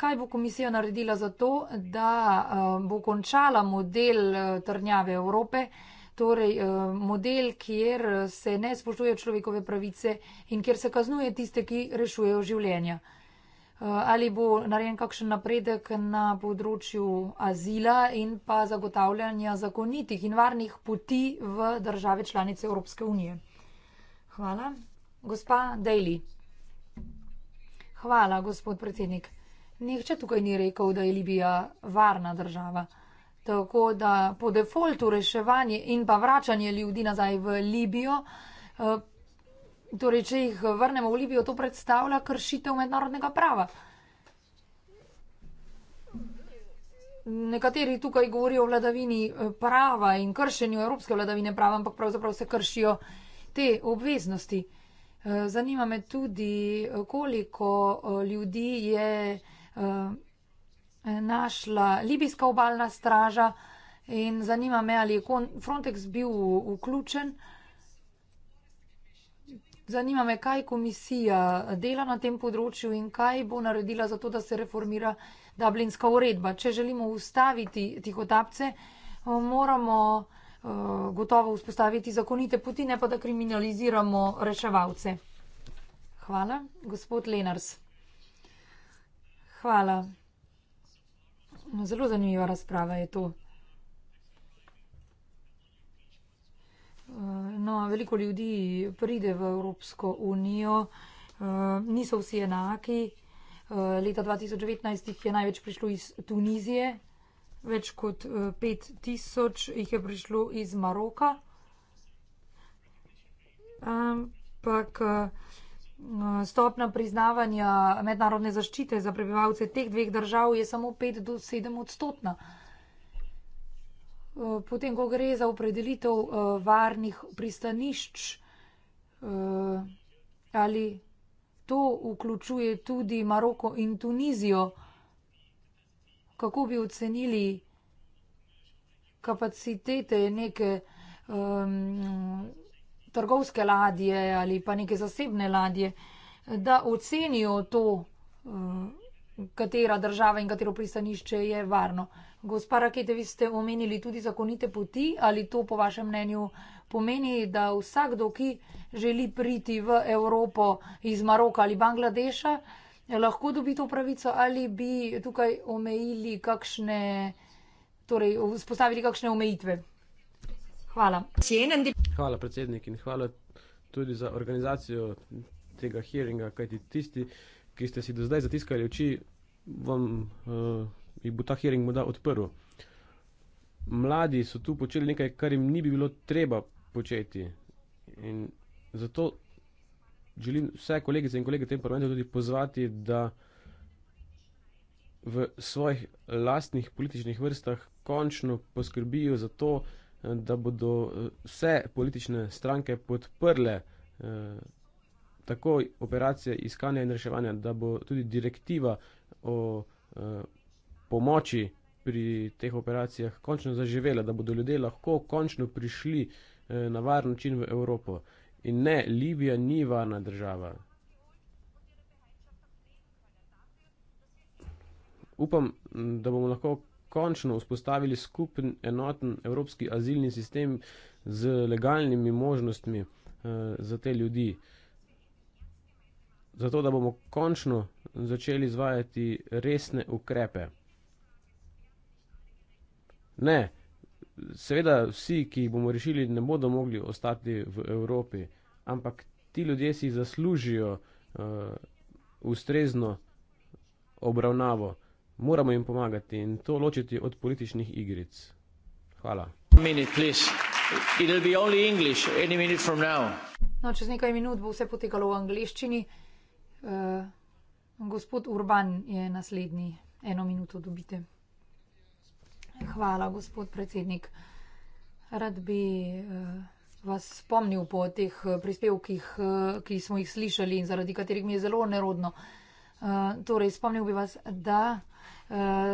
Kaj bo komisija naredila za to, da eh, bo končala model eh, trnjave Evrope, torej eh, model, kjer se ne spoštuje človekove pravice in kjer se kaznuje tiste, ki rešujejo življenja? Ali bo narejen kakšen napredek na področju azila in pa zagotavljanja zakonitih in varnih poti v države članice Evropske unije? Hvala. Gospa Daly. Hvala, gospod predsednik. Nihče tukaj ni rekel, da je Libija varna država. Tako da po defaultu reševanje in pa vračanje ljudi nazaj v Libijo, eh, torej če jih vrnemo v Libijo, to predstavlja kršitev mednarodnega prava. Nekateri tukaj govorijo o vladavini eh, prava in kršenju evropske vladavine prava, ampak pravzaprav se kršijo te obveznosti. Eh, zanima me tudi, eh, koliko eh, ljudi je našla libijska obaljna straža in zanima me, ali je Frontex bil vključen. Zanima me, kaj komisija dela na tem področju in kaj bo naredila za to, da se reformira Dublinska uredba. Če želimo ustaviti tihotapce, moramo Eh, gotovo vzpostaviti zakonite poti, ne pa da kriminaliziramo reševalce. Hvala, gospod Lenars. Hvala. No, zelo zanimiva razprava je to. Eh, no, veliko ljudi pride v Evropsko unijo, eh, niso vsi enaki. Leta 2019 jih je največ prišlo iz Tunizije, več kot 5000 eh, jih je prišlo iz Maroka. Ampak eh, stopna priznavanja mednarodne zaščite za prebivalce teh dveh držav je samo 5 do 7 odstotna. Eh, potem, ko gre za opredelitev varnih pristanišč, ali to vključuje tudi Maroko in Tunizijo, kako bi ocenili kapacitete neke um, trgovske ladje ali pa neke zasebne ladje, da ocenijo to, um, katera država in katero pristanišče je varno. Gospa Rakete, vi ste omenili tudi zakonite poti, ali to po vašem mnenju pomeni, da vsakdo, ki želi priti v Evropo iz Maroka ali Bangladeša, uh, lahko dobi to pravico, ali bi tukaj omejili kakšne, torej vzpostavili kakšne omejitve. Hvala. Hvala, predsednik, in hvala tudi za organizacijo tega hearinga, kajti tisti, ki ste si do zdaj zatiskali oči, vam uh, jih bo ta hearing morda odprl. Mladi so tu počeli nekaj, kar jim ni bi bilo treba početi. In zato želim vse kolegice in kolege v tem parlamentu tudi pozvati, da v svojih lastnih političnih vrstah končno poskrbijo za to, da bodo eh, vse politične stranke podprle eh, tako operacije iskanja in reševanja, da bo tudi direktiva o eh, pomoči pri teh operacijah končno zaživela, da bodo ljudje lahko končno prišli na varen način v Evropo. In ne, Libija ni varna država. Upam, da bomo lahko končno vzpostavili skupen enoten evropski azilni sistem z legalnimi možnostmi eh, za te ljudi. Zato, da bomo končno začeli izvajati resne ukrepe. Ne. Seveda, vsi, ki jih bomo rešili, ne bodo mogli ostati v Evropi, ampak ti ljudje si zaslužijo uh, ustrezno obravnavo. Moramo jim pomagati in to ločiti od političnih igric. Hvala. No, čez nekaj minut bo vse potekalo v angliščini. Uh, eh, gospod Urban je naslednji. Eno minuto dobite. Hvala, gospod predsednik. Rad bi eh, vas spomnil po teh eh, prispevkih, eh, ki smo jih slišali in zaradi katerih mi je zelo nerodno. Torej, spomnil bi vas, da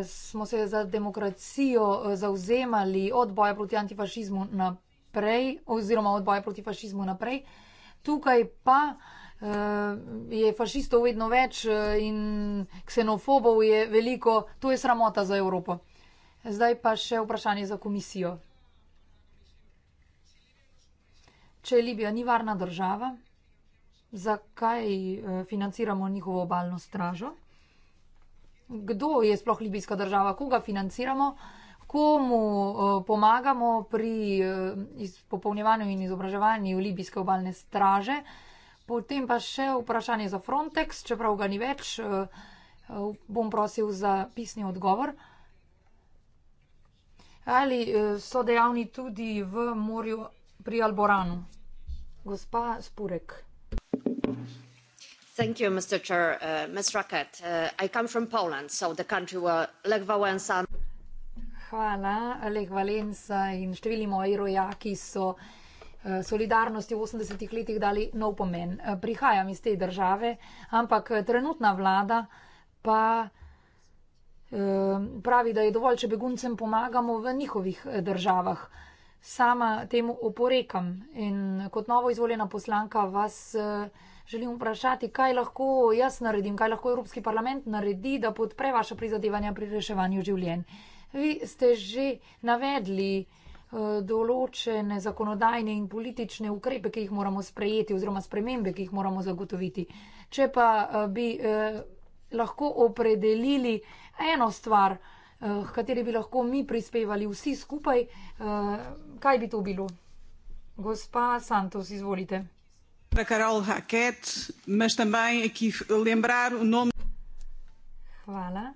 smo se za demokracijo zauzemali od boja proti antifašizmu naprej, oziroma od boja proti fašizmu naprej. Tukaj pa je fašistov vedno več in ksenofobov je veliko. To je sramota za Evropo. Zdaj pa še vprašanje za komisijo. Če Libija ni varna država, zakaj eh, financiramo njihovo obalno stražo? Kdo je sploh libijska država? Koga financiramo? Komu eh, pomagamo pri eh, popolnjevanju in izobraževanju libijske obalne straže? Potem pa še vprašanje za Frontex, čeprav ga ni več, bom prosil za pisni odgovor ali eh, so dejavni tudi v morju pri Alboranu? Gospa Spurek. Thank you, Mr. Chair. Uh, Ms. Rocket, uh, I come from Poland, so the country where Lek Wałęsa... Hvala, Lech Valensa in številni moji rojaki so eh, solidarnosti v 80-ih letih dali nov pomen. Eh, prihajam iz te države, ampak trenutna vlada pa Ehm, pravi, da je dovolj, če beguncem pomagamo v njihovih eh, državah. Sama temu oporekam in kot novo izvoljena poslanka vas eh, želim vprašati, kaj lahko jaz naredim, kaj lahko Evropski parlament naredi, da podpre vaše prizadevanja pri reševanju življenj. Vi ste že navedli eh, določene zakonodajne in politične ukrepe, ki jih moramo sprejeti oziroma spremembe, ki jih moramo zagotoviti. Če pa bi lahko opredelili, eno stvar, eh, kateri bi lahko mi prispevali vsi skupaj, eh, kaj bi to bilo? Gospa Santos, izvolite. Hvala.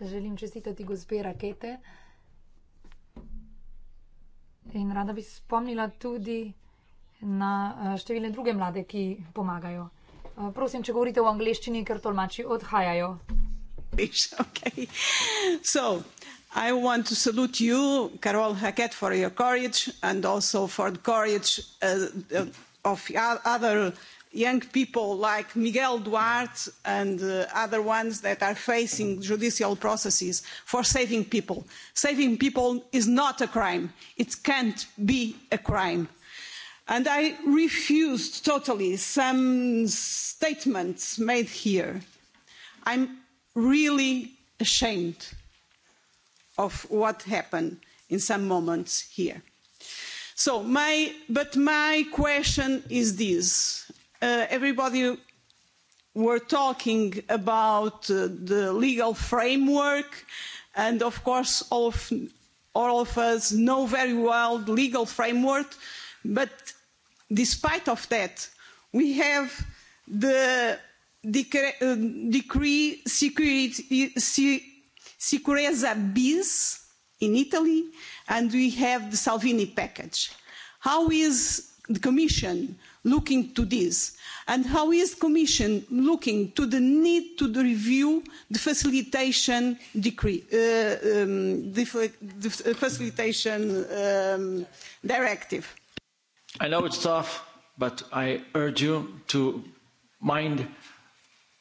Želim čestitati gospe rakete. In rada bi spomnila tudi na eh, številne druge mlade, ki pomagajo. Eh, prosim, če govorite v angleščini, ker tolmači odhajajo. Swedish. Okay. So I want to salute you, Carol Hackett, for your courage and also for the courage uh, uh of other young people like Miguel Duarte and uh, other ones that are facing judicial processes for saving people. Saving people is not a crime. It can't be a crime. And I refused totally some statements made here. I'm really ashamed of what happened in some moments here. So my, but my question is this. Uh, everybody were talking about uh, the legal framework, and of course all of, all of us know very well the legal framework, but despite of that, we have the Eh, decree sicurezza bis in italy and we have the salvini package. how is the commission looking to this and how is the commission looking to the need to review the facilitation decree uh, um, the uh, facilitation um, directive? i know it's tough but i urge you to mind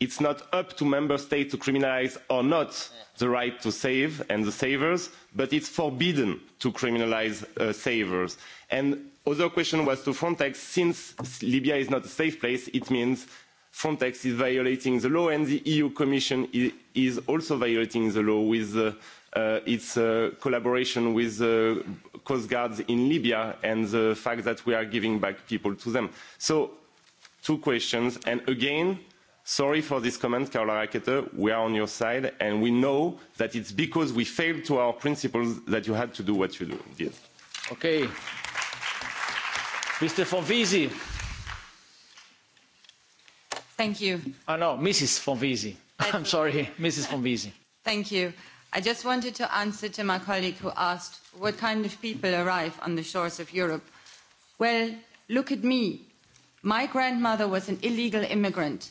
it's not up to member states to criminalise or not the right to save and the savers but it's forbidden to criminalise uh, savers and other question was to frontex since libya is not a safe place it means frontex is violating the law and the eu commission is also violating the law with uh, uh, its uh, collaboration with uh, coast guards in libya and the fact that we are giving back people to them so two questions and again Sorry for this comment, Carola Rackete. We are on your side, and we know that it's because we failed to our principles that you had to do what you did. Okay. Mr. Fonvisi. Thank you. Oh, no, Mrs. Fonvisi. I'm sorry, Mrs. Fonvisi. Thank you. I just wanted to answer to my colleague who asked what kind of people arrive on the shores of Europe. Well, look at me. My grandmother was an illegal immigrant.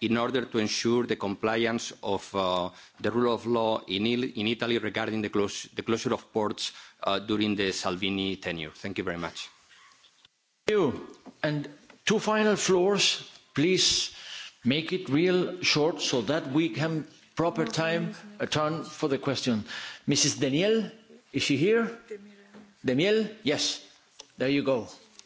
in order to ensure the compliance of uh, the rule of law in, Il in Italy regarding the, clos the closure of ports uh, during the Salvini tenure. Thank you very much. Thank you. And two final floors. Please make it real short so that we can proper time a uh, turn for the question. Mrs. Daniel, is she here? Daniel, yes. There you go.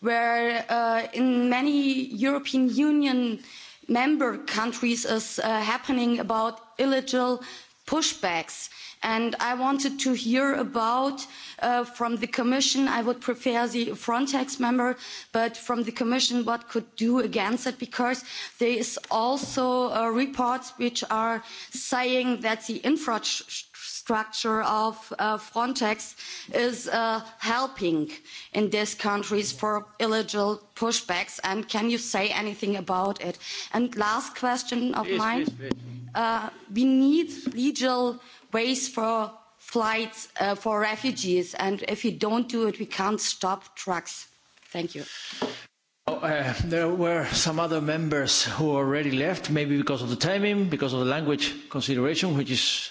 where uh, in many European Union member countries is uh, happening about illegal pushbacks. And I wanted to hear about uh, from the Commission, I would prefer the Frontex member, but from the Commission what could do against it, because there is also uh, reports which are saying that the infrastructure structure of uh, Frontex is uh, helping in these countries for illegal pushbacks? And can you say anything about it? And last question of please, mine. Please, please. Uh, we need legal ways for flights uh, for refugees. And if you don't do it, we can't stop trucks. Thank you. Oh, uh, there were some other members who already left, maybe because of the timing, because of the language consideration, which is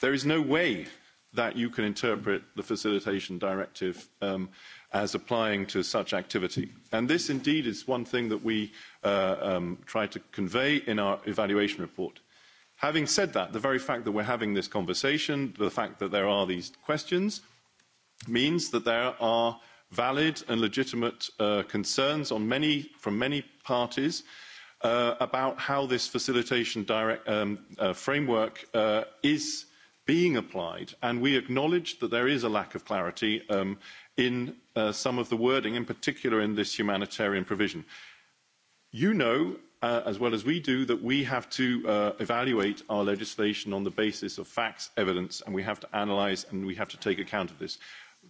there is no way that you can interpret the facilitation directive um, as applying to such activity. And this indeed is one thing that we uh, um, try to convey in our evaluation report. Having said that, the very fact that we're having this conversation, the fact that there are these questions, means that there are valid and legitimate uh, concerns on many, from many parties uh, about how this facilitation direct, um, uh, framework uh, is being applied. And we acknowledge that there is a lack of clarity um, in uh, some of the wording, in particular in this humanitarian provision. You know, uh, as well as we do, that we have to uh, evaluate our legislation on the basis of facts, evidence, and we have to analyse and we have to take account of this.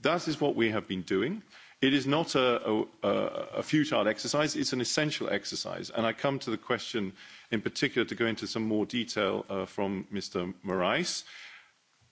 That is what we have been doing. It is not a, a, a futile exercise, it's an essential exercise. And I come to the question in particular to go into some more detail uh, from Mr. Morais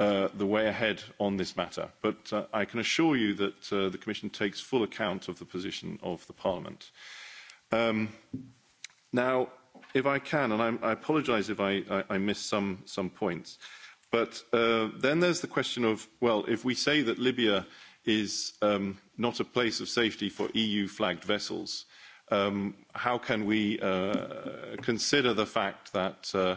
Uh, the way ahead on this matter but uh, i can assure you that uh, the commission takes full account of the position of the parliament um, now if i can and I'm, i apologize if i i, I miss some some points but uh, then there's the question of well if we say that libya is um, not a place of safety for eu flagged vessels um, how can we uh, consider the fact that uh,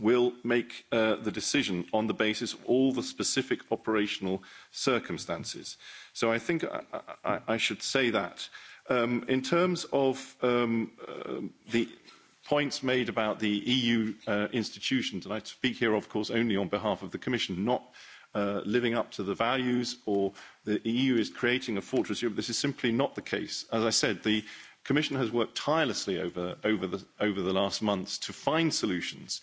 will make uh, the decision on the basis of all the specific operational circumstances. So I think I, I, I should say that. Um, in terms of um, uh, the points made about the EU uh, institutions, and I speak here, of course, only on behalf of the Commission, not uh, living up to the values or the EU is creating a fortress Europe. This is simply not the case. As I said, the Commission has worked tirelessly over, over, the, over the last months to find solutions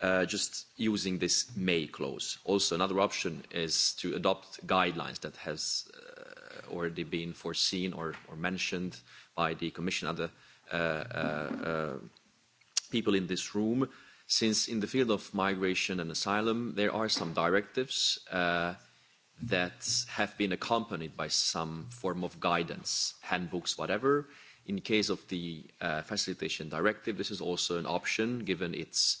Uh, just using this may clause. Also, another option is to adopt guidelines that has uh, already been foreseen or, or mentioned by the Commission and the uh, uh, uh, people in this room, since in the field of migration and asylum, there are some directives uh, that have been accompanied by some form of guidance, handbooks, whatever. In case of the uh, facilitation directive, this is also an option given its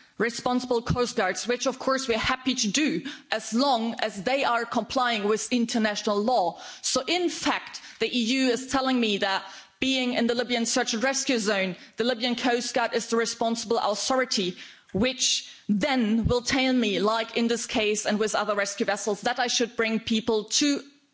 responsible coast guards which of course we are happy to do as long as they are complying with international law. so in fact the eu is telling me that being in the libyan search and rescue zone the libyan coast guard is the responsible authority which then will tell me like in this case and with other rescue vessels that i should bring people to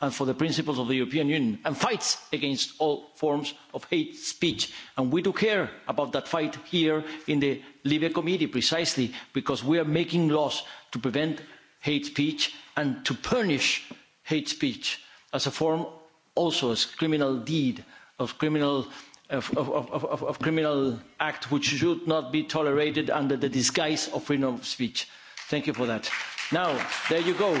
and for the principles of the european union and fights against all forms of hate speech and we do care about that fight here in the libe committee precisely because we are making laws to prevent hate speech and to punish hate speech as a form also as a criminal deed a criminal act which should not be tolerated under the disguise of freedom of speech. thank you for that. now there you go.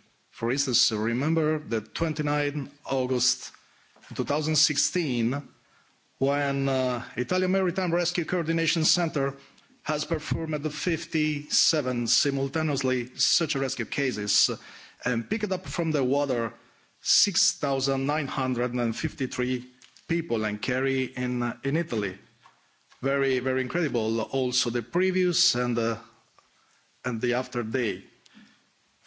for instance remember the twenty nine august two thousand and sixteen when the uh, italian maritime rescue coordination centre performed fifty seven simultaneously search and rescue cases and picked up from the water six nine hundred and fifty three people and carried uh, in italy. very very incredible also the previous and the uh, and the after day